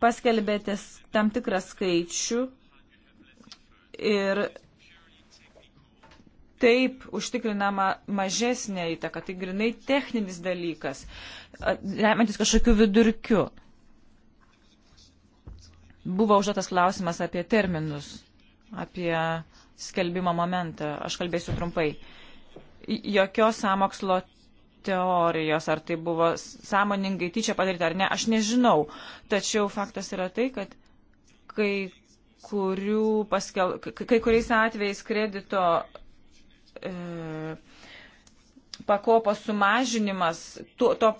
Paskelbėte tam tikrą skaičių ir taip užtikrinama mažesnė įtaka, tai grinai techninis dalykas, remiantis kažkokiu vidurkiu. Buvo užduotas klausimas apie terminus, apie skelbimo momentą. Aš kalbėsiu trumpai. Jokios samokslo teorijos, ar tai buvo sąmoningai tyčia padaryta ar ne, aš nežinau. Tačiau faktas yra tai, kad kai, paskel, kai kuriais atvejais kredito e, pakopos sumažinimas, to, to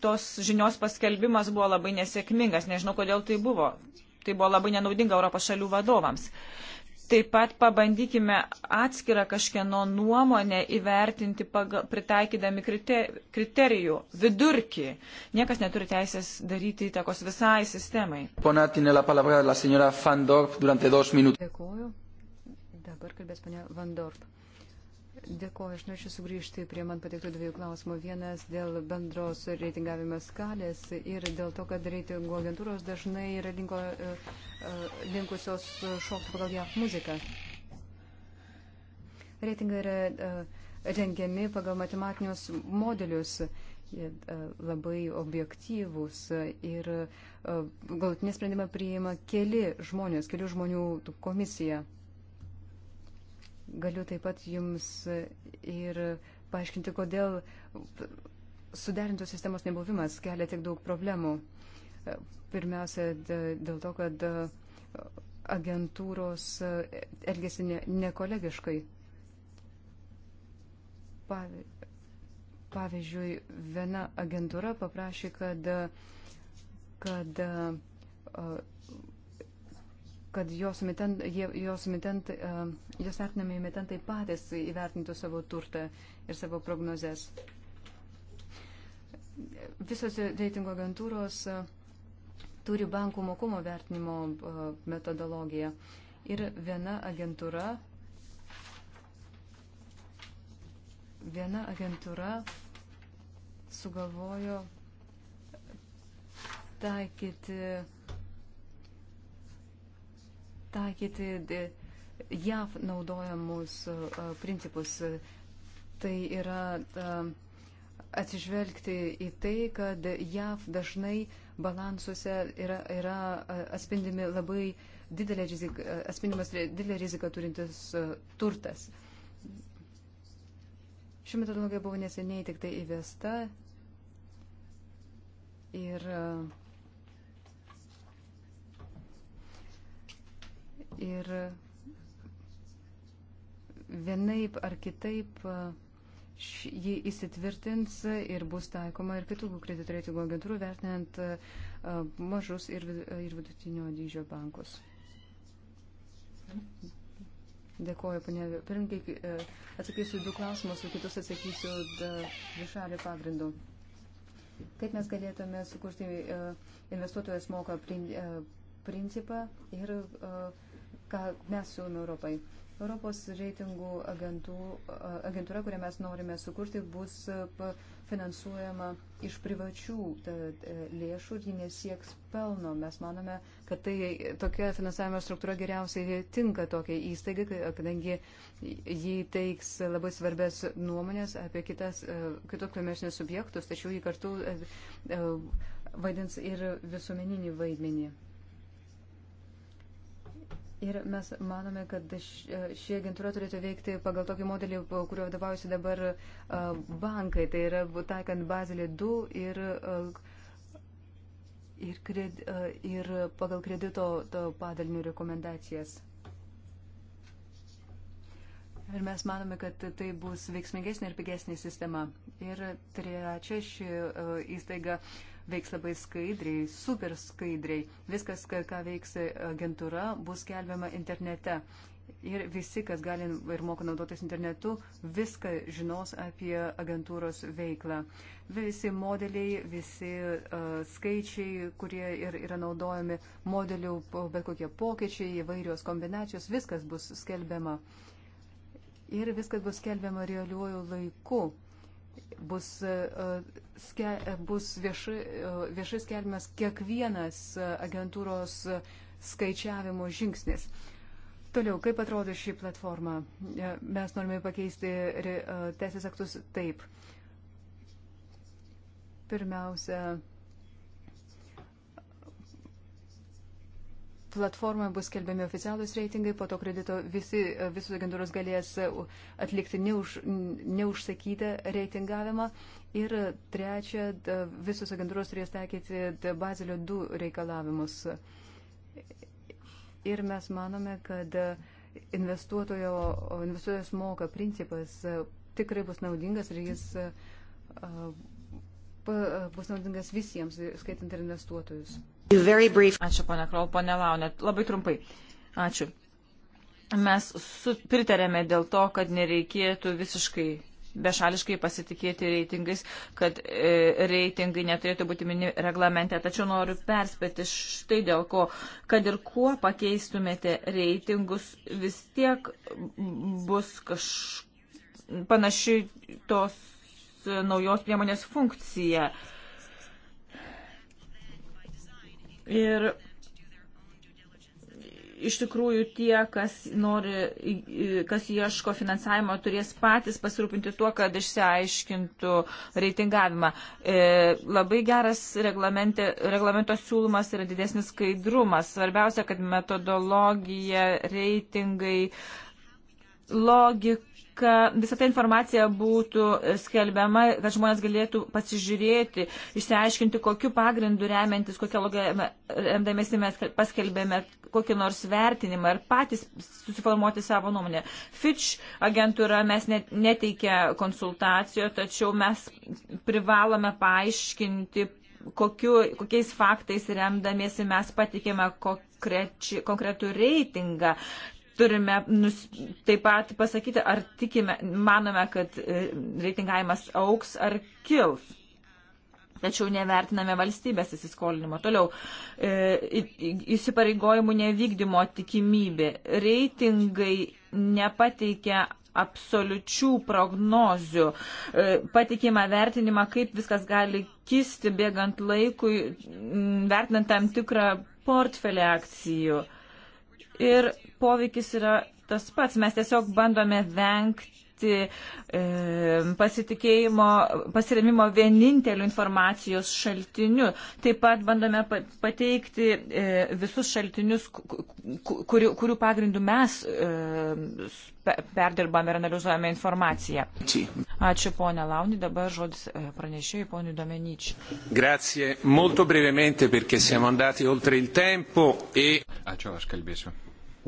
tos žinios paskelbimas buvo labai nesėkmingas. Nežinau, kodėl tai buvo. Tai buvo labai nenaudinga Europos šalių vadovams. Taip pat pabandykime atskirą kažkieno nuomonę įvertinti, pagal, pritaikydami kriterijų, vidurkį. Niekas neturi teisės daryti įtakos visai sistemai.
Pona, tiene la palabra la señora Van Dorp durante dos minutos.
Dėkuoju. Dabar kalbės ponia Van Dorp. Dėkuoju, aš norėčiau sugrįžti prie man patiktų dviejų klausimų. Vienas dėl bendros reitingavimo skalės ir dėl to, kad reitingų agentūros dažnai yra linko, e, e, linkusios šokti pagal ją muziką. Reitingai yra e, rengiami pagal matematinius modelius. Jie labai objektyvūs ir galutinį sprendimą priima keli žmonės, kelių žmonių komisija. Galiu taip pat jums ir paaiškinti, kodėl suderintos sistemos nebuvimas kelia tiek daug problemų. Pirmiausia, dėl to, kad agentūros elgesi nekolegiškai. Pavyzdžiui, viena agentūra paprašė, kad, kad kad jos, mitent, jos, mitent, e, jos vertinami mitentai patys įvertintų savo turtą ir savo prognozes. Visos reitingo agentūros e, turi bankų mokumo vertinimo e, metodologiją. Ir viena agentūra, viena agentūra sugalvojo taikyti taikyti e, JAV naudojamus e, principus. Tai yra e, atsižvelgti į tai, kad JAV dažnai balansuose yra, yra atspindimi labai didelė rizika, atspindimas didelė rizika turintis turtas. Ši metodologija buvo neseniai tik tai įvesta ir uh, Ir vienaip ar kitaip jį įsitvirtins ir bus taikoma ir kitų kredito reitingų agentūrų vertinant mažus ir, ir vidutinio dydžio bankus. Dėkoju, panė. Pirmininkai, atsakysiu du klausimus, o kitus atsakysiu dvišalį pagrindu. Kaip mes galėtume sukurti investuotojas moka principą ir uh, ką mes siūlome Europai. Europos reitingų agentų, agentūra, kurią mes norime sukurti, bus finansuojama iš privačių e, lėšų ir ji nesieks pelno. Mes manome, kad tai tokia finansavimo struktūra geriausiai tinka tokiai įstaigai, kadangi ji teiks labai svarbės nuomonės apie kitas, e, kitus komersinius subjektus, tačiau ji kartu e, vaidins ir visuomeninį vaidmenį. Ir mes manome, kad ši agentūra turėtų veikti pagal tokį modelį, kuriuo vadovaujasi dabar bankai, tai yra taikant bazilį 2 ir, ir, kred, ir pagal kredito padalinių rekomendacijas. Ir mes manome, kad tai bus veiksmingesnė ir pigesnė sistema. Ir trečia, ši įstaiga. Uh, veiks labai skaidriai, super skaidriai. Viskas, ką veiks agentūra, bus skelbiama internete. Ir visi, kas gali ir moka naudotis internetu, viską žinos apie agentūros veiklą. Visi modeliai, visi uh, skaičiai, kurie ir yra naudojami, modelių, bet kokie pokyčiai, įvairios kombinacijos, viskas bus skelbiama. Ir viskas bus skelbiama realiuoju laiku bus, e, ske, bus e, viešai, viešai skelbimas kiekvienas e, agentūros skaičiavimo žingsnis. Toliau, kaip atrodo šį platformą? Mes norime pakeisti teisės aktus taip. Pirmiausia, platformoje bus skelbiami oficialūs reitingai, po to kredito visi, e, visus agentūros galės e, atlikti neuž, neužsakytą reitingavimą. Ir trečia, visus agentūros turės taikyti bazilio 2 reikalavimus. Ir mes manome, kad e, investuotojo, investuotojas moka principas tikrai bus naudingas ir jis bus naudingas visiems, skaitant ir investuotojus.
Ačiū, ponia Krol, ponia Launet. Labai trumpai. Ačiū. Mes pritarėme dėl to, kad nereikėtų visiškai bešališkai pasitikėti reitingais, kad e, reitingai neturėtų būti mini reglamente. Tačiau noriu perspėti štai dėl ko, kad ir kuo pakeistumėte reitingus, vis tiek bus kaž... panaši tos naujos priemonės funkcija. E, Ir iš tikrųjų tie, kas nori, kas ieško finansavimo, turės patys pasirūpinti tuo, kad išsiaiškintų reitingavimą. E, labai geras reglamento siūlymas yra didesnis skaidrumas. Svarbiausia, kad metodologija, reitingai, logika kad visa ta informacija būtų skelbiama, kad žmonės galėtų pasižiūrėti, išsiaiškinti, kokiu pagrindu remiantis, kokią logą remdamėsi mes paskelbėme kokį nors vertinimą ir patys susiformuoti savo nuomonę. Fitch agentūra mes neteikia konsultacijų, tačiau mes privalome paaiškinti kokiu, kokiais faktais remdamiesi mes patikėme konkrečių, konkretų reitingą turime nus, taip pat pasakyti, ar tikime, manome, kad e, reitingavimas auks ar kils. Tačiau nevertiname valstybės įsiskolinimo. Toliau, e, įsipareigojimų nevykdymo tikimybė. Reitingai nepateikia absoliučių prognozių, e, patikimą vertinimą, kaip viskas gali kisti bėgant laikui, vertinant tam tikrą portfelį akcijų ir poveikis yra tas pats. Mes tiesiog bandome vengti e, pasitikėjimo, pasiremimo vieninteliu informacijos šaltiniu. Taip pat bandome pateikti e, visus šaltinius, kurių, kurių pagrindų mes e, perdirbame ir analizuojame informaciją. Ačiū ponia Launi, dabar žodis e, pranešėjai poniu Domenyčiu.
Grazie, molto brevemente perché siamo andati oltre il tempo
e... Ačiū, aš kalbėsiu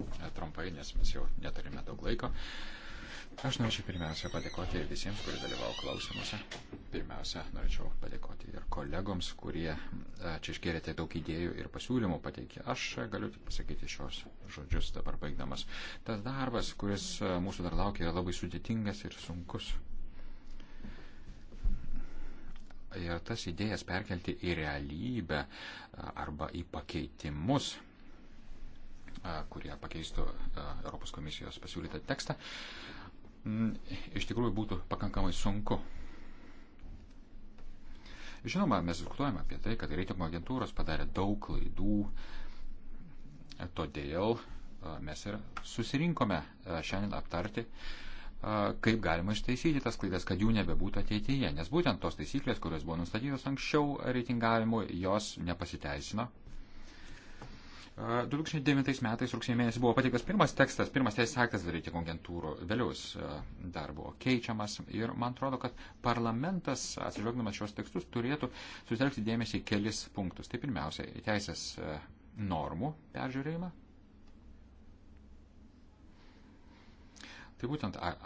E, trumpai, nes mes jau neturime daug laiko. Aš norėčiau pirmiausia padėkoti visiems, kurie dalyvavo klausimuose. Pirmiausia, norėčiau padėkoti ir kolegoms, kurie e, čia iškėlėte daug idėjų ir pasiūlymų pateikė. Aš e, galiu tik pasakyti šios žodžius dabar baigdamas. Tas darbas, kuris mūsų dar laukia, yra labai sudėtingas ir sunkus ir tas idėjas perkelti į realybę arba į pakeitimus kurie pakeistų Europos komisijos pasiūlytą tekstą, mm, iš tikrųjų būtų pakankamai sunku. Žinoma, mes diskutuojame apie tai, kad reitingo agentūros padarė daug klaidų, todėl mes ir susirinkome šiandien aptarti, kaip galima ištaisyti tas klaidas, kad jų nebebūtų ateityje. Nes būtent tos taisyklės, kurios buvo nustatytos anksčiau reitingavimui, jos nepasiteisino 2009 metais rugsėjo mėnesį buvo pateiktas pirmas tekstas, pirmas teisės aktas dėl reitingų agentūrų, vėliau jis e, dar buvo keičiamas ir man atrodo, kad parlamentas, atsižvelgdamas šios tekstus, turėtų sutelkti dėmesį į kelis punktus. Tai pirmiausia, teisės e, normų peržiūrėjimą. Tai būtent ar,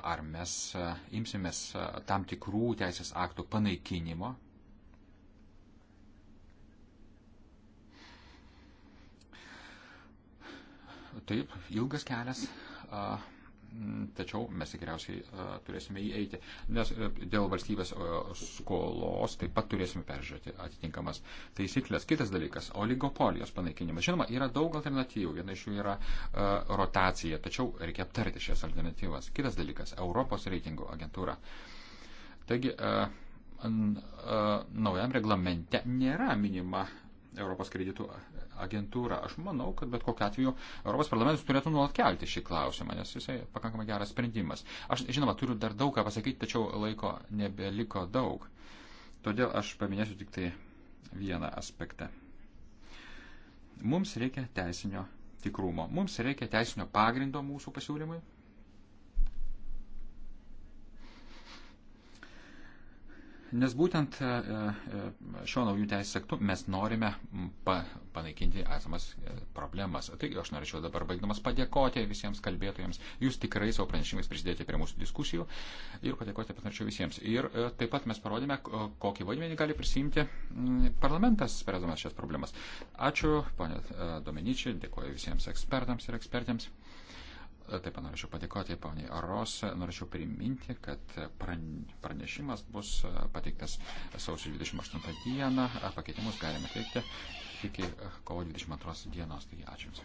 ar mes e, imsimės tam tikrų teisės aktų panaikinimo Taip, ilgas kelias. A, tačiau mes tikriausiai turėsime įeiti, nes e, dėl valstybės skolos taip pat turėsime peržiūrėti atitinkamas taisyklės. Kitas dalykas - oligopolijos panaikinimas. Žinoma, yra daug alternatyvų, viena iš jų yra rotacija, tačiau reikia aptarti šias alternatyvas. Kitas dalykas - Europos reitingų agentūra. Taigi, naujam reglamente nėra minima Europos kreditų agentūra. Aš manau, kad bet kokiu atveju Europos parlamentas turėtų nuolat kelti šį klausimą, nes jisai pakankamai geras sprendimas. Aš, žinoma, turiu dar daug ką pasakyti, tačiau laiko nebeliko daug. Todėl aš paminėsiu tik tai vieną aspektą. Mums reikia teisinio tikrumo, mums reikia teisinio pagrindo mūsų pasiūlymui, Nes būtent e, e, šio naujų teisės aktų mes norime pa, panaikinti esamas e, problemas. Taigi aš norėčiau dabar baigdamas padėkoti visiems kalbėtojams. Jūs tikrai savo pranešimais prisidėjote prie mūsų diskusijų ir padėkoti patarčiau visiems. Ir taip pat mes parodėme, kokį vaidmenį gali prisimti parlamentas, spręsdamas šias problemas. Ačiū, ponė Domeničiai, dėkoju visiems ekspertams ir ekspertėms taip pat norėčiau padėkoti poniai Aros, norėčiau priminti, kad pranešimas bus e, pateiktas sausio 28 dieną, pakeitimus galime teikti iki kovo 22 dienos, taigi ačiū Jums.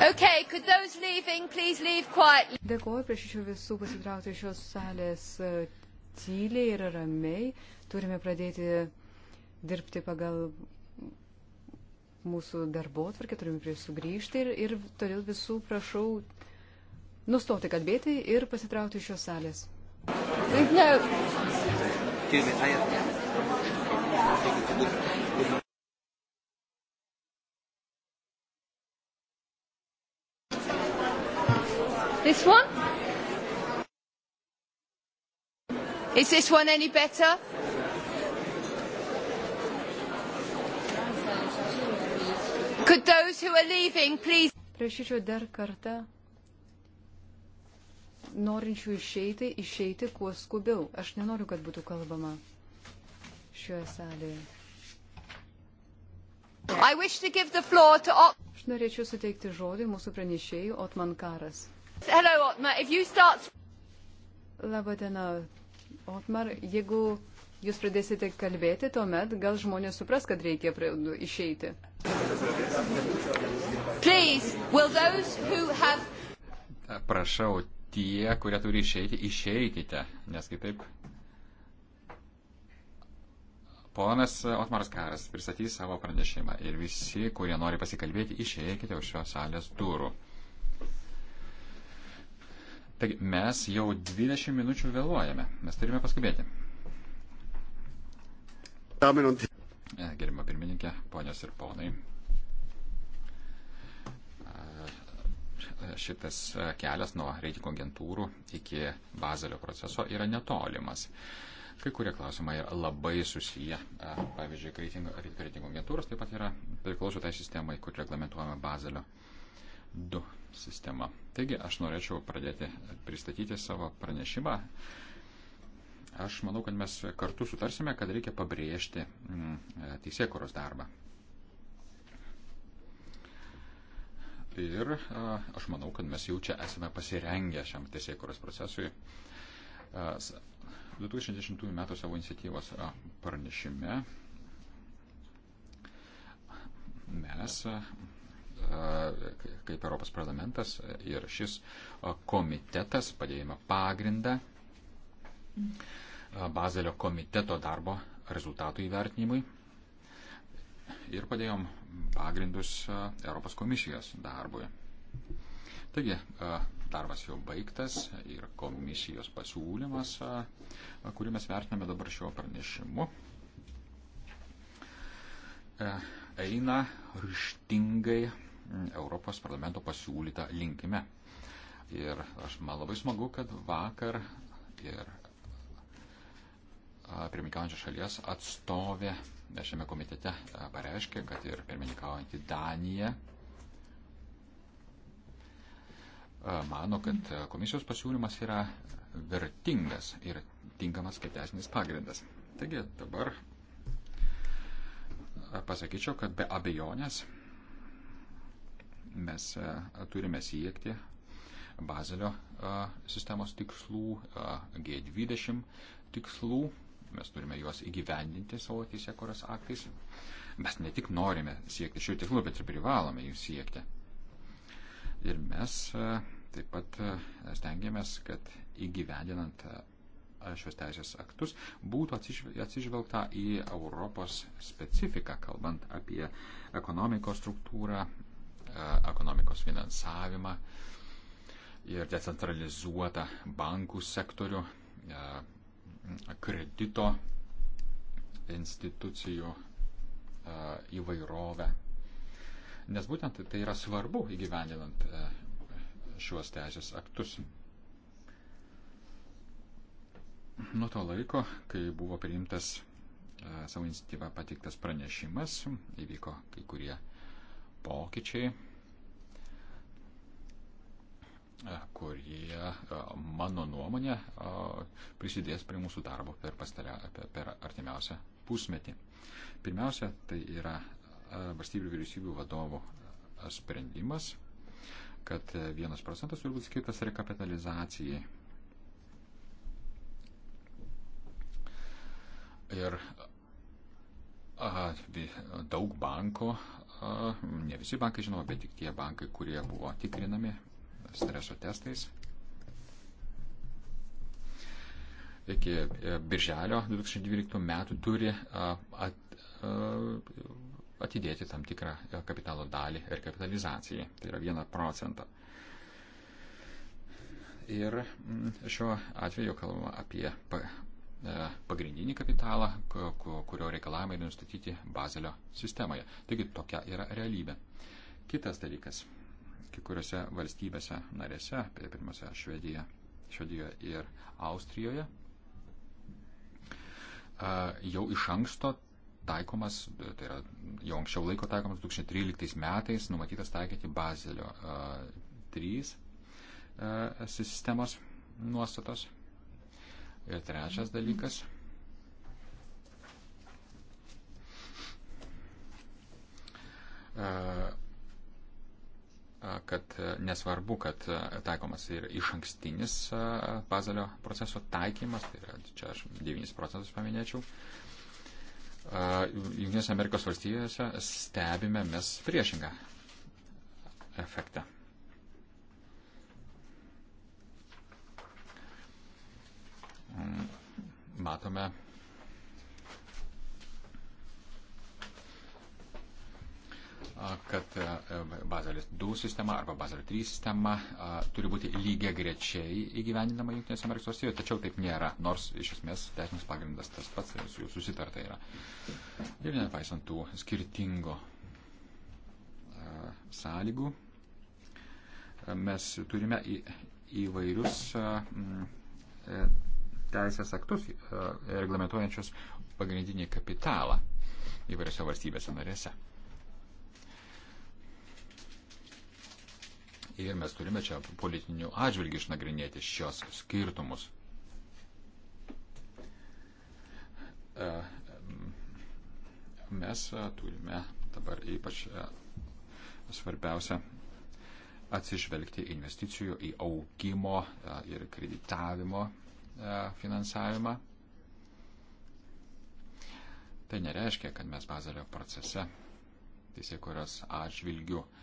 Okay, could those leaving please leave quietly?
Dėkuoju, prašyčiau visų pasitraukti iš šios salės e, tyliai ir ramiai. Turime pradėti dirbti pagal mūsų darbo atvarkę, turime prie sugrįžti ir, ir todėl visų prašau nustoti kalbėti ir pasitraukti iš šios salės. No. Is this one any better? Could those who are leaving please... Prašyčiau dar kartą norinčių išeiti, išeiti kuo skubiau. Aš nenoriu, kad būtų kalbama šioje salėje. To... Aš norėčiau suteikti žodį mūsų pranešėjui Otman Karas. Hello, Otman. Start... Labadiena, Otmar, jeigu jūs pradėsite kalbėti, tuomet gal žmonės supras, kad reikia nu, išeiti. Please, have...
Prašau, tie, kurie turi išeiti, išeikite, nes kitaip. Ponas Otmaras Karas pristatys savo pranešimą ir visi, kurie nori pasikalbėti, išeikite už šios salės durų. Taigi mes jau 20 minučių vėluojame. Mes turime paskubėti. E, Gerima pirmininkė, ponios ir ponai. E, šitas kelias nuo reitingų agentūrų iki Bazelio proceso yra netolimas. Kai kurie klausimai yra labai susiję. E, pavyzdžiui, reitingų agentūros taip pat yra priklauso tai sistemai, kur reglamentuojama Bazelio uh, 2 sistema. Taigi aš norėčiau pradėti pristatyti savo pranešimą. Aš manau, kad mes kartu sutarsime, kad reikia pabrėžti mm, teisėkuros darbą. Ir aš manau, kad mes jau čia esame pasirengę šiam teisėkuros procesui. 2010 m. savo iniciatyvos pranešime mes kaip Europos parlamentas ir šis komitetas padėjome pagrindą Bazelio komiteto darbo rezultatų įvertinimui ir padėjom pagrindus Europos komisijos darbui. Taigi, darbas jau baigtas ir komisijos pasiūlymas, kurį mes vertiname dabar šio pranešimu, eina ryštingai Europos parlamento pasiūlytą linkime. Ir aš man labai smagu, kad vakar ir pirmininkaujančios šalies atstovė šiame komitete pareiškė, kad ir pirmininkaujantį Daniją mano, kad komisijos pasiūlymas yra vertingas ir tinkamas kaip teisinis pagrindas. Taigi dabar pasakyčiau, kad be abejonės mes e, turime siekti Bazelio e, sistemos tikslų, e, G20 tikslų, mes turime juos įgyvendinti savo teisėkuros aktais. Mes ne tik norime siekti šių tikslų, bet ir privalome jų siekti. Ir mes taip pat stengiamės, kad įgyvendinant šios teisės aktus būtų atsižvelgta į Europos specifiką, kalbant apie ekonomikos struktūrą, E, ekonomikos finansavimą ir decentralizuotą bankų sektorių, e, kredito institucijų e, įvairovę. Nes būtent tai yra svarbu įgyvendinant šiuos teisės aktus. Nuo to laiko, kai buvo priimtas savo iniciatyvą patiktas pranešimas, įvyko kai kurie pokyčiai kurie mano nuomonė prisidės prie mūsų darbo per, pastarę, per artimiausią pusmetį. Pirmiausia, tai yra valstybių vyriausybių vadovų sprendimas, kad vienas procentas turi būti skirtas rekapitalizacijai. Ir a, daug banko, a, ne visi bankai žinoma, bet tik tie bankai, kurie buvo tikrinami, streso testais. Iki e, birželio 2012 metų turi e, e, atidėti tam tikrą kapitalo dalį ir kapitalizacijai. Tai yra 1 procentą. Ir šiuo atveju kalbama apie pagrindinį kapitalą, kurio reikalavimai yra nustatyti Bazelio sistemoje. Taigi tokia yra realybė. Kitas dalykas kai kuriuose valstybėse narėse, tai pirmiausia Švedija, Švedijoje ir Austrijoje, jau iš anksto taikomas, tai yra jau anksčiau laiko taikomas 2013 metais, numatytas taikyti Bazelio 3 sistemos nuostatos. Ir trečias dalykas. Uh, kad nesvarbu, kad taikomas ir iš ankstinis bazalio proceso taikymas, tai yra, čia aš 9 procentus paminėčiau, Junktinės Amerikos valstybėse stebime mes priešingą efektą. Mm, matome kad e, Bazelis 2 sistema arba Bazelio 3 sistema turi būti lygiai grečiai įgyvendinama Junktinėse Amerikos valstijoje, tačiau taip nėra, nors iš esmės teisinis pagrindas tas pats su jų susitarta yra. Ir nepaisant tų skirtingo sąlygų, mes turime į, įvairius e, teisės aktus reglamentuojančius pagrindinį kapitalą įvairiose valstybėse narėse. ir mes turime čia politinių atžvilgių išnagrinėti šios skirtumus. E, mes turime dabar ypač e, svarbiausia atsižvelgti investicijų į augimo e, ir kreditavimo finansavimą. Tai nereiškia, kad mes Bazelio procese teisėkurios atžvilgių uh,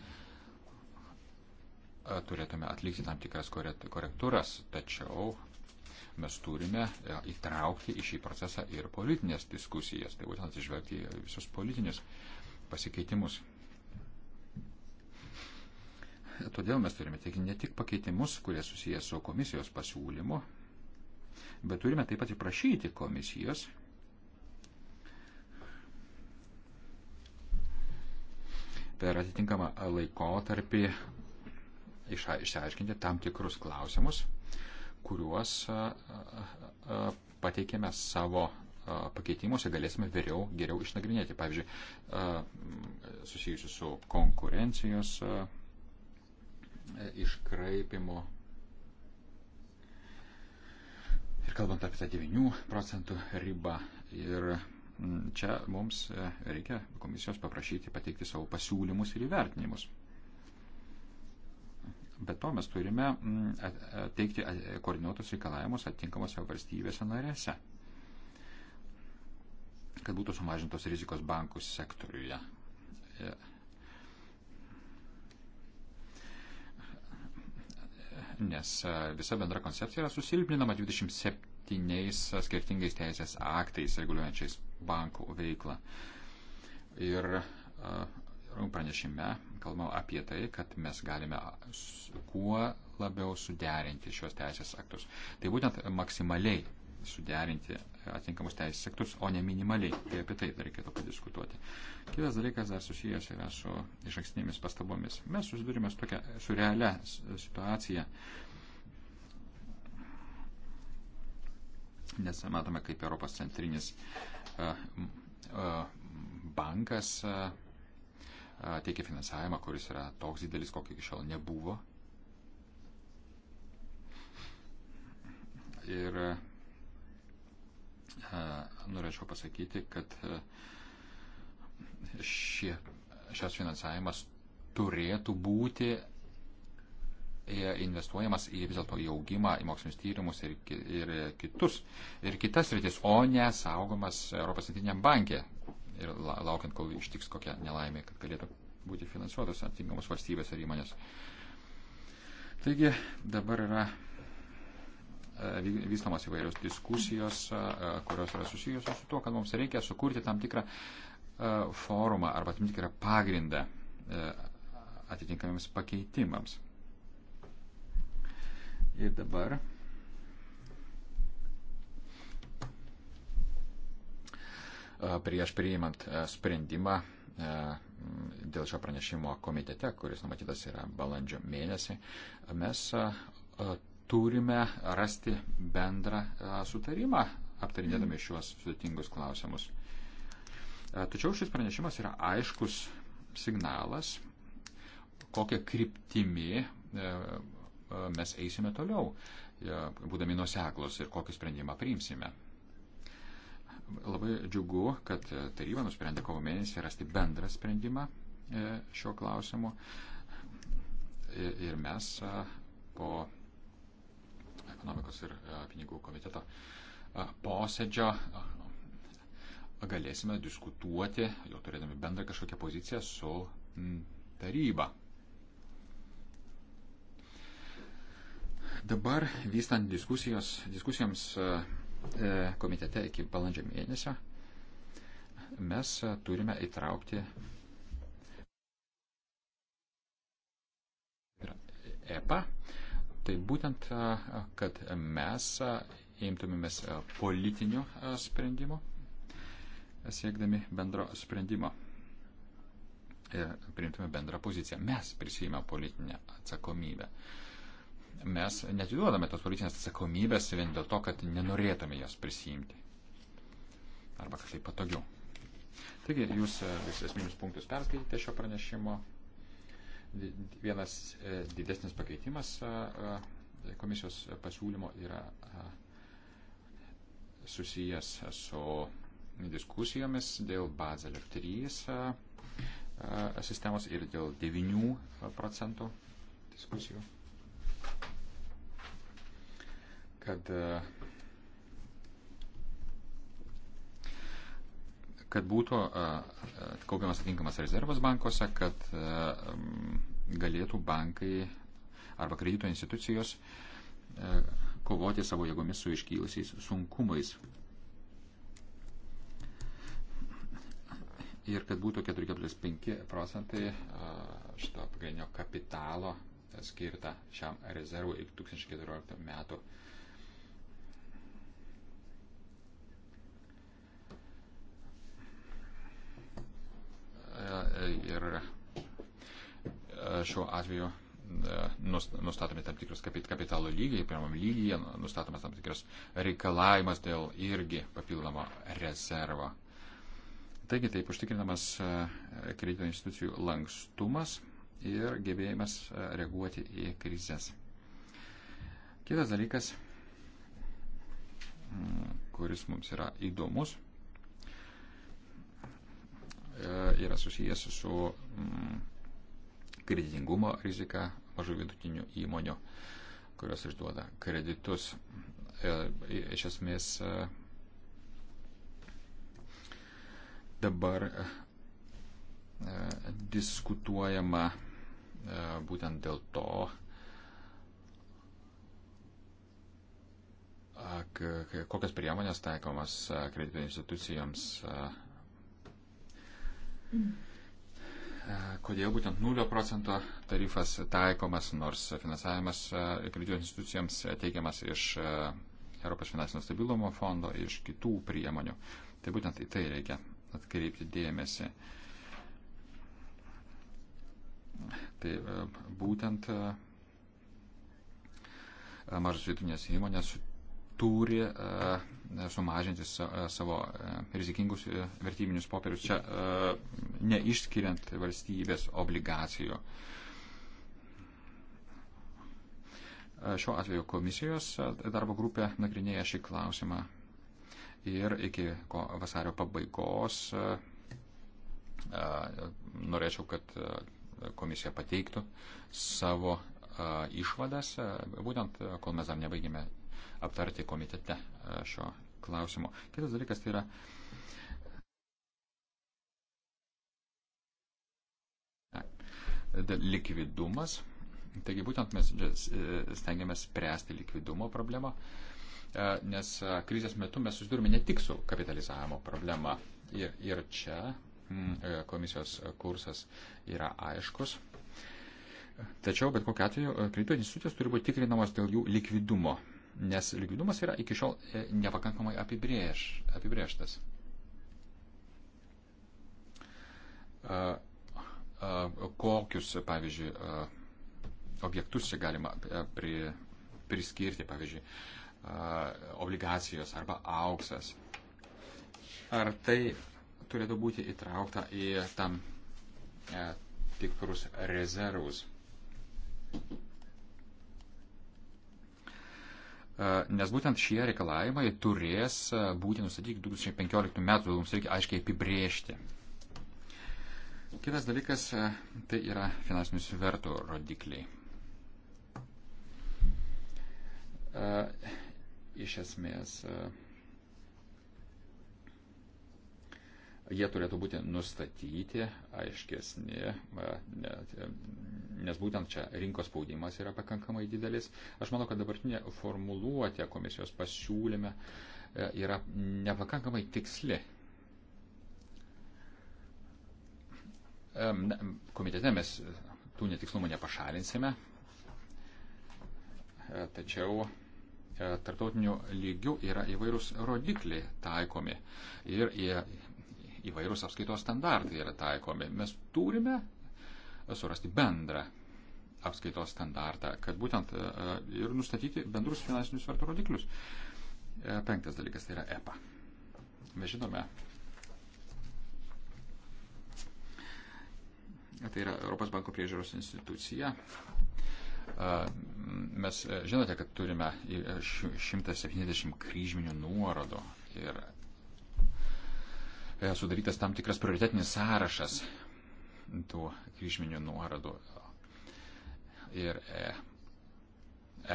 turėtume atlikti tam tikras korektūras, tačiau mes turime e, įtraukti į šį procesą ir politinės diskusijas, tai būtent atsižvelgti į visus politinius pasikeitimus. Todėl mes turime tiek ne tik pakeitimus, kurie susijęs su komisijos pasiūlymu, bet turime taip pat įprašyti komisijos per atitinkamą laikotarpį išsiaiškinti tam tikrus klausimus, kuriuos pateikėme savo pakeitimuose galėsime vėliau geriau išnagrinėti. Pavyzdžiui, susijusiu su konkurencijos iškraipimu. Ir kalbant apie tą 9 procentų ribą. Ir čia mums e, reikia komisijos paprašyti pateikti savo pasiūlymus ir įvertinimus. Bet to mes turime mm, teikti koordinuotus reikalavimus atitinkamose valstybėse narėse, kad būtų sumažintos rizikos bankų sektoriuje. E, nes e, visa bendra koncepcija yra susilpninama 27 skirtingais teisės aktais reguliuojančiais bankų veiklą. Ir uh, pranešime kalbam apie tai, kad mes galime kuo labiau suderinti šios teisės aktus. Tai būtent maksimaliai suderinti atinkamus teisės aktus, o ne minimaliai. Tai apie tai reikėtų padiskutuoti. Kitas dalykas dar susijęs yra su iš ankstinėmis pastabomis. Mes susidurime su, tokia, su realia situacija, nes matome, kaip Europos centrinis bankas teikia finansavimą, kuris yra toks didelis, kokio iki šiol nebuvo. Ir norėčiau pasakyti, kad šie, šias finansavimas turėtų būti e, investuojamas į vis dėlto į augimą, į mokslinius tyrimus ir, ir kitus, ir kitas rytis, o ne saugomas Europos centriniam bankė ir laukiant, kol ištiks kokia nelaimė, kad galėtų būti finansuotos atitinkamos valstybės ar įmonės. Taigi dabar yra e, vystamas įvairios diskusijos, e, kurios yra susijusios su to, kad mums reikia sukurti tam tikrą e, forumą arba tam tikrą pagrindą atitinkamiems pakeitimams. Ir dabar prieš priimant sprendimą dėl šio pranešimo komitete, kuris numatytas yra balandžio mėnesį, mes turime rasti bendrą sutarimą aptarinėdami šiuos sudėtingus klausimus. Tačiau šis pranešimas yra aiškus signalas, kokią kryptimį mes eisime toliau, būdami nuseklus ir kokį sprendimą priimsime. Labai džiugu, kad taryba nusprendė kovo mėnesį rasti bendrą sprendimą e, šio klausimu. E, ir mes e, po ekonomikos ir pinigų komiteto posėdžio galėsime diskutuoti, jau turėdami bendrą kažkokią poziciją su taryba. Dabar vystant diskusijos, diskusijoms E, komitete iki balandžio mėnesio mes e, turime įtraukti EPA. Tai būtent, e, kad mes imtumėmės politinių sprendimų, siekdami bendro sprendimo ir priimtume bendrą poziciją. Mes prisijimame politinę atsakomybę. Uh, mes netiduodame tos politinės atsakomybės vien dėl to, kad nenorėtume jas prisijimti. Arba kažkaip patogiau. Taigi, jūs e, visus esminius punktus perskaitėte šio pranešimo. Vienas e, didesnis pakeitimas e, komisijos pasiūlymo yra susijęs su diskusijomis dėl Bazelio 3 sistemos ir dėl 9 procentų diskusijų. kad, e, kad būtų e, e, kaupiamas atinkamas rezervas bankuose, kad galėtų bankai arba kredito institucijos kovoti savo jėgomis su iškylusiais sunkumais. Ir kad būtų 4,5 procentai šito pagrindinio kapitalo skirta šiam rezervui iki 2014 metų. ir e, šiuo atveju e, nustatomi tam tikros kapitalo lygiai, pirmam lygyje nu, nustatomas tam tikras reikalavimas dėl irgi papildomo rezervo. Taigi taip užtikrinamas e, kredito institucijų lankstumas ir gebėjimas reaguoti į krizės. Kitas dalykas, kuris mums yra įdomus, E, yra susijęs su mm, kreditingumo rizika mažų vidutinių įmonių, kurios išduoda kreditus. E, iš esmės e, dabar diskutuojama būtent dėl to, kokias priemonės taikomas kredito institucijoms E, kodėl būtent 0 procento tarifas taikomas, nors finansavimas e, kredito institucijams teikiamas iš e, Europos finansinio stabilumo fondo, iš kitų priemonių. Tai būtent į tai reikia atkreipti dėmesį. Tai būtent mažos vidutinės įmonės turi sumažinti e, savo e, rizikingus e, vertybinius popierius, čia neišskiriant valstybės obligacijų. Šiuo atveju komisijos darbo grupė nagrinėja šį klausimą ir iki vasario pabaigos norėčiau, kad komisija pateiktų savo išvadas, būtent kol mes dar nebaigėme aptarti komitete e, šio klausimo. Kitas dalykas tai yra. E, likvidumas. Taigi būtent mes e, stengiamės spręsti likvidumo problemą, nes krizės metu mes susidurime ne tik su kapitalizavimo problema. Ir, ir čia komisijos kursas yra aiškus. Tačiau, bet kokiu atveju, kredito institucijos turi būti tikrinamos dėl jų likvidumo nes likvidumas yra iki šiol e, nepakankamai apibrėž, apibrėžtas. Kokius, pavyzdžiui, objektus čia galima pri, priskirti, pavyzdžiui, obligacijos arba auksas. Ar tai turėtų būti įtraukta į tam e, tikrus rezervus? E, nes būtent šie reikalavimai turės e, būti nustatyti 2015 metų, mums reikia aiškiai apibriežti. Kitas dalykas e, tai yra finansinių svertų rodikliai. Iš esmės. Uh, jie turėtų būti nustatyti, aiškesni, nes būtent čia rinkos spaudimas yra pakankamai didelis. Aš manau, kad dabartinė formuluotė komisijos pasiūlyme e, yra nepakankamai tiksli. Komitete mes tų netikslumų nepašalinsime, e, tačiau e, tarptautiniu lygiu yra įvairūs rodikliai taikomi ir jie įvairūs apskaitos standartai yra taikomi. Mes turime surasti bendrą apskaitos standartą, kad būtent e, ir nustatyti bendrus finansinius svertų rodiklius. E, penktas dalykas tai yra EPA. Mes žinome, tai yra Europos banko priežiūros institucija. E, mes žinote, kad turime 170 kryžminių nuorodų ir E, sudarytas tam tikras prioritetinis sąrašas tų kryžminių nuorodų. Ir e,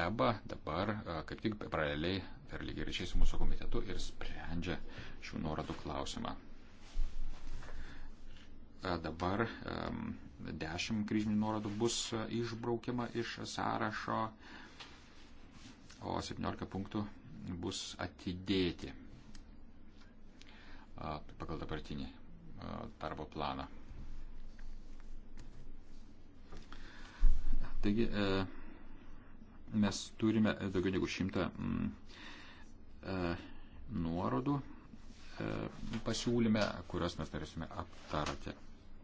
EBA dabar e, kaip tik paraleliai per lygiai ryšiai su mūsų komitetu ir sprendžia šių nuorodų klausimą. Dabar dešimt kryžminių nuorodų bus išbraukiama iš sąrašo, o 17 punktų bus atidėti pagal dabartinį darbo planą. Taigi e, mes turime daugiau negu šimtą mm, e, nuorodų e, pasiūlyme, kuriuos mes turėsime aptarti.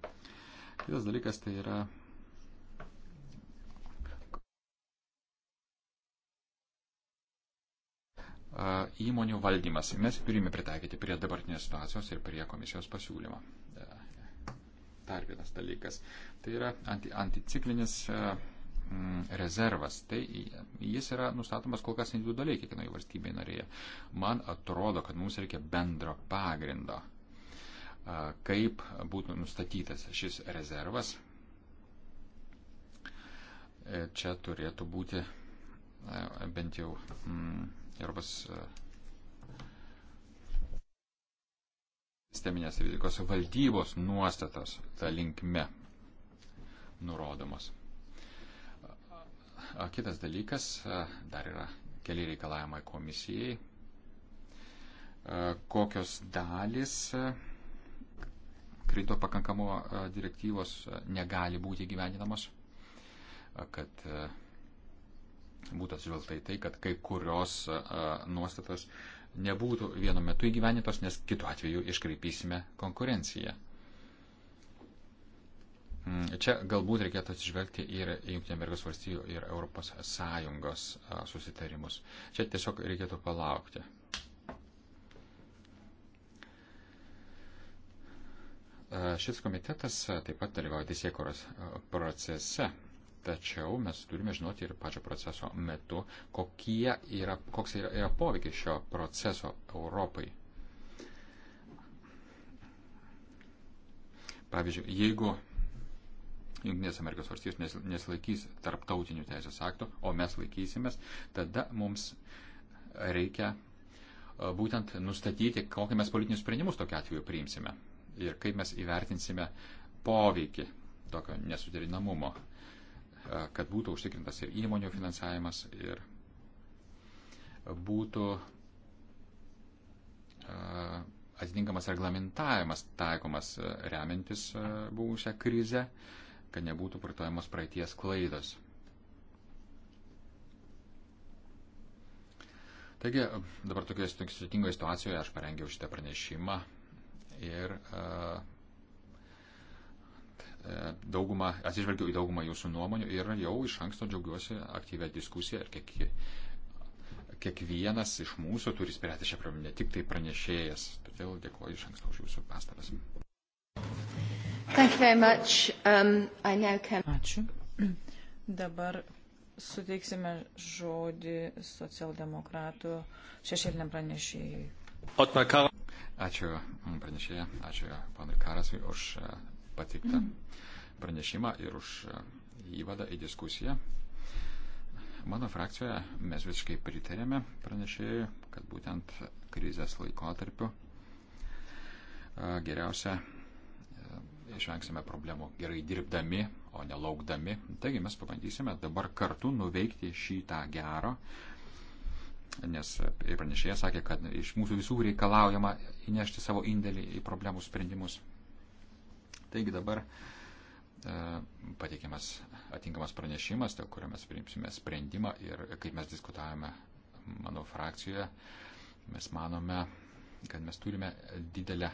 Kitas dalykas tai yra įmonių valdymas. Mes turime pritaikyti prie dabartinės situacijos ir prie komisijos pasiūlymo. E, dar vienas dalykas. Tai yra anti, anticiklinis e, rezervas. Tai jis yra nustatomas kol kas individualiai kiekvienoje valstybėje narėje. Man atrodo, kad mums reikia bendro pagrindo, kaip būtų nustatytas šis rezervas. E, čia turėtų būti bent jau mm, Europos e, sisteminės rizikos valdybos nuostatos tą linkme nurodomos. Kitas dalykas, e, dar yra keli reikalavimai komisijai, e, kokios dalis kredito pakankamo direktyvos negali būti gyvendinamos, kad būtų atsižvelgta į tai, kad kai kurios nuostatos nebūtų vienu metu įgyvenintos, nes kitu atveju iškreipysime konkurenciją. Mm, čia galbūt reikėtų atsižvelgti ir JAV ir ES susitarimus. Čia tiesiog reikėtų palaukti. Šis komitetas taip pat dalyvauja teisėkoros procese Tačiau mes turime žinoti ir pačio proceso metu, yra, koks yra, yra poveikis šio proceso Europai. Pavyzdžiui, jeigu Junktinės Amerikos valstijos nesilaikys tarptautinių teisės aktų, o mes laikysimės, tada mums reikia e, būtent nustatyti, kokią mes politinius sprendimus tokiu atveju priimsime ir kaip mes įvertinsime poveikį tokio nesuderinamumo. E, kad būtų užtikrintas ir įmonių finansavimas ir būtų e, atitinkamas reglamentavimas taikomas e, remiantis buvusią krizę, kad nebūtų vartojamos praeities klaidos. Taigi, dabar tokioje sudėtingoje situacijoje aš parengiau šitą pranešimą ir uh, E, daugumą, atsižvelgiu į daugumą jūsų nuomonių ir jau iš anksto džiaugiuosi aktyvę diskusiją ir kiek, kiekvienas iš mūsų turi spręsti šią problemą, ne tik tai pranešėjas. Todėl dėkuoju iš anksto už jūsų pastabas.
Um,
can... Ačiū. Dabar suteiksime žodį socialdemokratų šešėliniam pranešėjui.
Otmar Karas. Ačiū pranešėjai, ačiū panui Karasui už pateiktą pranešimą ir už e, įvadą į diskusiją. Mano frakcijoje mes visiškai pritarėme pranešėjui, kad būtent krizės laikotarpiu e, geriausia e, išvengsime problemų gerai dirbdami, o nelaukdami. Taigi mes pabandysime dabar kartu nuveikti šitą gerą, nes pranešėjas sakė, kad iš mūsų visų reikalaujama įnešti savo indėlį į problemų sprendimus. Taigi dabar e, pateikiamas atinkamas pranešimas, dėl kurio mes priimsime sprendimą ir kaip mes diskutavome mano frakcijoje, mes manome, kad mes turime didelę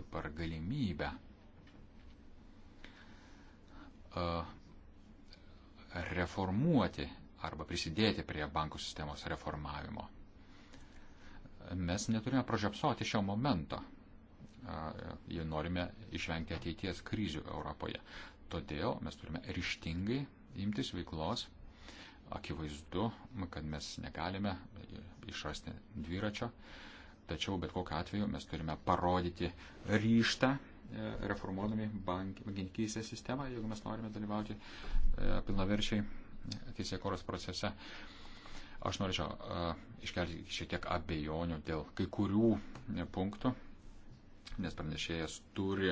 dabar galimybę e, reformuoti arba prisidėti prie bankų sistemos reformavimo. Mes neturime pražiopsoti šio momento jei norime išvengti ateities krizių Europoje. Todėl mes turime ryštingai imtis veiklos. Akivaizdu, kad mes negalime išrasti dviračio, tačiau bet kokiu atveju mes turime parodyti ryštą e, reformuodami bankininkystės sistemą, jeigu mes norime dalyvauti e, pilnaverčiai teisėkoros procese. Aš norėčiau e, iškelti šiek tiek abejonių dėl kai kurių punktų nes pranešėjas turi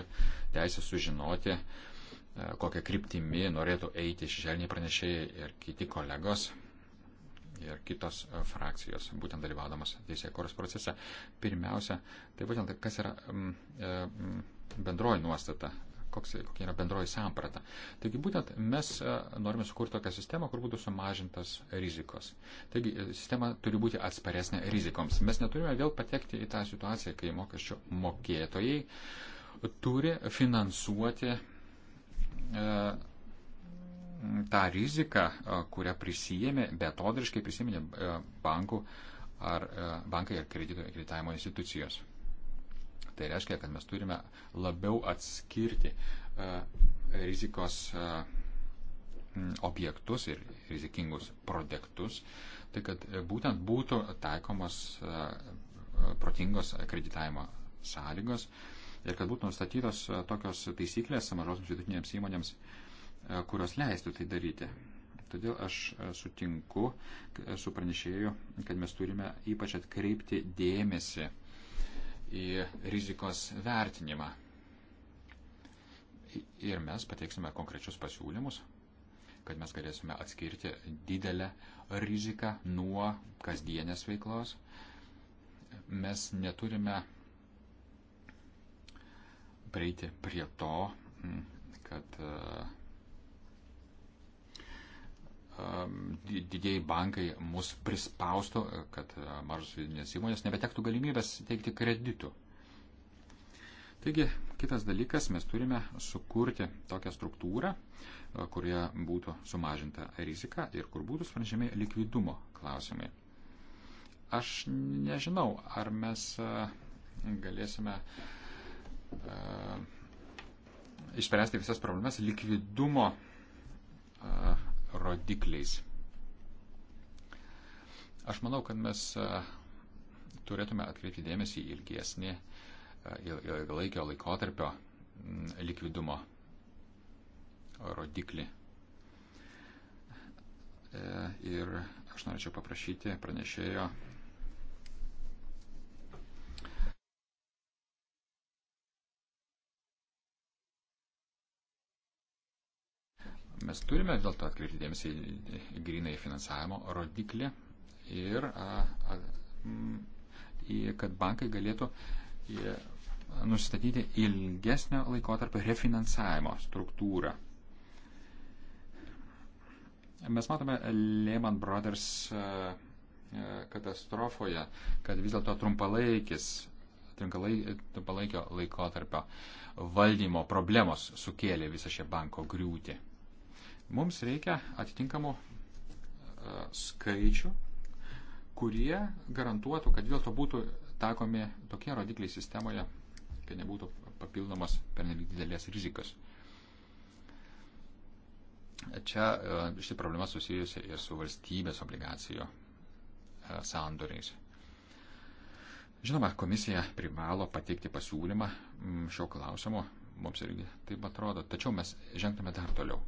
teisę sužinoti, e, kokią kryptimį norėtų eiti šešėliniai pranešėjai ir kiti kolegos ir kitos e, frakcijos, būtent dalyvaudamas teisėjų koros procese. Pirmiausia, tai būtent kas yra mm, e, mm, bendroji nuostata koks, kokia yra bendroji samprata. Taigi būtent mes e, norime sukurti tokią sistemą, kur būtų sumažintas rizikos. Taigi e, sistema turi būti atsparesnė rizikoms. Mes neturime vėl patekti į tą situaciją, kai mokesčių mokėtojai turi finansuoti e, tą riziką, e, kurią prisijėmė, betodriškai prisijėmė bankų ar, e, bankai ar kreditavimo institucijos. Tai reiškia, kad mes turime labiau atskirti e, rizikos e, objektus ir rizikingus produktus, tai kad e, būtent būtų taikomos protingos kreditavimo sąlygos ir kad būtų nustatytos tokios taisyklės mažosioms vidutinėms įmonėms, kurios leistų tai daryti. Todėl aš sutinku su pranešėju, kad mes turime ypač atkreipti dėmesį uh, į rizikos vertinimą. Ir mes pateiksime konkrečius pasiūlymus, kad mes galėsime atskirti didelę riziką nuo kasdienės veiklos. Mes neturime prieiti prie to, kad uh, Ehm, didėjai bankai mus prispaustų, e, kad e, mažos vidinės įmonės nebetektų galimybės teikti kreditų. Taigi, kitas dalykas, mes turime sukurti tokią struktūrą, e, kurioje būtų sumažinta rizika ir kur būtų sprendžiami likvidumo klausimai. Aš nežinau, ar mes galėsime uh, išspręsti visas problemas likvidumo uh, rodikliais. Aš manau, kad mes e, turėtume atkreipti dėmesį į ilgesnį, e, ilgalaikio laikotarpio likvidumo rodiklį. E, ir aš norėčiau paprašyti pranešėjo Mes turime dėl to atkreipti dėmesį į grinai finansavimo rodiklį ir a, a, m, į, kad bankai galėtų į, nustatyti ilgesnio laikotarpio refinansavimo struktūrą. Mes matome Lehman Brothers a, katastrofoje, kad vis dėlto trumpalaikis trumpalaikio laikotarpio valdymo problemos sukėlė visą šią banko griūtį. Mums reikia atitinkamų e, skaičių, kurie garantuotų, kad dėl to būtų taikomi tokie rodikliai sistemoje, kad nebūtų papildomas pernelyg didelės rizikas. Čia e, šitą problemą susijusi ir su valstybės obligacijų e, sandoriais. Žinoma, komisija privalo pateikti pasiūlymą šio klausimo, mums irgi taip atrodo, tačiau mes žengtume dar toliau.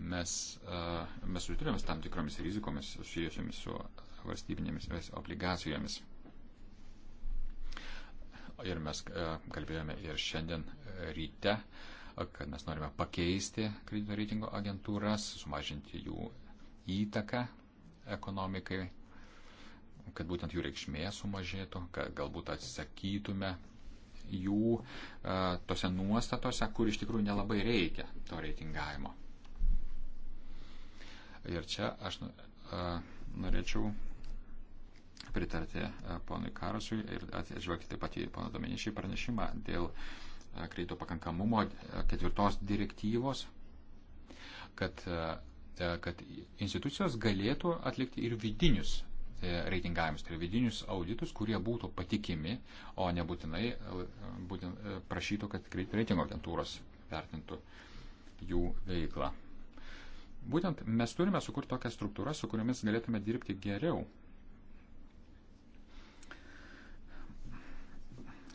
mes, mes susidurėme tam tikromis rizikomis susijusiamis su valstybinėmis obligacijomis. Ir mes kalbėjome ir šiandien ryte, kad mes norime pakeisti kredito reitingo agentūras, sumažinti jų įtaką ekonomikai, kad būtent jų reikšmė sumažėtų, kad galbūt atsisakytume jų tose nuostatose, kur iš tikrųjų nelabai reikia to reitingavimo. Ir čia aš norėčiau pritarti ponui Karasui ir atžvelgti taip pat į pono Domenišį pranešimą dėl kredito pakankamumo ketvirtos direktyvos, kad, kad institucijos galėtų atlikti ir vidinius e, reitingavimus, tai yra vidinius auditus, kurie būtų patikimi, o nebūtinai būtent prašytų, kad reitingo agentūros vertintų jų veiklą. Būtent mes turime sukurti tokią struktūrą, su kuriomis galėtume dirbti geriau.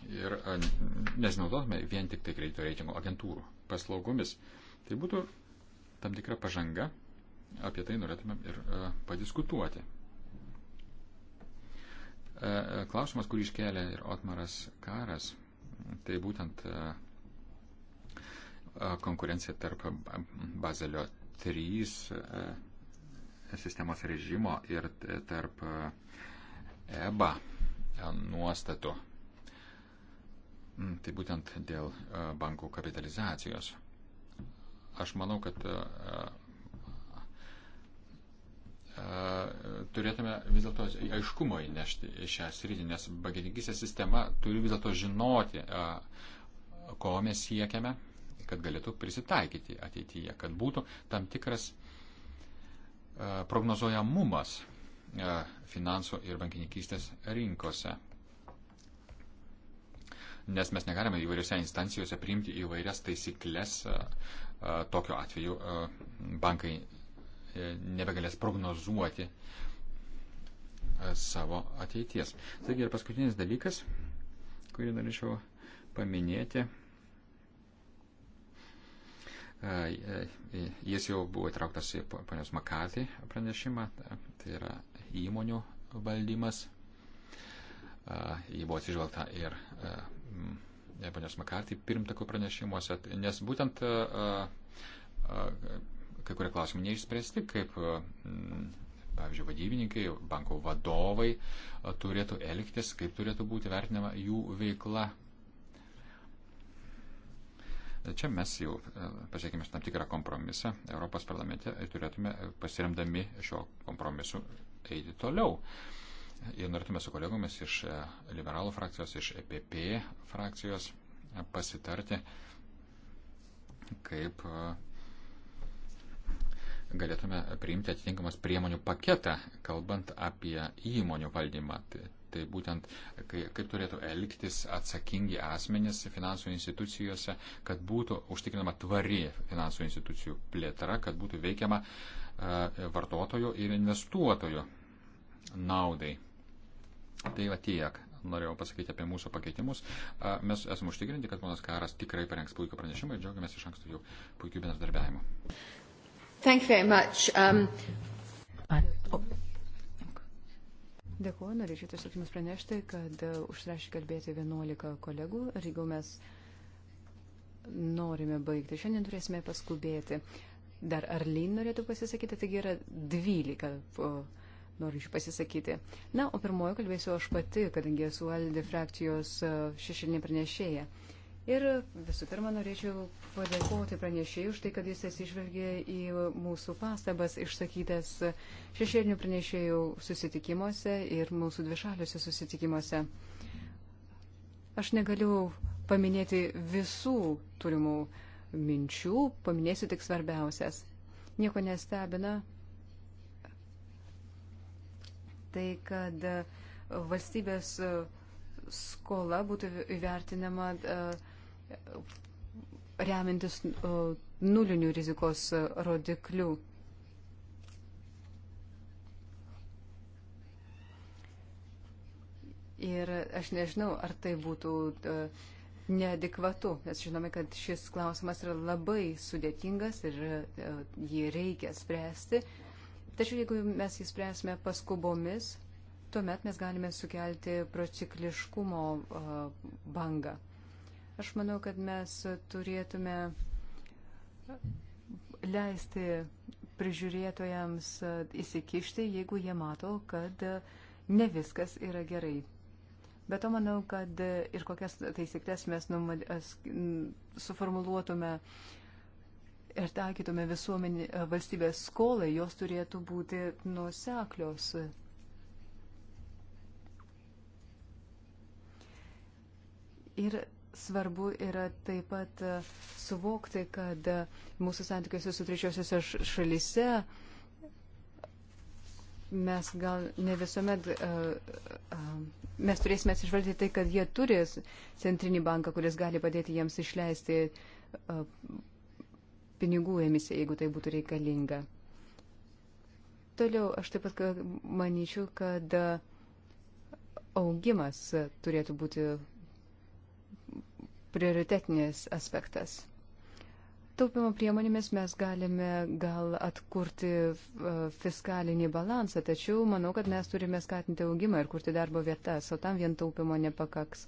Ir nesinaudotume vien tik tai kredito reitingo agentūrų paslaugomis. Tai būtų tam tikra pažanga, apie tai norėtumėm ir padiskutuoti. Klausimas, kurį iškelia ir Otmaras Karas, tai būtent konkurencija tarp Bazelio trys e, sistemos režimo ir tarp EBA e nuostatų. Mm, tai būtent dėl e, bankų kapitalizacijos. Aš manau, kad turėtume vis dėlto aiškumo įnešti į šią sritį, nes bankininkysės sistema turi vis dėlto žinoti, ko mes siekiame kad galėtų prisitaikyti ateityje, kad būtų tam tikras e, prognozuojamumas e, finansų ir bankininkystės rinkose. Nes mes negalime įvairiose instancijose priimti įvairias taisyklės, e, tokiu atveju bankai nebegalės prognozuoti savo ateities. Taigi ir paskutinis dalykas, kurį norėčiau paminėti, E, e, jis jau buvo įtrauktas į ponios Makatį pranešimą, tai yra įmonių valdymas. E, jį buvo atsižvelgta ir ponios Makatį pirmtakų pranešimuose, nes būtent kai kurie klausimai neišspręsti, kaip, pavyzdžiui, vadybininkai, bankų vadovai turėtų elgtis, kaip turėtų būti vertinama jų veikla Tai čia mes jau e, pasiekime tam tikrą kompromisą Europos parlamente ir turėtume e, pasiremdami šio kompromisu eiti toliau. Ir norėtume su kolegomis iš e, liberalų frakcijos, iš EPP frakcijos pasitarti, kaip galėtume priimti atitinkamas priemonių paketą, kalbant apie įmonių valdymą. Tai Tai būtent kaip turėtų elgtis atsakingi asmenys finansų institucijose, kad būtų užtikrinama tvari finansų institucijų plėtra, kad būtų veikiama e, vartotojų ir investuotojų naudai. Tai va tiek. Norėjau pasakyti apie mūsų pakeitimus. E, mes esame užtikrinti, kad ponas Karas tikrai parengs puikų pranešimą ir džiaugiamės iš anksto jau puikiu bendradarbiavimu.
Thank you very much. Um... Dėkuoju, norėčiau tiesiog Jums pranešti, kad e, užsirašė kalbėti 11 kolegų ir jeigu mes norime baigti, šiandien turėsime paskubėti. Dar Arlin norėtų pasisakyti, taigi yra 12 norinčių pasisakyti. Na, o pirmoji kalbėsiu aš pati, kadangi esu Aldė frakcijos e, šešinė pranešėja. Uh, Ir visų pirma, norėčiau padėkoti pranešėjui už tai, kad jis atsižvelgė į mūsų pastabas išsakytas šešėlinių pranešėjų susitikimuose ir mūsų dvišaliuose susitikimuose. Aš negaliu paminėti visų turimų minčių, paminėsiu tik svarbiausias. Nieko nestebina tai, kad valstybės skola būtų įvertinama uh, remintis nulinių rizikos e, rodiklių. Ir aš nežinau, ar tai būtų e, neadekvatu, nes žinome, kad šis klausimas yra labai sudėtingas ir e, jį reikia spręsti. Tačiau jeigu mes jį spręsime paskubomis, tuomet mes galime sukelti procikliškumo bangą. Aš manau, kad mes turėtume leisti prižiūrėtojams įsikišti, jeigu jie mato, kad ne viskas yra gerai. Bet to manau, kad ir kokias taisyklės mes numal... suformuluotume ir taikytume visuomenį valstybės skolai, jos turėtų būti nuseklios. Ir svarbu yra taip pat e, suvokti, kad e, mūsų santykiuose su trečiosiuose šalise mes gal ne visuomet, e, mes turėsime atsižvelgti tai, kad jie turi centrinį banką, kuris gali padėti jiems išleisti pinigų emisiją, jeigu tai būtų reikalinga. Toliau aš taip pat manyčiau, kad augimas turėtų būti prioritetinis aspektas. Taupimo priemonėmis mes galime gal atkurti e, fiskalinį balansą, tačiau manau, kad mes turime skatinti augimą ir kurti darbo vietas, o tam vien taupimo nepakaks.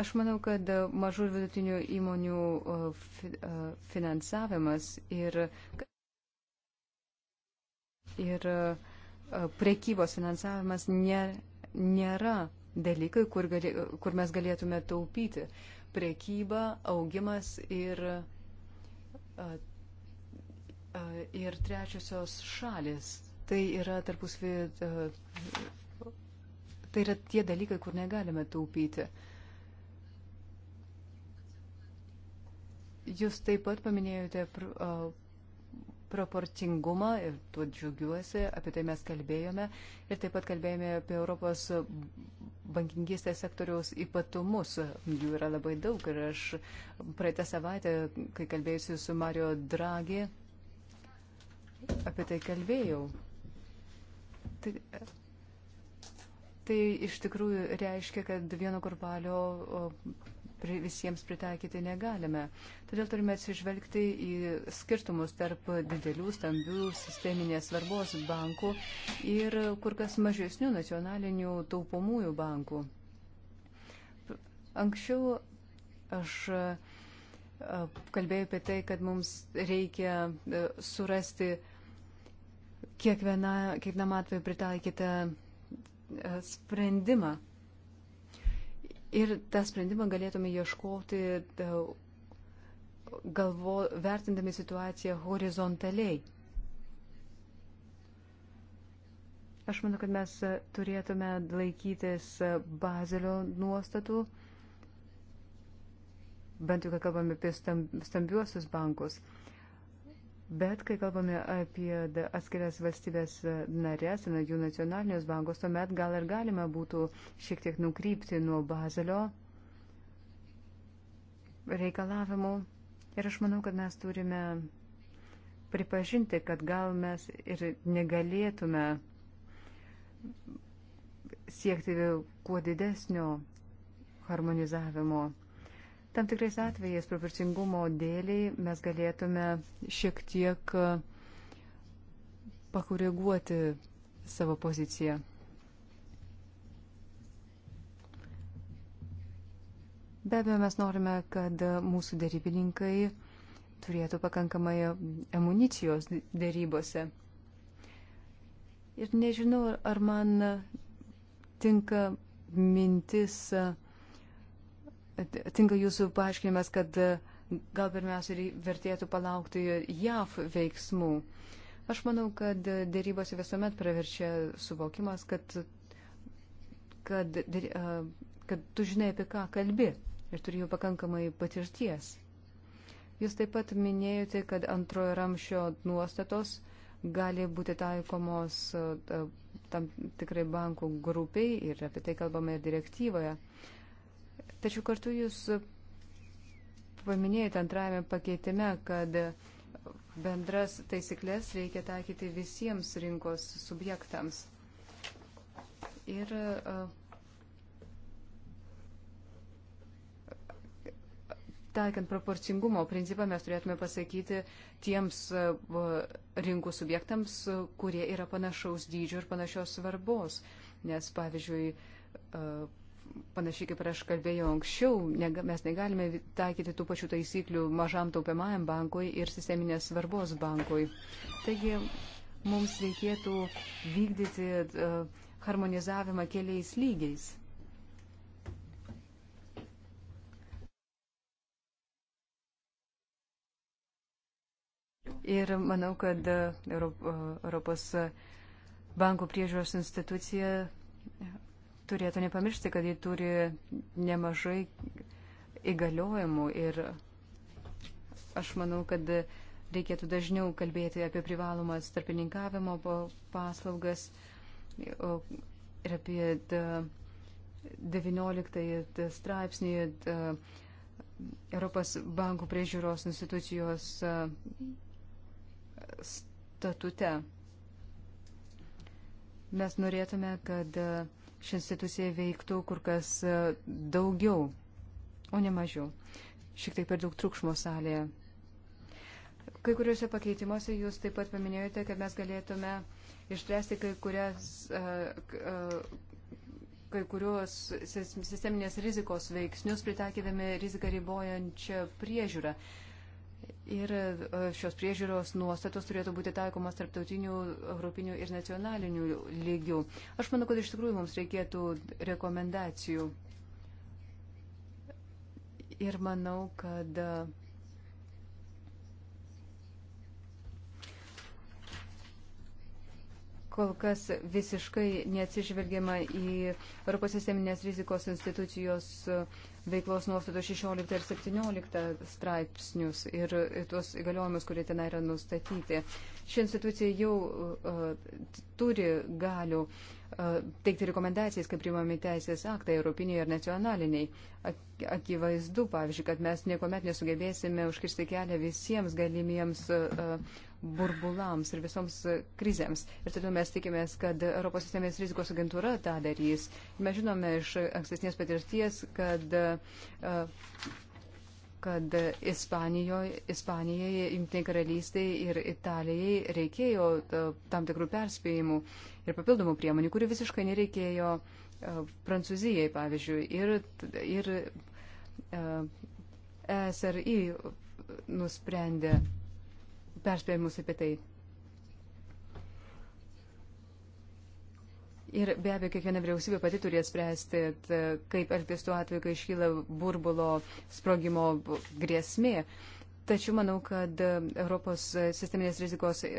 Aš manau, kad mažų ir vidutinių įmonių e, e, finansavimas ir ir e, prekybos finansavimas nėra dalykai, kur, gali, kur mes galėtume taupyti. Prekyba, augimas ir, e, e, ir trečiosios šalis. Tai yra tarpusvi. Tai yra tie dalykai, kur negalime taupyti. Jūs taip pat paminėjote proporcingumą ir tuo džiugiuosi, apie tai mes kalbėjome ir taip pat kalbėjome apie Europos bankingystės sektoriaus ypatumus. Jų yra labai daug ir aš praeitą savaitę, kai kalbėjusiu su Mario Draghi, apie tai kalbėjau. Tai, tai iš tikrųjų reiškia, kad vieno kurpalio visiems pritaikyti negalime. Todėl turime atsižvelgti į skirtumus tarp didelių, stambių, sisteminės svarbos bankų ir kur kas mažesnių nacionalinių taupomųjų bankų. Anksčiau aš kalbėjau apie tai, kad mums reikia surasti kiekviena, kiekvienam atveju pritaikytą sprendimą. Ir tą sprendimą galėtume ieškoti galvo, vertindami situaciją horizontaliai. Aš manau, kad mes turėtume laikytis Bazelio nuostatų, bent jau, kai kalbame apie stambiuosius bankus. Bet kai kalbame apie atskirias valstybės e, narės, jų nacionalinius bankus, tuomet gal ir galima būtų šiek tiek nukrypti nuo bazelio reikalavimų. Ir aš manau, kad mes turime pripažinti, kad gal mes ir negalėtume siekti kuo didesnio harmonizavimo. Tam tikrais atvejais proporcingumo dėliai mes galėtume šiek tiek pakoreguoti savo poziciją. Be abejo, mes norime, kad mūsų dėrybininkai turėtų pakankamai amunicijos dėrybose. Ir nežinau, ar man tinka mintis uh, tinka jūsų paaiškinimas, kad e, gal pirmiausia vertėtų palaukti JAV veiksmų. Aš manau, kad e, dėrybose visuomet praverčia suvokimas, kad, kad, kad tu žinai, apie ką kalbi ir turi jau pakankamai patirties. Jūs taip pat minėjote, kad antrojo ramšio nuostatos gali būti taikomos e, tam tikrai bankų grupiai ir apie tai kalbame ir direktyvoje. Uh, Tačiau kartu jūs paminėjote antrajame pakeitime, kad bendras taisyklės reikia taikyti visiems rinkos subjektams. Ir e, taikant proporcingumo principą mes turėtume pasakyti tiems e, rinkų subjektams, kurie yra panašaus dydžio ir panašios svarbos. Nes, pavyzdžiui, e, panašiai kaip ir aš kalbėjau anksčiau, nega, mes negalime taikyti tų pačių taisyklių mažam taupiamajam bankui ir sisteminės svarbos bankui. Taigi mums reikėtų vykdyti uh, harmonizavimą keliais lygiais. Ir manau, kad e, e, Europos bankų priežiūros institucija turėtų nepamiršti, kad ji turi nemažai įgaliojimų ir aš manau, kad reikėtų dažniau kalbėti apie privalomas tarpininkavimo paslaugas ir apie 19 straipsnį Europos bankų priežiūros institucijos statute. Mes norėtume, kad uh, ši institucija veiktų kur kas e, daugiau, o ne mažiau. Šiek tiek per daug triukšmo salėje. Kai kuriuose pakeitimuose jūs taip pat paminėjote, kad mes galėtume išspręsti kai, kurias, e, e, kai kuriuos sisteminės rizikos veiksnius, pritaikydami riziką ribojančią priežiūrą. Ir e, šios priežiūros nuostatos turėtų būti taikomas tarptautinių, europinių ir nacionalinių lygių. Aš manau, kad iš tikrųjų mums reikėtų rekomendacijų. Ir manau, kad kol kas visiškai neatsižvelgiama į Europos sisteminės rizikos institucijos e, veiklos nuostatų 16 ir 17 straipsnius ir tuos įgaliojimus, kurie ten yra nustatyti. Ši institucija jau uh, turi galių uh, teikti rekomendacijas, kaip primami teisės aktai, europiniai ir nacionaliniai. Akivaizdu, pavyzdžiui, kad mes niekuomet nesugebėsime užkirsti kelią visiems galimiems burbulams ir visoms krizėms. Ir todėl mes tikimės, kad Europos sistemės rizikos agentūra tą darys. Mes žinome iš ankstesnės patirties, kad kad Ispanijoje, Ispanijai, Imtinė karalystė ir Italijai reikėjo tam tikrų perspėjimų ir papildomų priemonių, kurių visiškai nereikėjo e, Prancūzijai, pavyzdžiui, ir, ir e, SRI nusprendė perspėjimus apie tai. Ir be abejo, kiekviena vyriausybė pati turės spręsti, kaip elgtis tuo atveju, kai iškyla burbulo sprogimo grėsmė. Tačiau manau, kad Europos sisteminės rizikos e,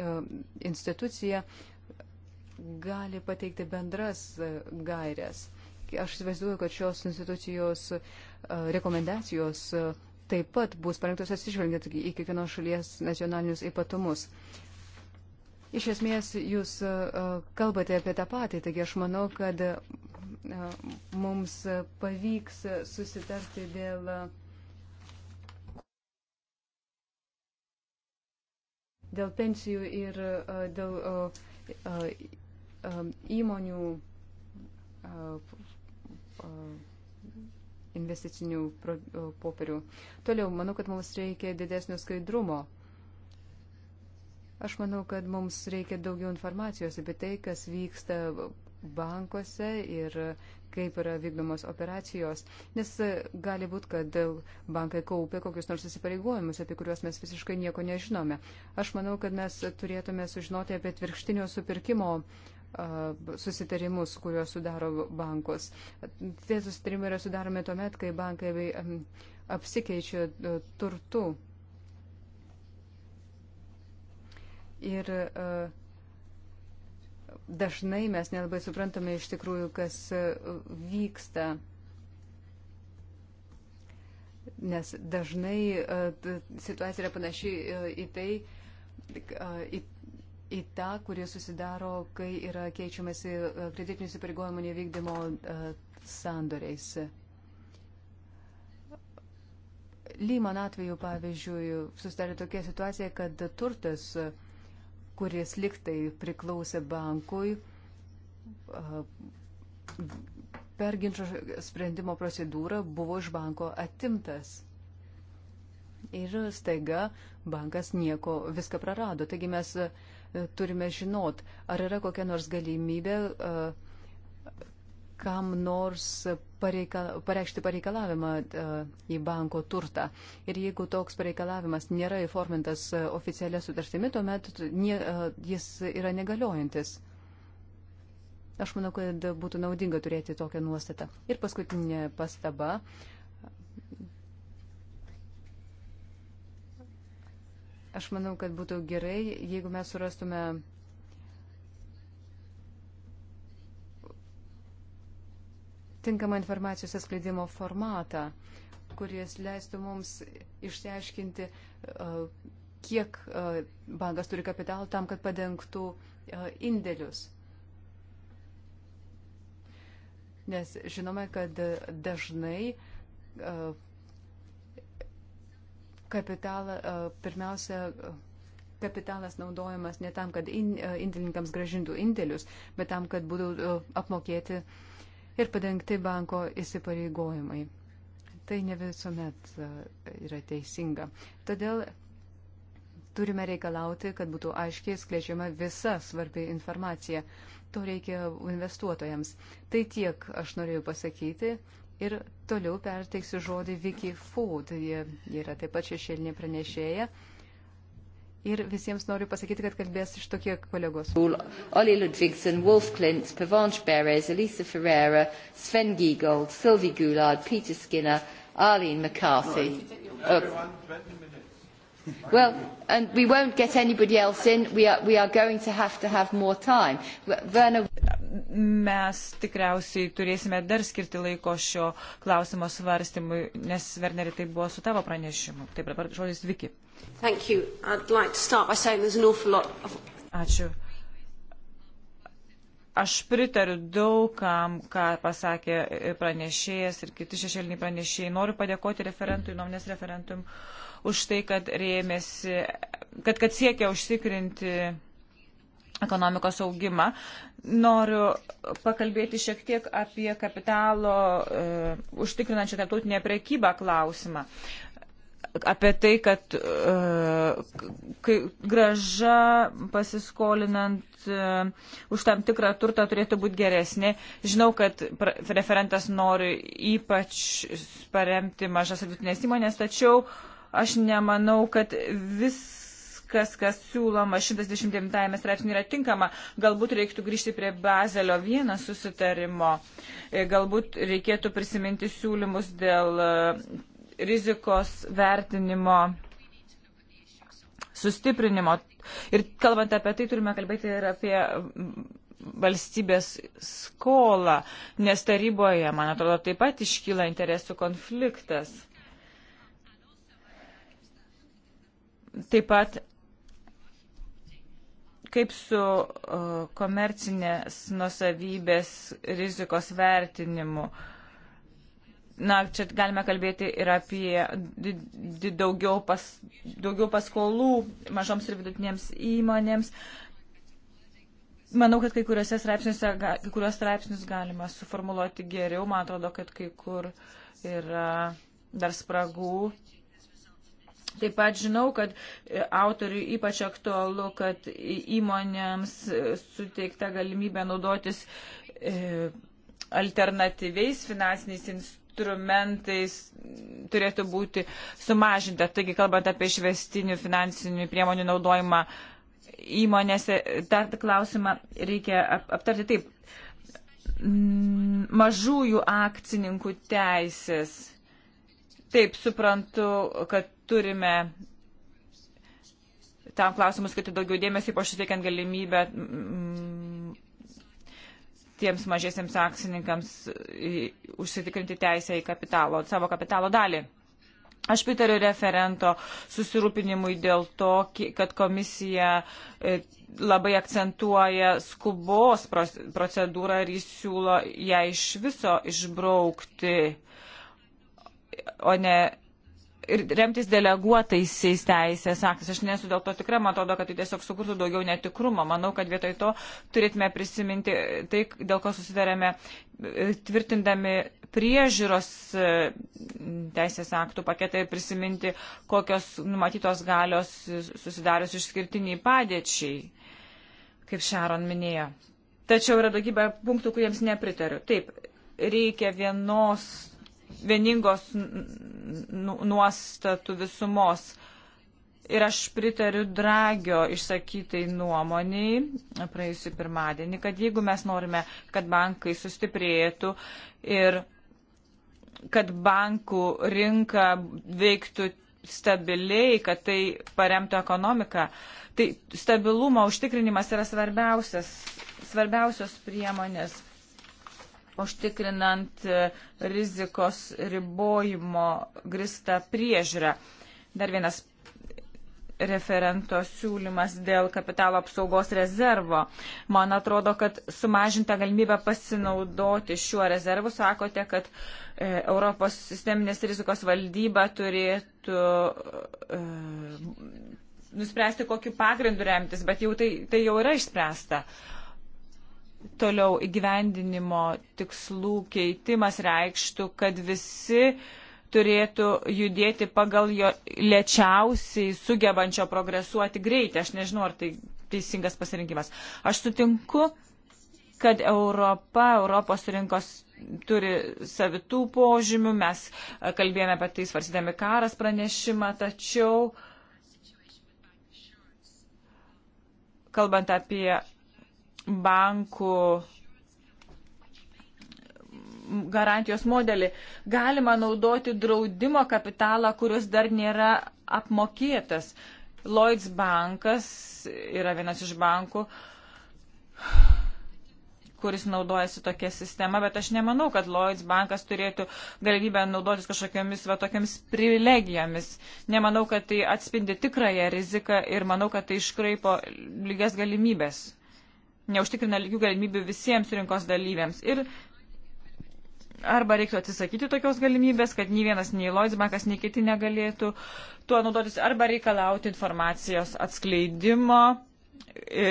institucija gali pateikti bendras e, gairias. Aš įsivaizduoju, kad šios institucijos e, rekomendacijos e, taip pat bus parengtos atsižvelgiant į kiekvienos šalies nacionalinius ypatumus. Iš esmės, jūs kalbate apie tą patį, taigi aš manau, kad mums pavyks susitarti dėl. Dėl pensijų ir dėl Um, įmonių uh, uh, investicinių uh, popierių. Toliau, manau, kad mums reikia didesnio skaidrumo. Aš manau, kad mums reikia daugiau informacijos apie tai, kas vyksta bankuose ir kaip yra vykdomos operacijos, nes gali būti, kad bankai kaupia kokius nors įsipareigojimus, apie kuriuos mes visiškai nieko nežinome. Aš manau, kad mes turėtume sužinoti apie atvirkštinio supirkimo uh, susitarimus, kuriuos sudaro bankos. Tie susitarimai yra sudaromi tuomet, kai bankai apsikeičia e, turtu. Ir e, dažnai mes nelabai suprantame iš tikrųjų, kas e, vyksta. Nes dažnai situacija yra panaši į tai, į į tą, kurie susidaro, kai yra keičiamasi e, kreditinių įsipareigojimų nevykdymo e, sandoriais. Lyman atveju, pavyzdžiui, susidarė tokia situacija, kad turtas, kuris liktai priklausė bankui, e, per ginčio sprendimo procedūrą buvo iš banko atimtas. Ir staiga bankas nieko, viską prarado. Taigi mes uh, E, turime žinot, ar yra kokia nors galimybė e, kam nors pareika, pareikšti pareikalavimą e, į banko turtą. Ir jeigu toks pareikalavimas nėra įformintas oficialia sutartimi, tuomet nie, jis yra negaliojantis. Aš manau, kad būtų naudinga turėti tokią nuostatą. Ir paskutinė pastaba Aš manau, kad būtų gerai, jeigu mes surastume tinkamą informacijos atskleidimo formatą, kuris leistų mums išsiaiškinti, kiek bankas turi kapitalų tam, kad padengtų indėlius. Nes žinome, kad dažnai kapitalą, e, pirmiausia, kapitalas naudojamas ne tam, kad in, e, indėlininkams gražintų indėlius, bet tam, kad būtų e, apmokėti ir padengti banko įsipareigojimai. Tai ne visuomet yra teisinga. Todėl turime reikalauti, kad būtų aiškiai skleidžiama visa svarbi informacija. To reikia investuotojams. Tai tiek aš norėjau pasakyti. Ir toliau perteiksiu žodį Vicky Food. Ji yra taip pat šešėlinė pranešėja. Ir visiems noriu pasakyti, kad kalbės iš tokie kolegos. Oli Ludvigsen, Wolf Klintz, Pavanche Beres, Elisa Ferreira, Sven Giegold, Sylvie Goulard, Peter Skinner, Arlene McCarthy. No, well, and we won't get anybody else in. We are, we are going to have to have more time. Werner
mes tikriausiai turėsime dar skirti laiko šio klausimo svarstymui, nes Verneri tai buvo su tavo pranešimu. Taip, dabar žodis Viki. Like of... Ačiū. Aš pritariu daugam, ką pasakė pranešėjas ir kiti šešėliniai pranešėjai. Noriu padėkoti referentui, nuomonės referentui, už tai, kad rėmėsi, kad, kad siekia užsikrinti ekonomikos augimą. Noriu pakalbėti šiek tiek apie kapitalo e, užtikrinančią tarptautinę prekybą klausimą. Apie tai, kad e, kai, graža pasiskolinant e, už tam tikrą turtą turėtų būti geresnė. Žinau, kad referentas nori ypač paremti mažas ir vidutinės įmonės, tačiau aš nemanau, kad vis viskas, kas siūloma 119 straipsnė yra tinkama. Galbūt reiktų grįžti prie Bazelio vieną susitarimo. E, galbūt reikėtų prisiminti siūlymus dėl e, rizikos vertinimo sustiprinimo. Ir kalbant apie tai, turime kalbėti ir apie valstybės skolą, nes taryboje, man atrodo, taip pat iškyla interesų konfliktas. Taip pat kaip su uh, komercinės nusavybės rizikos vertinimu. Na, čia galime kalbėti ir apie did, did daugiau, pas, daugiau paskolų mažoms ir vidutinėms įmonėms. Manau, kad kai kuriuose straipsniuose, kai kuriuos straipsnius galima suformuluoti geriau. Man atrodo, kad kai kur yra dar spragų. Uh, Taip pat žinau, kad e, autoriui ypač aktualu, kad įmonėms e, suteikta galimybė naudotis e, alternatyviais finansiniais instrumentais turėtų būti sumažinta. Taigi, kalbant apie išvestinių finansinių priemonių naudojimą įmonėse, dar klausimą reikia aptarti taip. Mažųjų akcininkų teisės Taip, suprantu, kad turime tam klausimus skirti daugiau dėmesio, ypač suteikiant galimybę mm, tiems mažiesiems akcininkams e, užsitikrinti teisę į kapitalo, savo kapitalo dalį. Aš pritariu referento susirūpinimui dėl to, kad komisija e, labai akcentuoja skubos procedūrą ir jis siūlo ją iš viso išbraukti o ne ir remtis deleguotaisiais teisės aktais. Aš nesu dėl to tikra, man atrodo, kad tai tiesiog sukurtų daugiau netikrumo. Manau, kad vietoj to turėtume prisiminti tai, dėl ko susidarėme e, tvirtindami priežiūros e, teisės aktų paketą ir prisiminti, kokios numatytos galios susidarius išskirtiniai padėčiai, kaip Šaron minėjo. Tačiau yra daugybė punktų, kuriems nepritariu. Taip, reikia vienos vieningos nu- nuostatų visumos. Ir aš pritariu Dragio išsakytai nuomoniai praėjusį pirmadienį, kad jeigu mes norime, kad bankai sustiprėtų ir kad bankų rinka veiktų stabiliai, kad tai paremtų ekonomiką, tai stabilumo užtikrinimas yra svarbiausios priemonės užtikrinant e, rizikos ribojimo gristą priežiūrą. Dar vienas referento siūlymas dėl kapitalo apsaugos rezervo. Man atrodo, kad sumažinta galimybė pasinaudoti šiuo rezervu, sakote, kad e, Europos sisteminės rizikos valdyba turėtų e, nuspręsti, kokiu pagrindu remtis, bet jau tai, tai jau yra išspręsta. E, toliau įgyvendinimo tikslų keitimas reikštų, kad visi turėtų judėti pagal jo lėčiausiai sugebančio progresuoti greitį. Aš nežinau, ar tai teisingas pasirinkimas. Aš sutinku, kad Europa, Europos rinkos turi savitų požymių, mes kalbėjome apie tai svarsydami karas pranešimą, tačiau kalbant apie bankų garantijos modelį. Galima naudoti draudimo kapitalą, kuris dar nėra apmokėtas. Lloyds bankas yra vienas iš bankų, kuris naudojasi tokia sistema, bet aš nemanau, kad Lloyds bankas turėtų galimybę naudotis kažkokiamis va tokiamis privilegijomis. Nemanau, kad tai atspindi tikrąją riziką ir manau, kad tai iškraipo lygias galimybės neužtikrina lygių galimybių visiems rinkos dalyviams. Ir arba reiktų atsisakyti tokios galimybės, kad nei vienas, nei Loisbakas, nei kiti negalėtų tuo naudotis, arba reikalauti informacijos atskleidimo, e,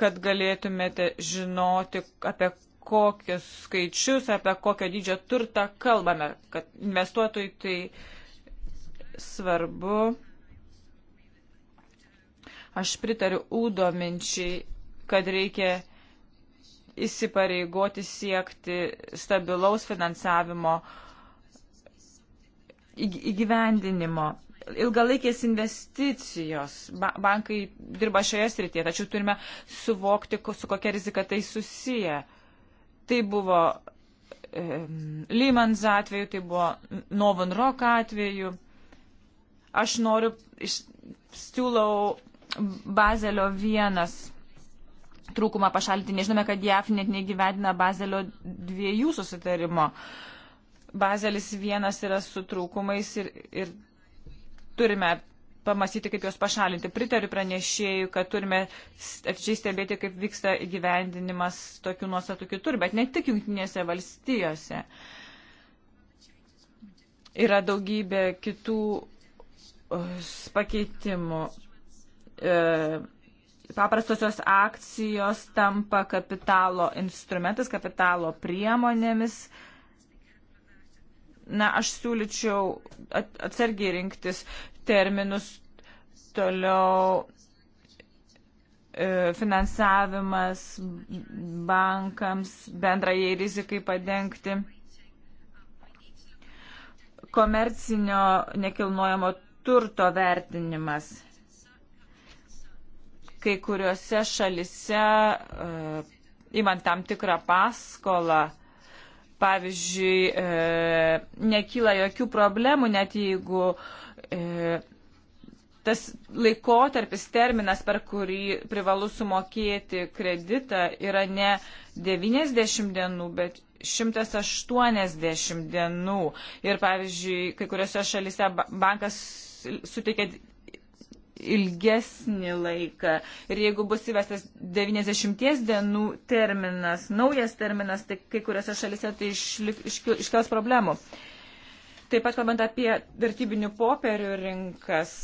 kad galėtumėte žinoti, apie kokius skaičius, apie kokio dydžio turtą kalbame, kad investuotojai tai svarbu. Aš pritariu ūdo minčiai kad reikia įsipareigoti siekti stabilaus finansavimo įgyvendinimo. Ilgalaikės investicijos. Ba bankai dirba šioje srityje, tačiau turime suvokti, su kokia rizika tai susiję. Tai buvo e, Lehman's atveju, tai buvo Novon Rock atveju. Aš noriu, iš, siūlau Bazelio vienas trūkumą pašalinti. Nežinome, kad JAF net negyvedina Bazelio dviejų susitarimo. Bazelis vienas yra su trūkumais ir, ir turime pamastyti, kaip juos pašalinti. Pritariu pranešėjų, kad turime atidžiai stebėti, kaip vyksta įgyvendinimas tokių nuostatų kitur, bet ne tik jungtinėse valstijose. Yra daugybė kitų pakeitimų. E, paprastosios akcijos tampa kapitalo instrumentais, kapitalo priemonėmis. Na, aš siūlyčiau atsargiai rinktis terminus toliau e, finansavimas bankams, bendrajai rizikai padengti, komercinio nekilnojamo turto vertinimas kai kuriuose šalise, įmant e, tam tikrą paskolą, pavyzdžiui, e, nekyla jokių problemų, net jeigu e, tas laikotarpis terminas, per kurį privalu sumokėti kreditą, yra ne 90 dienų, bet 180 dienų. Ir pavyzdžiui, kai kuriuose šalise bankas suteikia ilgesnį laiką. Ir jeigu bus įvestas 90 dienų terminas, naujas terminas, tai kai kuriuose šalise tai išlik, iškels problemų. Taip pat kalbant apie vertybinių popierių rinkas,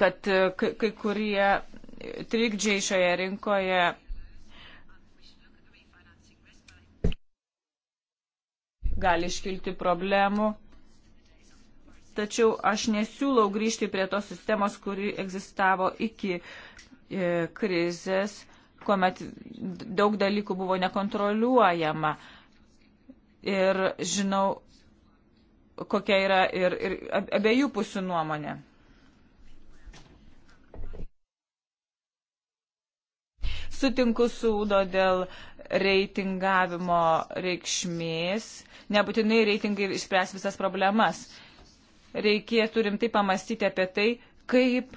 kad e, kai, kai kurie trikdžiai šioje rinkoje gali iškilti problemų tačiau aš nesiūlau grįžti prie tos sistemos, kuri egzistavo iki e, krizės, kuomet daug dalykų buvo nekontroliuojama. Ir žinau, kokia yra ir, ir abiejų pusių nuomonė. Sutinku sūdo dėl reitingavimo reikšmės. Nebūtinai reitingai išspręs visas problemas reikėtų rimtai pamastyti apie tai, kaip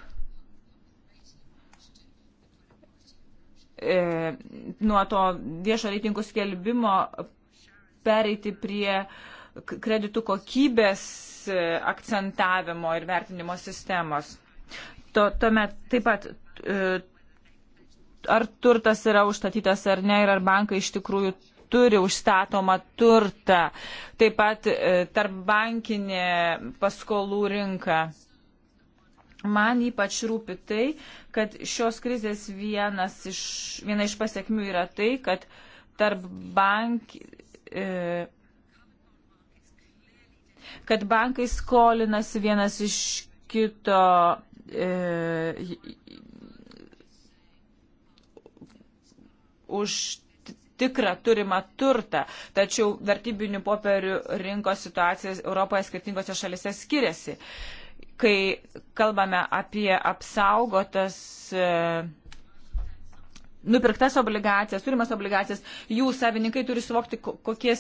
e, nuo to viešo reitingų skelbimo pereiti prie kreditų kokybės e, akcentavimo ir vertinimo sistemos. To, tuomet taip pat, e, ar turtas yra užstatytas ar ne ir ar bankai iš tikrųjų turi užstatomą turtą, taip pat e, tarp bankinė paskolų rinka. Man ypač rūpi tai, kad šios krizės vienas iš, viena iš pasiekmių yra tai, kad tarp bank, e, kad bankai skolinasi vienas iš kito e, už tikrą turimą turtą. Tačiau vertybinių popierių rinkos situacija Europoje skirtingose šalise skiriasi. Kai kalbame apie apsaugotas. E, Nupirktas obligacijas, turimas obligacijas, jų savininkai turi suvokti, kokie,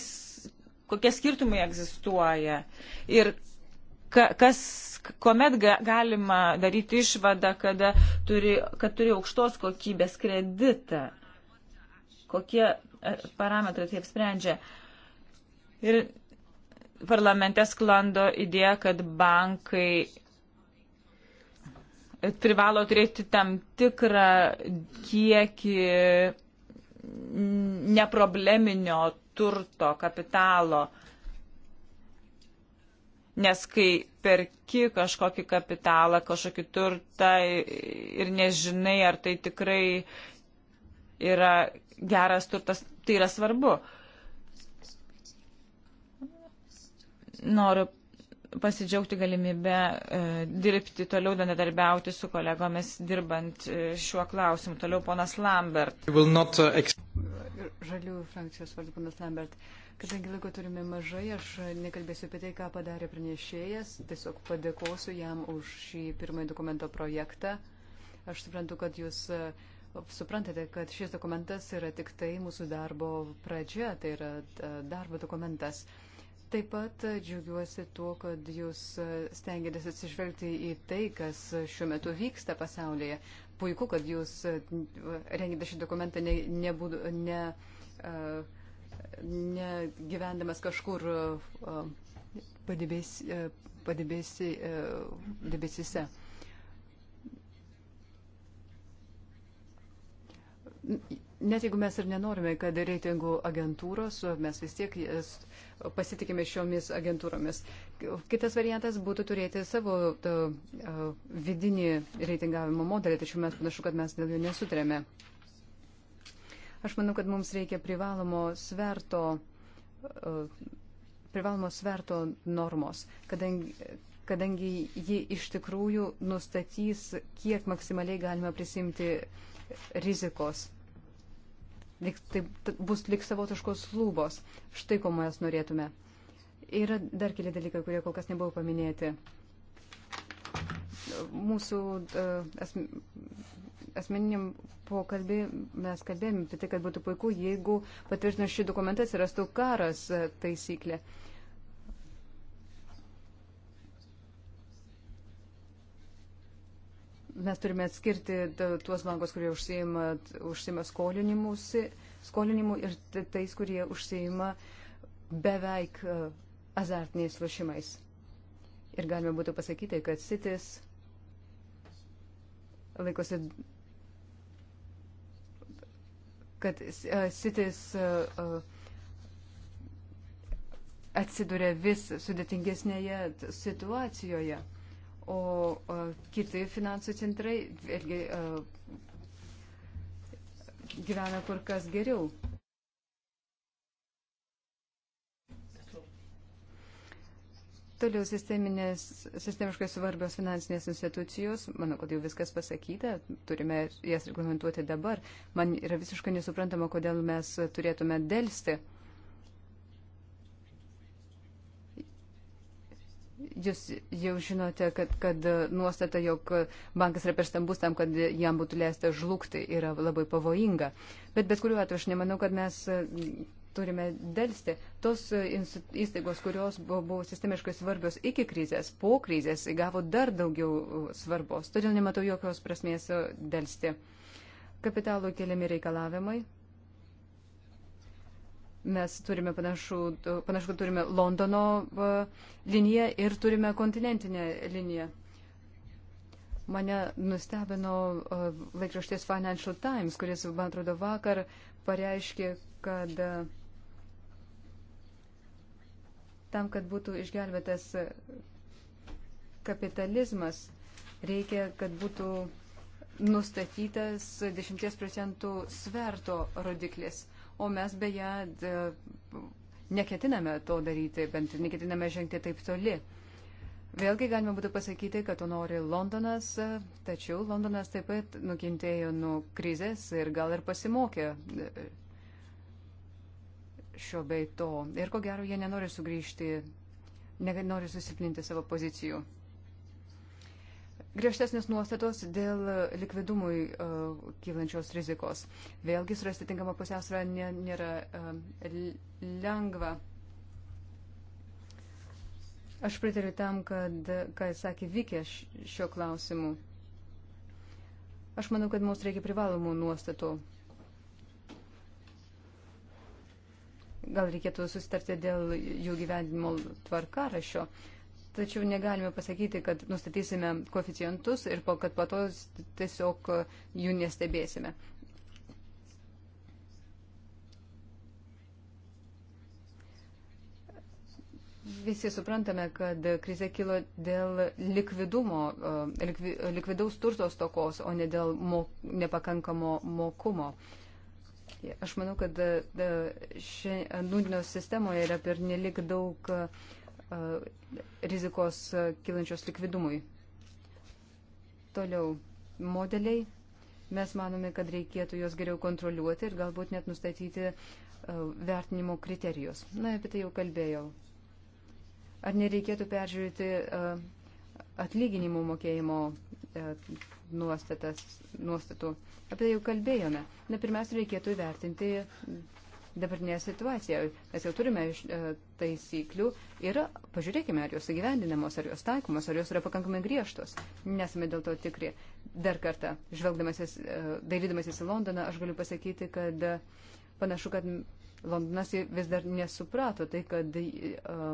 kokie skirtumai egzistuoja ir ka, kas, kuomet ga, galima daryti išvadą, kada turi, kad turi aukštos kokybės kreditą kokie e, parametrai taip sprendžia. Ir parlamente sklando idėja, kad bankai e, privalo turėti tam tikrą kiekį neprobleminio turto, kapitalo. Nes kai perki kažkokį kapitalą, kažkokį turtą ir nežinai, ar tai tikrai yra geras turtas, tai yra svarbu. Noriu pasidžiaugti galimybę e, dirbti toliau, bendradarbiauti su kolegomis, dirbant e, šiuo klausimu. Toliau ponas Lambert.
Not, uh,
Žaliųjų frakcijos vardu ponas Lambert. Kadangi laiko turime mažai, aš nekalbėsiu apie tai, ką padarė pranešėjas. Tiesiog padėkosiu jam už šį pirmąjį dokumento projektą. Aš suprantu, kad jūs uh, suprantate, kad šis dokumentas yra tik tai mūsų darbo pradžia, tai yra e, darbo dokumentas. Taip pat e, džiaugiuosi tuo, kad jūs e, stengiatės atsižvelgti į tai, kas šiuo metu vyksta pasaulyje. Puiku, kad jūs rengite šį dokumentą ne, ne, ne, ne gyvendamas kažkur padėbėsise. Padibės, Net jeigu mes ir nenorime, kad reitingų agentūros, mes vis tiek pasitikime šiomis agentūromis. Kitas variantas būtų turėti savo vidinį reitingavimo modelį, tačiau mes panašu, kad mes dėl jų nesutrėme. Aš manau, kad mums reikia privalomo sverto, privalomo sverto normos, kadangi, kadangi ji iš tikrųjų nustatys, kiek maksimaliai galima prisimti rizikos. Tai bus lik savotiškos lūbos. Štai ko mes norėtume. Yra dar keli dalykai, kurie kol kas nebuvo paminėti. Mūsų e, asmeniniam pokalbį mes kalbėjome apie tai, kad būtų puiku, jeigu patvirtinus šį dokumentą atsirastų karas e, taisyklė. Uh, mes turime atskirti tuos bankus, kurie užsieima, užsieima skolinimu ir tais, kurie užsieima beveik e, azartiniais lošimais. Ir galime būtų pasakyti, kad sitis laikosi kad sitis e, e, atsiduria vis sudėtingesnėje situacijoje o, o kiti finansų centrai vėlgi gyvena kur kas geriau. Toliau sistemiškai svarbios finansinės institucijos, manau, kad jau viskas pasakyta, turime jas reglamentuoti dabar. Man yra visiškai nesuprantama, kodėl mes turėtume dėlsti. Jūs jau žinote, kad, kad nuostata, jog bankas yra per stambus tam, kad jam būtų leista žlugti, yra labai pavojinga. Bet bet kuriuo atveju aš nemanau, kad mes e, turime dėlsti. Tos įstaigos, kurios buvo, buvo sistemiškai svarbios iki krizės, po krizės įgavo dar daugiau e, svarbos. Todėl nematau jokios prasmės e, dėlsti. Kapitalo keliami reikalavimai. Mes turime panašų, panašu, kad turime Londono liniją ir turime kontinentinę liniją. Mane nustebino laikraštis Financial Times, kuris, man atrodo, vakar pareiškė, kad tam, kad būtų išgelbėtas kapitalizmas, reikia, kad būtų nustatytas 10 procentų sverto rodiklis o mes beje neketiname to daryti, bent neketiname žengti taip toli. Vėlgi galima būtų pasakyti, kad to nori Londonas, tačiau Londonas taip pat nukentėjo nuo krizės ir gal ir pasimokė e, šio bei to. Ir ko gero, jie nenori sugrįžti, nenori susilpninti savo pozicijų griežtesnės nuostatos dėl likvidumui uh, kylančios rizikos. Vėlgi surasti tinkamą pusiausvę nėra uh, lengva. Aš pritariu tam, kad, ką sakė Vikė šiuo klausimu. Aš manau, kad mums reikia privalomų nuostatų. Gal reikėtų susitarti dėl jų gyvenimo tvarkarašio. Uh, Tačiau negalime pasakyti, kad nustatysime koficijantus ir po, kad po to tiesiog e, jų nestebėsime. Visi suprantame, kad krize kilo dėl likvidumo, e, likvi, likvidaus turto stokos, o ne dėl mok, nepakankamo mokumo. Aš manau, kad e, šiandienos sistemoje yra per nelik daug uh, rizikos kilančios likvidumui. Toliau, modeliai. Mes manome, kad reikėtų juos geriau kontroliuoti ir galbūt net nustatyti vertinimo kriterijus. Na, apie tai jau kalbėjau. Ar nereikėtų peržiūrėti atlyginimų mokėjimo nuostatas, nuostatų? Apie tai jau kalbėjome. Na, pirmiausia, reikėtų įvertinti dabartinę situaciją. Mes jau turime e, taisyklių ir pažiūrėkime, ar jos įgyvendinamos, ar jos taikomos, ar jos yra pakankamai griežtos. Nesame dėl to tikri. Dar kartą, žvelgdamasis, e, dairydamasis į Londoną, aš galiu pasakyti, kad e, panašu, kad Londonas vis dar nesuprato tai, kad uh,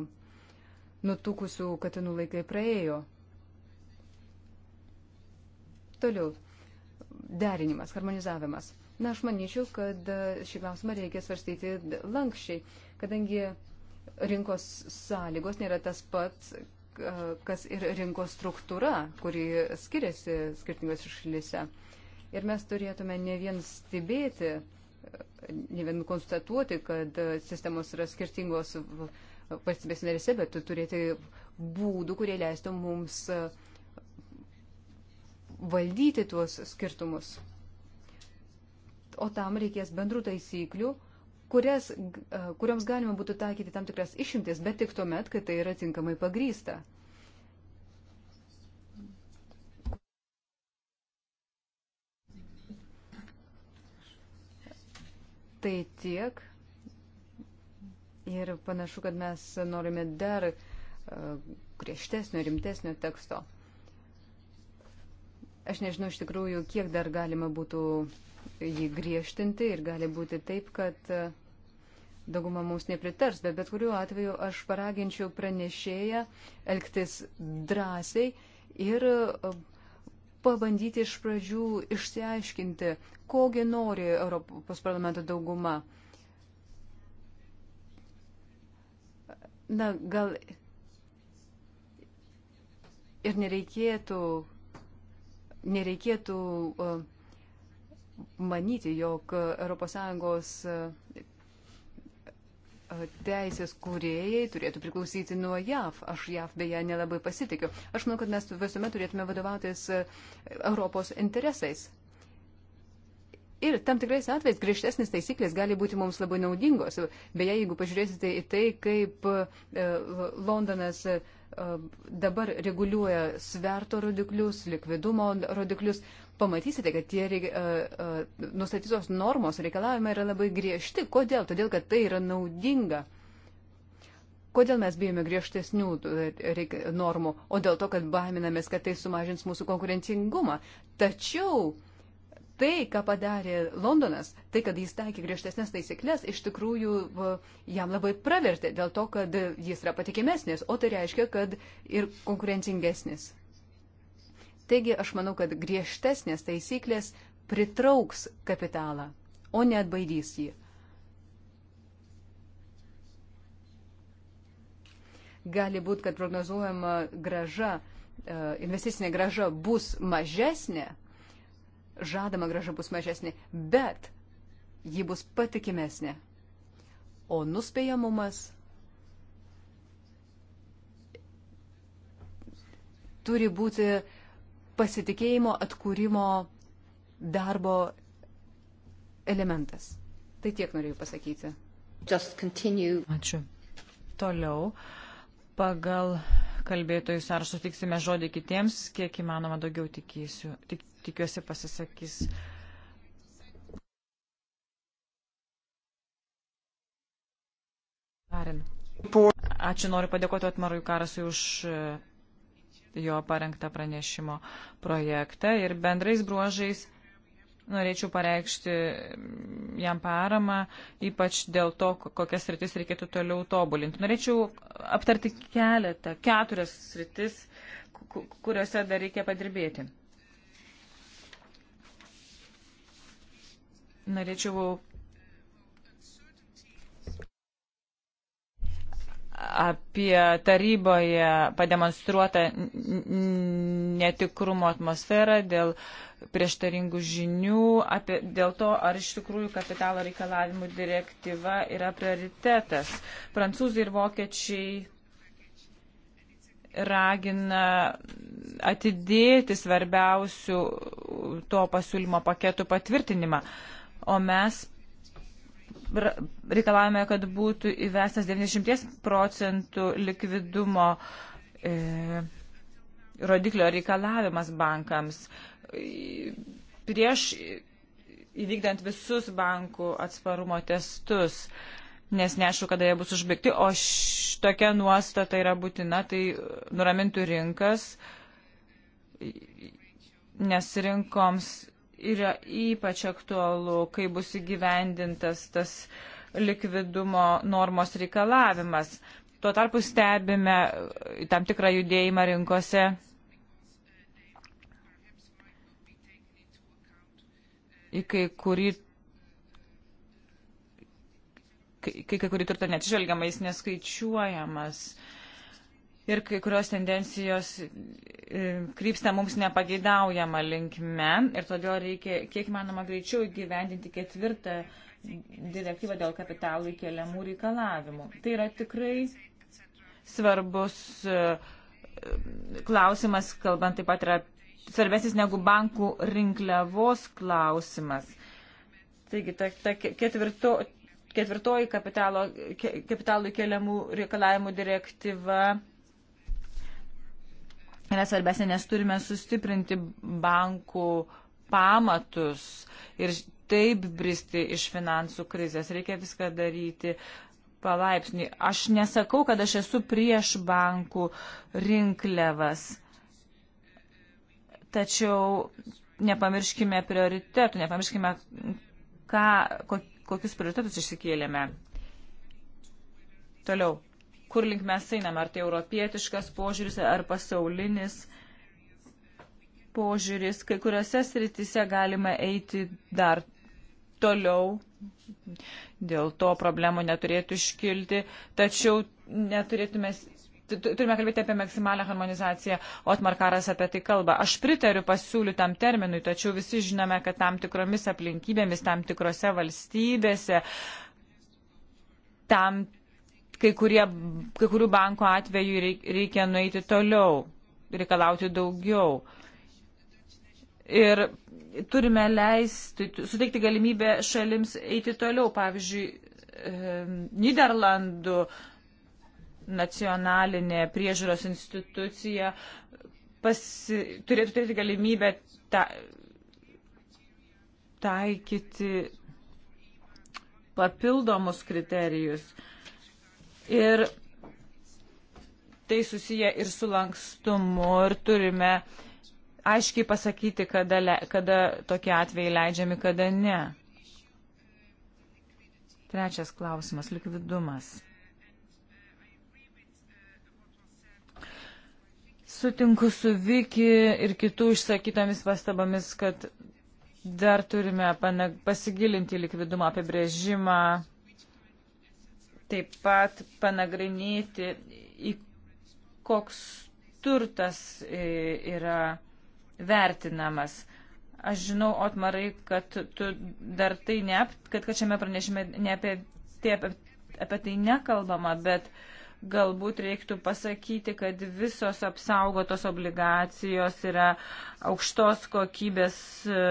nutukusių katinų laikai praėjo. Toliau. Derinimas, harmonizavimas. Na, aš manyčiau, kad e, šį klausimą reikia svarstyti lankščiai, kadangi rinkos sąlygos nėra tas pats, e, kas ir rinkos struktūra, kuri skiriasi skirtingose šalyse. Ir mes turėtume ne vien stebėti, e, ne vien konstatuoti, kad sistemos yra skirtingos valstybės narėse, bet turėti būdų, kurie leistų mums valdyti tuos skirtumus o tam reikės bendrų taisyklių, kurias, kurioms galima būtų taikyti tam tikras išimtis, bet tik tuomet, kai tai yra tinkamai pagrysta. Tai tiek. Ir panašu, kad mes norime dar griežtesnio, rimtesnio teksto. Aš nežinau iš tikrųjų, kiek dar galima būtų jį griežtinti ir gali būti taip, kad e, dauguma mums nepritars, bet bet kuriuo atveju aš paraginčiau pranešėją elgtis drąsiai ir e, pabandyti iš pradžių išsiaiškinti, kogi nori Europos parlamento dauguma. Na, gal ir nereikėtų nereikėtų e, manyti, jog ES e, e, teisės kūrėjai turėtų priklausyti nuo JAV. Aš JAV beje nelabai pasitikiu. Aš manau, kad mes visuomet turėtume vadovautis Europos interesais. Ir tam tikrais atvejais griežtesnis taisyklės gali būti mums labai naudingos. Beje, jeigu pažiūrėsite į tai, kaip e, Londonas e, dabar reguliuoja sverto rodiklius, likvidumo rodiklius, pamatysite, kad tie e, nustatytos normos reikalavimai yra labai griežti. Kodėl? Todėl, kad tai yra naudinga. Kodėl mes bijome griežtesnių normų? O dėl to, kad baiminamės, kad tai sumažins mūsų konkurencingumą. Tačiau Tai, ką padarė Londonas, tai, kad jis taikė griežtesnės taisyklės, iš tikrųjų jam labai pravertė dėl to, kad jis yra patikimesnis, o tai reiškia, kad ir konkurencingesnis. Taigi aš manau, kad griežtesnės taisyklės pritrauks kapitalą, o ne atbaidys jį. gali būti, kad prognozuojama graža, e, investicinė graža bus mažesnė, žadama graža bus mažesnė, bet ji bus patikimesnė. O nuspėjamumas turi būti pasitikėjimo atkūrimo darbo elementas. Tai tiek norėjau pasakyti. Ačiū. Toliau
pagal kalbėtojus ar sutiksime žodį kitiems, kiek įmanoma daugiau tikysiu, tik, tikiuosi pasisakys. Karin. Ačiū, noriu padėkoti Otmarui Karasui už e, jo parengtą pranešimo projektą ir bendrais bruožais norėčiau pareikšti mm, jam paramą, ypač dėl to, kokias sritis reikėtų toliau tobulinti. Norėčiau aptarti keletą, keturias sritis, kuriuose dar reikia padirbėti. Norėčiau apie taryboje pademonstruotą netikrumo atmosferą dėl prieštaringų žinių, apie, dėl to, ar iš tikrųjų kapitalo reikalavimų direktyva yra prioritetas. Prancūzai ir vokiečiai ragina atidėti svarbiausių to pasiūlymo paketų patvirtinimą. Uh, o mes reikalavome, kad būtų įvestas 90 procentų likvidumo e, rodiklio reikalavimas bankams. E, prieš įvykdant visus bankų atsparumo testus, nes neaišku, kada jie bus užbaigti, o tokia nuostata yra būtina, tai nuramintų rinkas, nes rinkoms yra ypač aktualu, kai bus įgyvendintas tas likvidumo normos reikalavimas. Tuo tarpu stebime tam tikrą judėjimą rinkose. Į kai kurį kai kai kurį turtą neatsižvelgiama, jis neskaičiuojamas. Uh, ir kai kurios tendencijos e, krypsta mums nepageidaujama linkme ir todėl reikia kiek manoma greičiau įgyvendinti ketvirtą direktyvą dėl kapitalų įkeliamų reikalavimų. Tai yra tikrai svarbus e, e, klausimas, kalbant taip pat yra svarbesnis negu bankų rinkliavos klausimas. Taigi, ta, ta ketvirto, ketvirtoji kapitalo, ke, kapitalų keliamų reikalavimų direktyva yra svarbiausia, nes turime sustiprinti bankų pamatus ir taip bristi iš finansų krizės. Reikia viską daryti palaipsniui. Aš nesakau, kad aš esu prieš bankų rinkliavas. Tačiau nepamirškime prioritetų, nepamirškime, ką, kokius prioritetus išsikėlėme. Toliau kur link mes einame, ar tai europietiškas požiūris, ar pasaulinis požiūris. Kai kuriuose sritise galime eiti dar toliau, dėl to problemų neturėtų iškilti, tačiau neturėtume turime kalbėti apie maksimalią harmonizaciją, o Otmarkaras apie tai kalba. Aš pritariu pasiūlytam terminui, tačiau visi žinome, kad tam tikromis aplinkybėmis, tam tikrose valstybėse, tam kai, kurie, kai kurių bankų atveju reikia nueiti toliau, reikalauti daugiau. Ir turime leisti, suteikti galimybę šalims eiti toliau. Pavyzdžiui, Niderlandų nacionalinė priežiūros institucija pasi, turėtų turėti galimybę ta, taikyti papildomus kriterijus. Uh, Ir tai susiję ir su lankstumu ir turime aiškiai pasakyti, kada, le, kada tokie atvejai leidžiami, kada ne. Trečias klausimas - likvidumas. Sutinku su Viki ir kitų išsakytomis pastabomis, kad dar turime pasigilinti likvidumo apibrėžimą, taip pat panagrinėti, į koks turtas e, yra vertinamas. Aš žinau, Otmarai, kad tu dar tai ne, kad, kad šiame pranešime ne apie, tai apie, apie tai nekalbama, bet galbūt reiktų pasakyti, kad visos apsaugotos obligacijos yra aukštos kokybės e,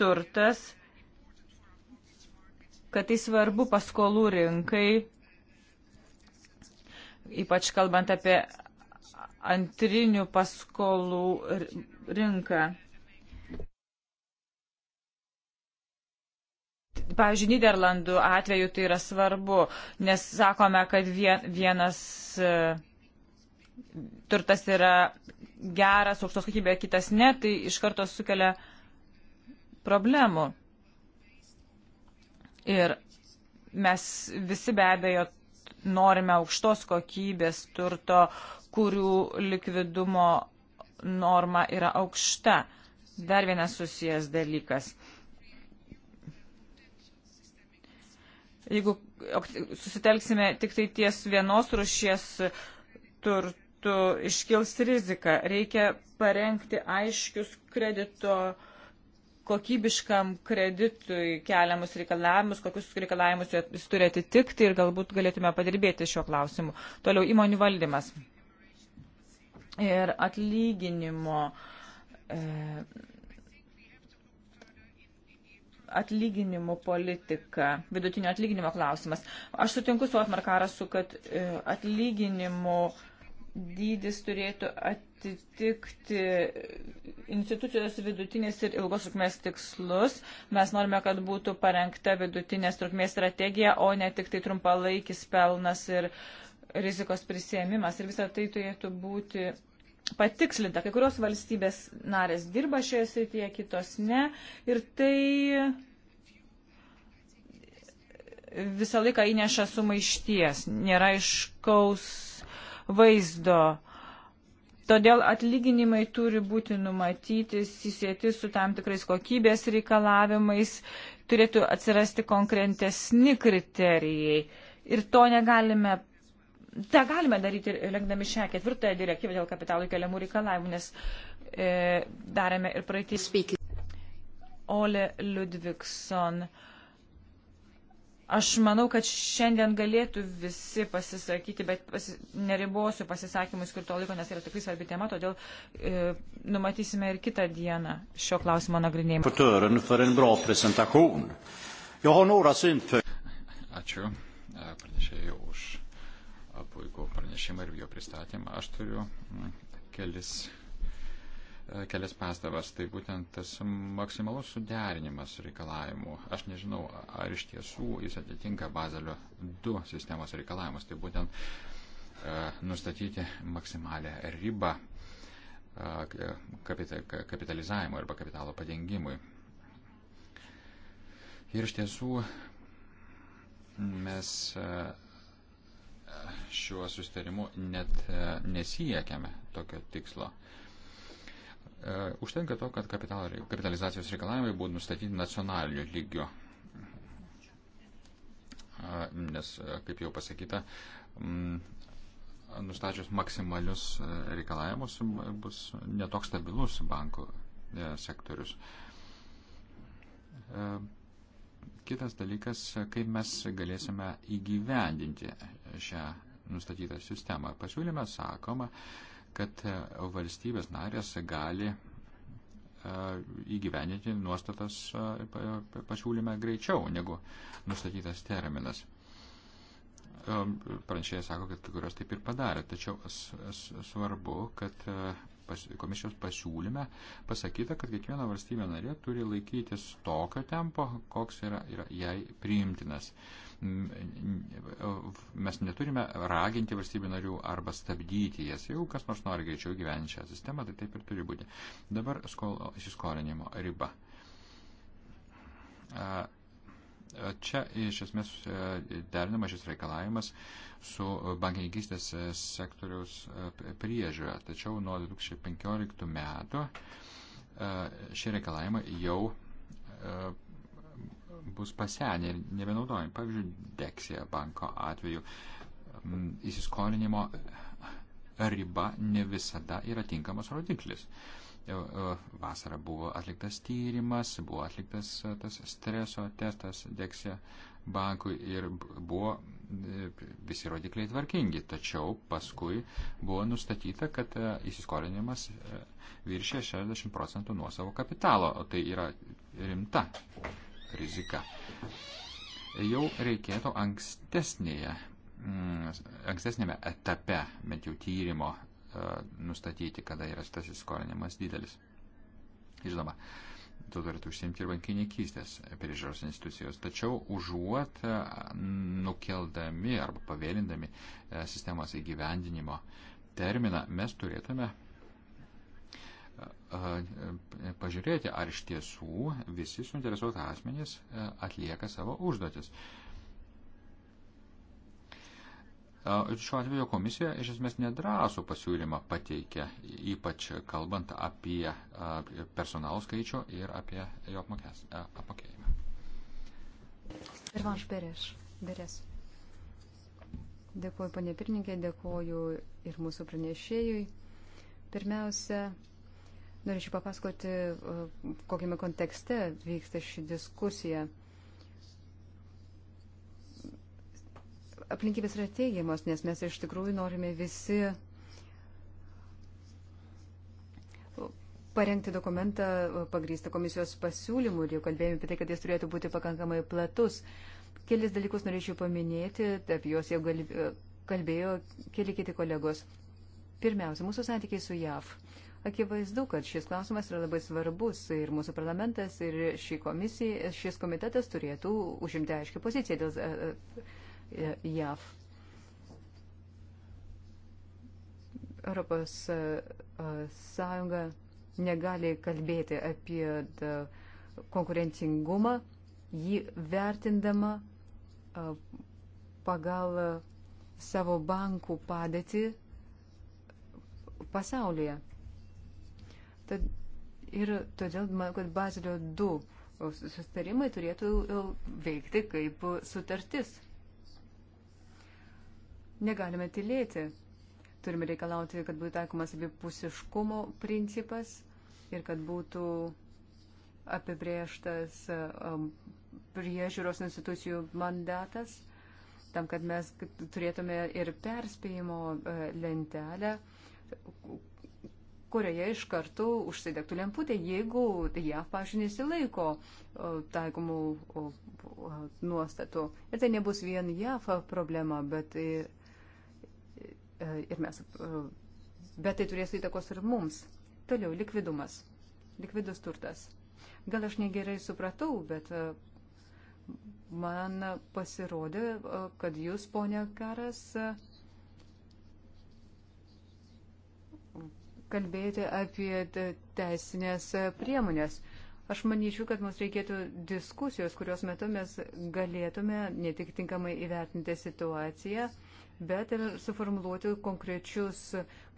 turtas kad tai svarbu paskolų rinkai, ypač kalbant apie antrinių paskolų rinką. Pavyzdžiui, Niderlandų atveju tai yra svarbu, nes sakome, kad vienas e, turtas yra geras, aukštos kokybė, kitas ne, tai iš karto sukelia problemų. Ir mes visi be abejo norime aukštos kokybės turto, kurių likvidumo norma yra aukšta. Dar vienas susijęs dalykas. Jeigu susitelksime tik tai ties vienos rušies turtų, iškils rizika. Reikia parengti aiškius kredito uh, kokybiškam kreditui keliamus reikalavimus, kokius reikalavimus jis turi atitikti ir galbūt galėtume padirbėti šiuo klausimu. Toliau įmonių valdymas ir atlyginimo. E, atlyginimų politika, vidutinio atlyginimo klausimas. Aš sutinku su Otmarkarasu, kad e, atlyginimų uh, dydis turėtų atitikti institucijos vidutinės ir ilgos trukmės tikslus. Mes norime, kad būtų parengta vidutinės trukmės strategija, o ne tik tai trumpalaikis pelnas ir rizikos prisėmimas. Ir visą tai turėtų būti patikslinta. Kai kurios valstybės narės dirba šioje srityje, kitos ne. Ir tai visą laiką įneša sumaišties, nėra iškaus vaizdo. Todėl atlyginimai turi būti numatyti, susijęti su tam tikrais kokybės reikalavimais, turėtų atsirasti konkrentesni kriterijai. Ir to negalime, tą galime daryti lengdami šią ketvirtąją direktyvą dėl kapitalų keliamų reikalavimų, nes e, darėme ir praeitį. Ole Ludvigson. E, Aš manau, kad šiandien galėtų visi pasisakyti, bet pasi, neribosiu pasisakymui skirto laiko, nes tai yra tikrai svarbi tema, todėl e, numatysime ir kitą dieną šio klausimo nagrinėjimą.
Ačiū e, pranešėjai už e, puikų pranešimą ir jo pristatymą. Aš turiu kelis E, kelias pastabas, tai būtent tas maksimalus suderinimas reikalavimų. Aš nežinau, ar iš tiesų jis atitinka Bazelio 2 sistemos reikalavimus, tai būtent e, nustatyti maksimalę ribą e, kapitalizavimo arba kapitalo padengimui. Ir iš tiesų mes e, šiuo sustarimu net e, nesijėkiame tokio tikslo. E, E, užtenka to, kad kapitalizacijos reikalavimai būtų nustatyti nacionaliniu lygiu. E, nes, e, kaip jau pasakyta, nustačius maksimalius reikalavimus bus netoks stabilus bankų sektorius. Kitas dalykas, kaip mes galėsime įgyvendinti šią nustatytą sistemą. Pasiūlyme sakoma, kad e, valstybės narės gali e, įgyveninti nuostatas e, pasiūlyme greičiau negu nustatytas terminas. Pranešėjas sako, kad kai kurios taip ir padarė, tačiau svarbu, kad komisijos pasiūlyme pasakyta, kad kiekviena valstybė narė turi laikytis tokio tempo, koks yra, yra jai priimtinas. Uh, mes neturime raginti valstybių narių arba stabdyti jas. Jau kas nors nori greičiau gyventi šią sistemą, tai taip ir turi būti. Dabar skolo įsiskolinimo riba. Čia iš esmės derinama šis reikalavimas su bankininkistės sektoriaus priežiūra. Tačiau nuo 2015 metų šie reikalavimai jau bus pasenę ir nebenaudojami. Pavyzdžiui, Deksija banko atveju mm, įsiskolinimo riba ne visada yra tinkamas rodiklis. E, e, Vasara buvo atliktas tyrimas, buvo atliktas e, tas streso testas Deksija bankui ir buvo visi rodikliai tvarkingi, tačiau paskui buvo nustatyta, kad įsiskolinimas viršė 60 procentų nuo savo kapitalo, o tai yra rimta rizika. Jau reikėtų ankstesnėje, mm, ankstesnėme etape, bent jau tyrimo, e, nustatyti, kada yra tas įskolinimas didelis. Žinoma, tu turėtų užsimti ir bankininkystės priežiūros institucijos. Tačiau užuot e, nukeldami arba pavėlindami e, sistemos įgyvendinimo terminą, mes turėtume pažiūrėti, ar iš tiesų visi suinteresuoti asmenys atlieka savo užduotis. Šiuo atveju komisija iš esmės nedrasų pasiūlymą pateikia, ypač kalbant apie personalų skaičių ir apie jo apmokės, apmokėjimą.
Pirmaš Bereš. Berės. Dėkuoju, panė pirmininkė, dėkuoju ir mūsų pranešėjui. Pirmiausia, Norėčiau papasakoti, e, kokiame kontekste vyksta ši diskusija. Aplinkybės yra teigiamos, nes mes iš tikrųjų norime visi parengti dokumentą pagrįstą komisijos pasiūlymų ir jau kalbėjome apie tai, kad jis turėtų būti pakankamai platus. Kelis dalykus norėčiau paminėti, apie juos jau kalbėjo keli kiti kolegos. Pirmiausia, mūsų santykiai su JAV. Akivaizdu, kad šis klausimas yra labai svarbus ir mūsų parlamentas, ir ši komisija, šis komitetas turėtų užimti aiškį poziciją dėl e, e, e, JAV. Europos Sąjunga negali kalbėti apie konkurencingumą, jį vertindama pagal savo bankų padėtį pasaulyje. Tad, ir todėl manau, kad Bazilio 2 sustarimai turėtų e, veikti kaip sutartis. Negalime tylėti. Turime reikalauti, kad būtų taikomas abipusiškumo principas ir kad būtų apibrieštas e, priežiūros institucijų mandatas, tam, kad mes turėtume ir perspėjimo e, lentelę, kurioje iš karto užsidegtų lemputė, jeigu JAV, pavyzdžiui, nesilaiko taikomų nuostatų. Ir tai nebus vien JAV problema, bet ir mes. Bet tai turės įtakos ir mums. Toliau, likvidumas. Likvidus turtas. Gal aš negerai supratau, bet e, man pasirodė, e, kad jūs, ponia Karas, kalbėti apie teisinės priemonės. Aš manyčiau, kad mums reikėtų diskusijos, kurios metu mes galėtume ne tik tinkamai įvertinti situaciją, bet ir suformuluoti konkrečius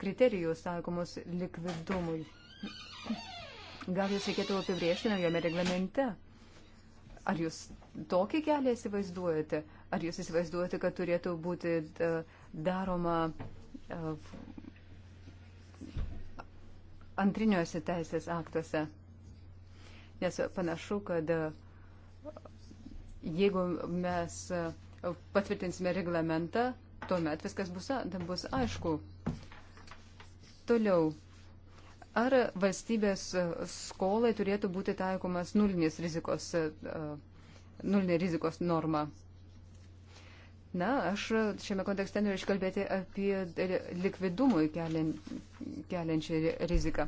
kriterijus taikomus likvidumui. Gal jūs reikėtų apibriežti naujame reglamente? Ar jūs tokį kelią įsivaizduojate? Ar jūs įsivaizduojate, kad turėtų būti e, daroma e, antriniuose teisės aktuose. Nes panašu, kad e, jeigu mes e, patvirtinsime reglamentą, tuomet viskas bus, bus aišku. Toliau. Ar valstybės e, skolai turėtų būti taikomas nulinės rizikos, nulinė rizikos norma? Na, aš šiame kontekste noriu iškalbėti apie likvidumui keliančią riziką.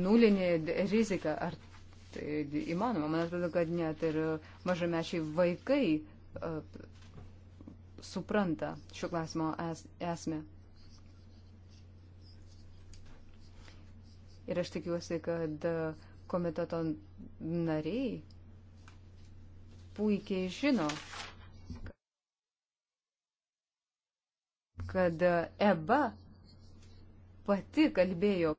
Nulinė rizika, ar tai įmanoma? Man atrodo, kad net ir mažamečiai vaikai uh, supranta šio klausimo es, esmę. Ir aš tikiuosi, kad komiteto nariai puikiai žino, kad EBA pati kalbėjo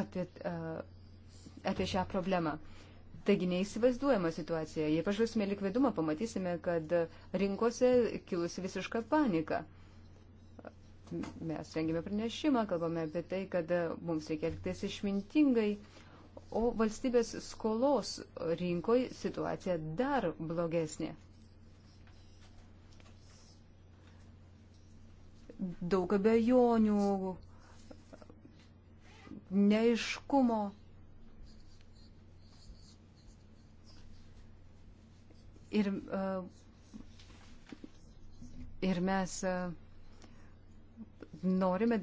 apie, apie šią problemą. Taigi neįsivaizduojama situacija. Jei pažvelgsime likvidumą, pamatysime, kad rinkose kilusi visiška panika. Mes rengėme pranešimą, kalbame apie tai, kad mums reikia elgtis išmintingai, o valstybės skolos rinkoje situacija dar blogesnė. daug abejonių, neiškumo. Ir, e, ir mes e, norime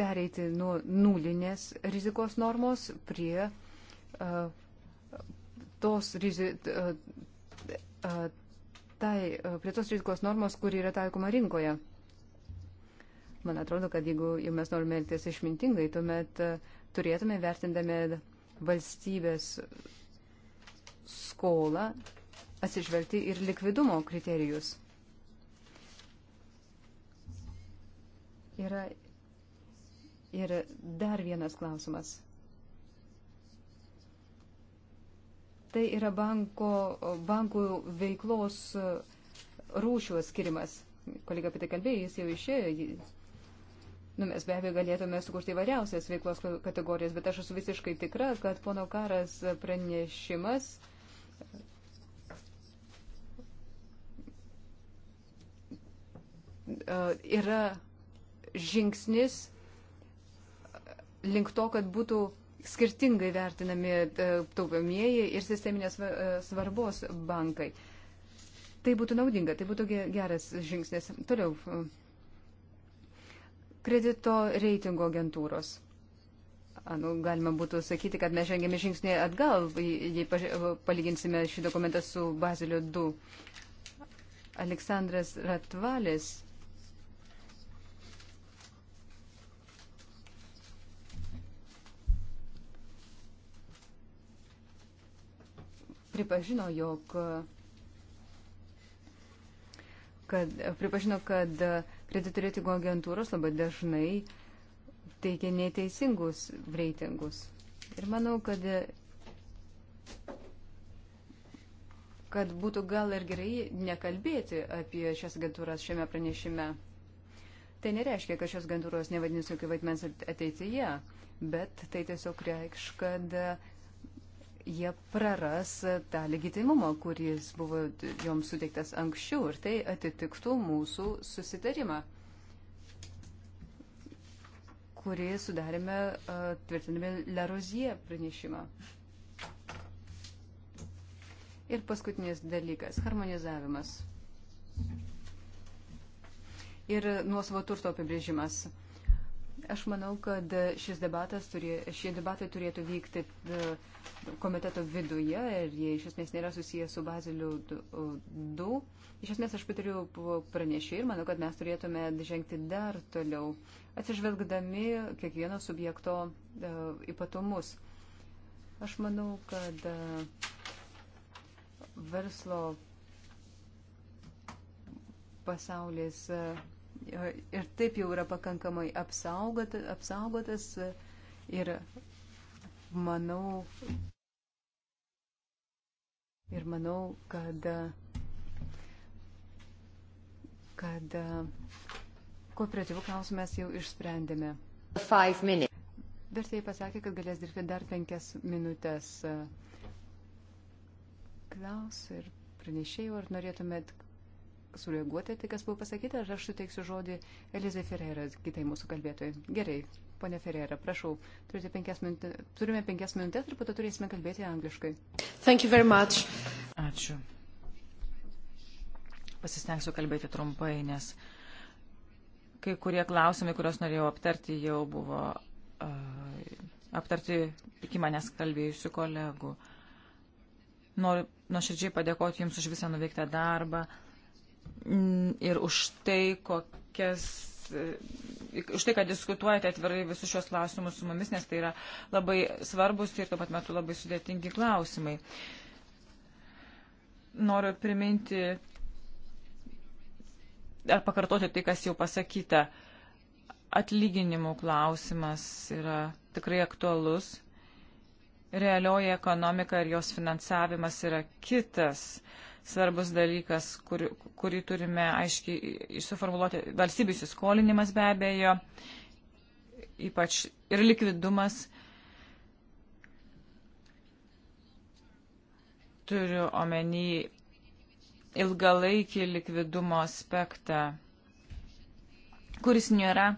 pereiti nuo nulinės rizikos normos prie e, tos, rizi, tai, prie tos rizikos normos, kuri yra taikoma rinkoje. Man atrodo, kad jeigu mes norime elgtis išmintingai, tuomet e, turėtume vertindami valstybės skolą atsižvelgti ir likvidumo kriterijus. Yra ir dar vienas klausimas. Tai yra banko, bankų veiklos rūšių atskirimas. Kolega apie tai kalbėjo, jis jau išėjo, Nu, mes be abejo galėtume sukurti įvairiausias veiklos kategorijas, bet aš esu visiškai tikra, kad pono karas pranešimas yra žingsnis link to, kad būtų skirtingai vertinami taupiamieji ir sisteminės svarbos bankai. Tai būtų naudinga, tai būtų geras žingsnis. Toliau, kredito reitingo agentūros. Nu, galima būtų sakyti, kad mes žengėme žingsnį atgal, jei palyginsime šį dokumentą su Bazilio 2. Aleksandras Ratvalis. Pripažino, jog kad, pripažino, kad Kredito reitingo agentūros labai dažnai teikia neteisingus reitingus. Ir manau, kad, kad būtų gal ir gerai nekalbėti apie šias agentūras šiame pranešime. Tai nereiškia, kad šios agentūros nevadins jokių vaidmens ateityje, bet tai tiesiog reikš, kad uh, jie praras tą legitimumą, kuris buvo joms suteiktas anksčiau ir tai atitiktų mūsų susitarimą, kurį sudarėme tvirtinami Larozie pranešimą. Ir paskutinis dalykas - harmonizavimas. Ir nuosavo turto apibrėžimas. Aš manau, kad šis debatas turė, šie debatai turėtų vykti e, komiteto viduje ir jie iš esmės nėra susiję su Baziliu 2. Iš esmės aš patariu pranešį ir manau, kad mes turėtume žengti dar toliau, atsižvelgdami kiekvieno subjekto e, ypatumus. Aš manau, kad e, verslo pasaulis ir taip jau yra pakankamai apsaugotas, apsaugotas ir manau, ir manau, kad, kad kooperatyvų klausimą mes jau išsprendėme. Vertėjai pasakė, kad galės dirbti dar penkias minutės. Klaus ir pranešėjau, ar norėtumėt sureaguoti tai, kas buvo pasakyta, ar aš suteiksiu žodį Elizai Ferreira, kitai mūsų kalbėtojai. Gerai, ponė Ferreira, prašau, penkias minutė, turime penkias minutės ir po to turėsime kalbėti angliškai.
Ačiū. Pasistengsiu kalbėti trumpai, nes kai kurie klausimai, kuriuos norėjau aptarti, jau buvo uh, aptarti iki manęs kalbėjusių kolegų. Noriu nuoširdžiai padėkoti Jums už visą nuveiktą darbą. Uh, ir už tai, kokias, už tai, kad diskutuojate atvirai visus šios klausimus su mumis, nes tai yra labai svarbus ir tuo pat metu labai sudėtingi klausimai. Noriu priminti ar pakartoti tai, kas jau pasakyta. Atlyginimų klausimas yra tikrai aktualus. Realioji ekonomika ir jos finansavimas yra kitas. Uh, svarbus dalykas, kur, kurį turime aiškiai išsiformuluoti. Valstybių įsiskolinimas be abejo, ypač ir likvidumas. Turiu omeny ilgalaikį likvidumo aspektą, kuris nėra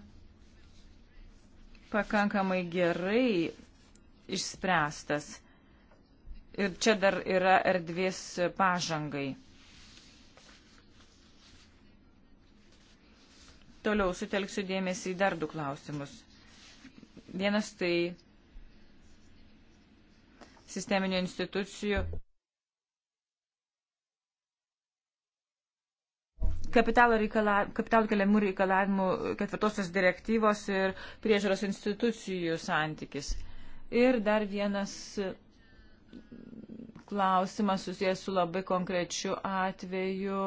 pakankamai gerai išspręstas ir čia dar yra erdvės pažangai. Toliau sutelksiu dėmesį į dar du klausimus. Vienas tai sisteminių institucijų kapitalo, reikala, kapitalo keliamų reikalavimų ketvirtosios direktyvos ir priežiūros institucijų santykis. Ir dar vienas klausimas susijęs su labai konkrečiu atveju,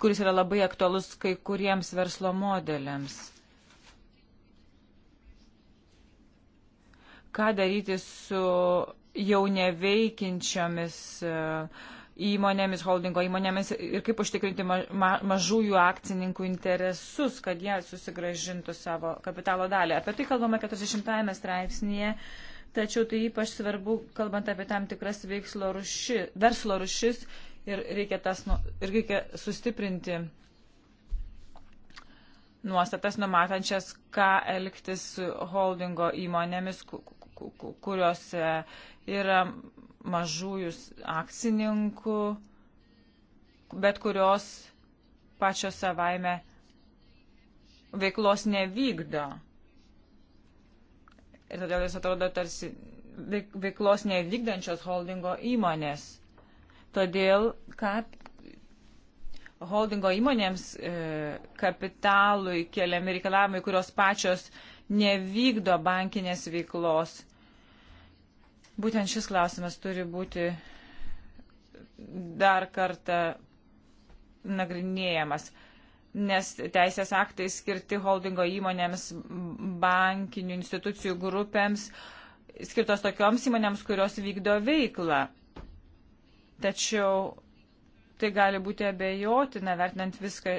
kuris yra labai aktualus kai kuriems verslo modeliams. Ką daryti su jau neveikinčiomis e, įmonėmis, holdingo įmonėmis ir kaip užtikrinti ma mažųjų akcininkų interesus, kad jie susigražintų savo kapitalo dalį. Apie tai kalbame 40 straipsnėje tačiau tai ypač svarbu, kalbant apie tam tikras ruši, verslo rušis ir reikia, tas, nu, ir reikia sustiprinti nuostatas numatančias, ką elgtis holdingo įmonėmis, kuriuose yra mažųjų akcininkų, bet kurios pačios savaime veiklos nevykdo ir todėl jis atrodo tarsi veiklos nevykdančios holdingo įmonės. Todėl, kad holdingo įmonėms e, kapitalui keliami reikalavimai, kurios pačios nevykdo bankinės veiklos. Būtent šis klausimas turi būti dar kartą nagrinėjamas nes teisės aktai skirti holdingo įmonėms, bankinių institucijų grupėms, skirtos tokioms įmonėms, kurios vykdo veiklą. Tačiau tai gali būti abejotina, vertinant viską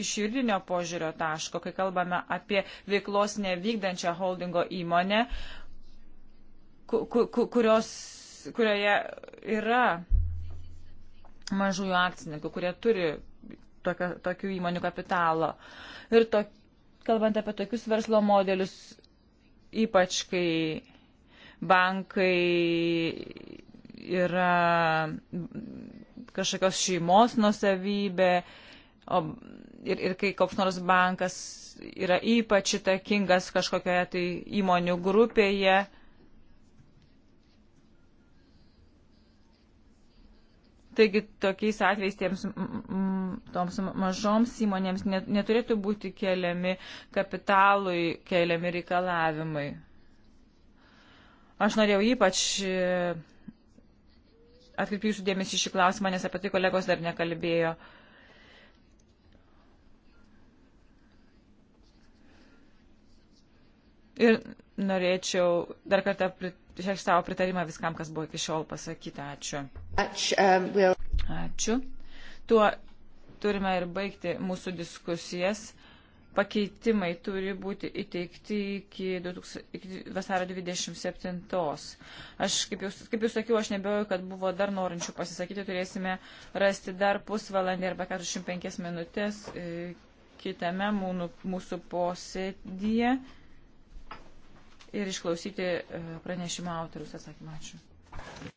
iš juridinio požiūrio taško, kai kalbame apie veiklos nevykdančią holdingo įmonę, kurios, kurioje yra mažųjų akcininkų, kurie turi tokio, tokių įmonių kapitalo. Ir to, kalbant apie tokius verslo modelius, ypač kai bankai yra kažkokios šeimos nusavybė ir, ir kai koks nors bankas yra ypač įtakingas kažkokioje tai įmonių grupėje, Taigi tokiais atvejais tiems, toms mažoms įmonėms net, neturėtų būti keliami kapitalui keliami reikalavimai. Aš norėjau ypač e, atkreipti jūsų dėmesį šį klausimą, nes apie tai kolegos dar nekalbėjo. Uh, Ir norėčiau dar kartą išreikšti savo pritarimą viskam, kas buvo iki šiol pasakyta. Ačiū. Um, Ačiū. Tuo turime ir baigti mūsų diskusijas. Pakeitimai turi būti įteikti iki, 2000, iki vasaro 27. Aš, kaip jūs, kaip jūs sakiau, aš nebejoju, kad buvo dar norinčių pasisakyti. Turėsime rasti dar pusvalandį arba 45 minutės e, kitame mūsų posėdyje ir išklausyti e, pranešimo autorius atsakymą. Ačiū.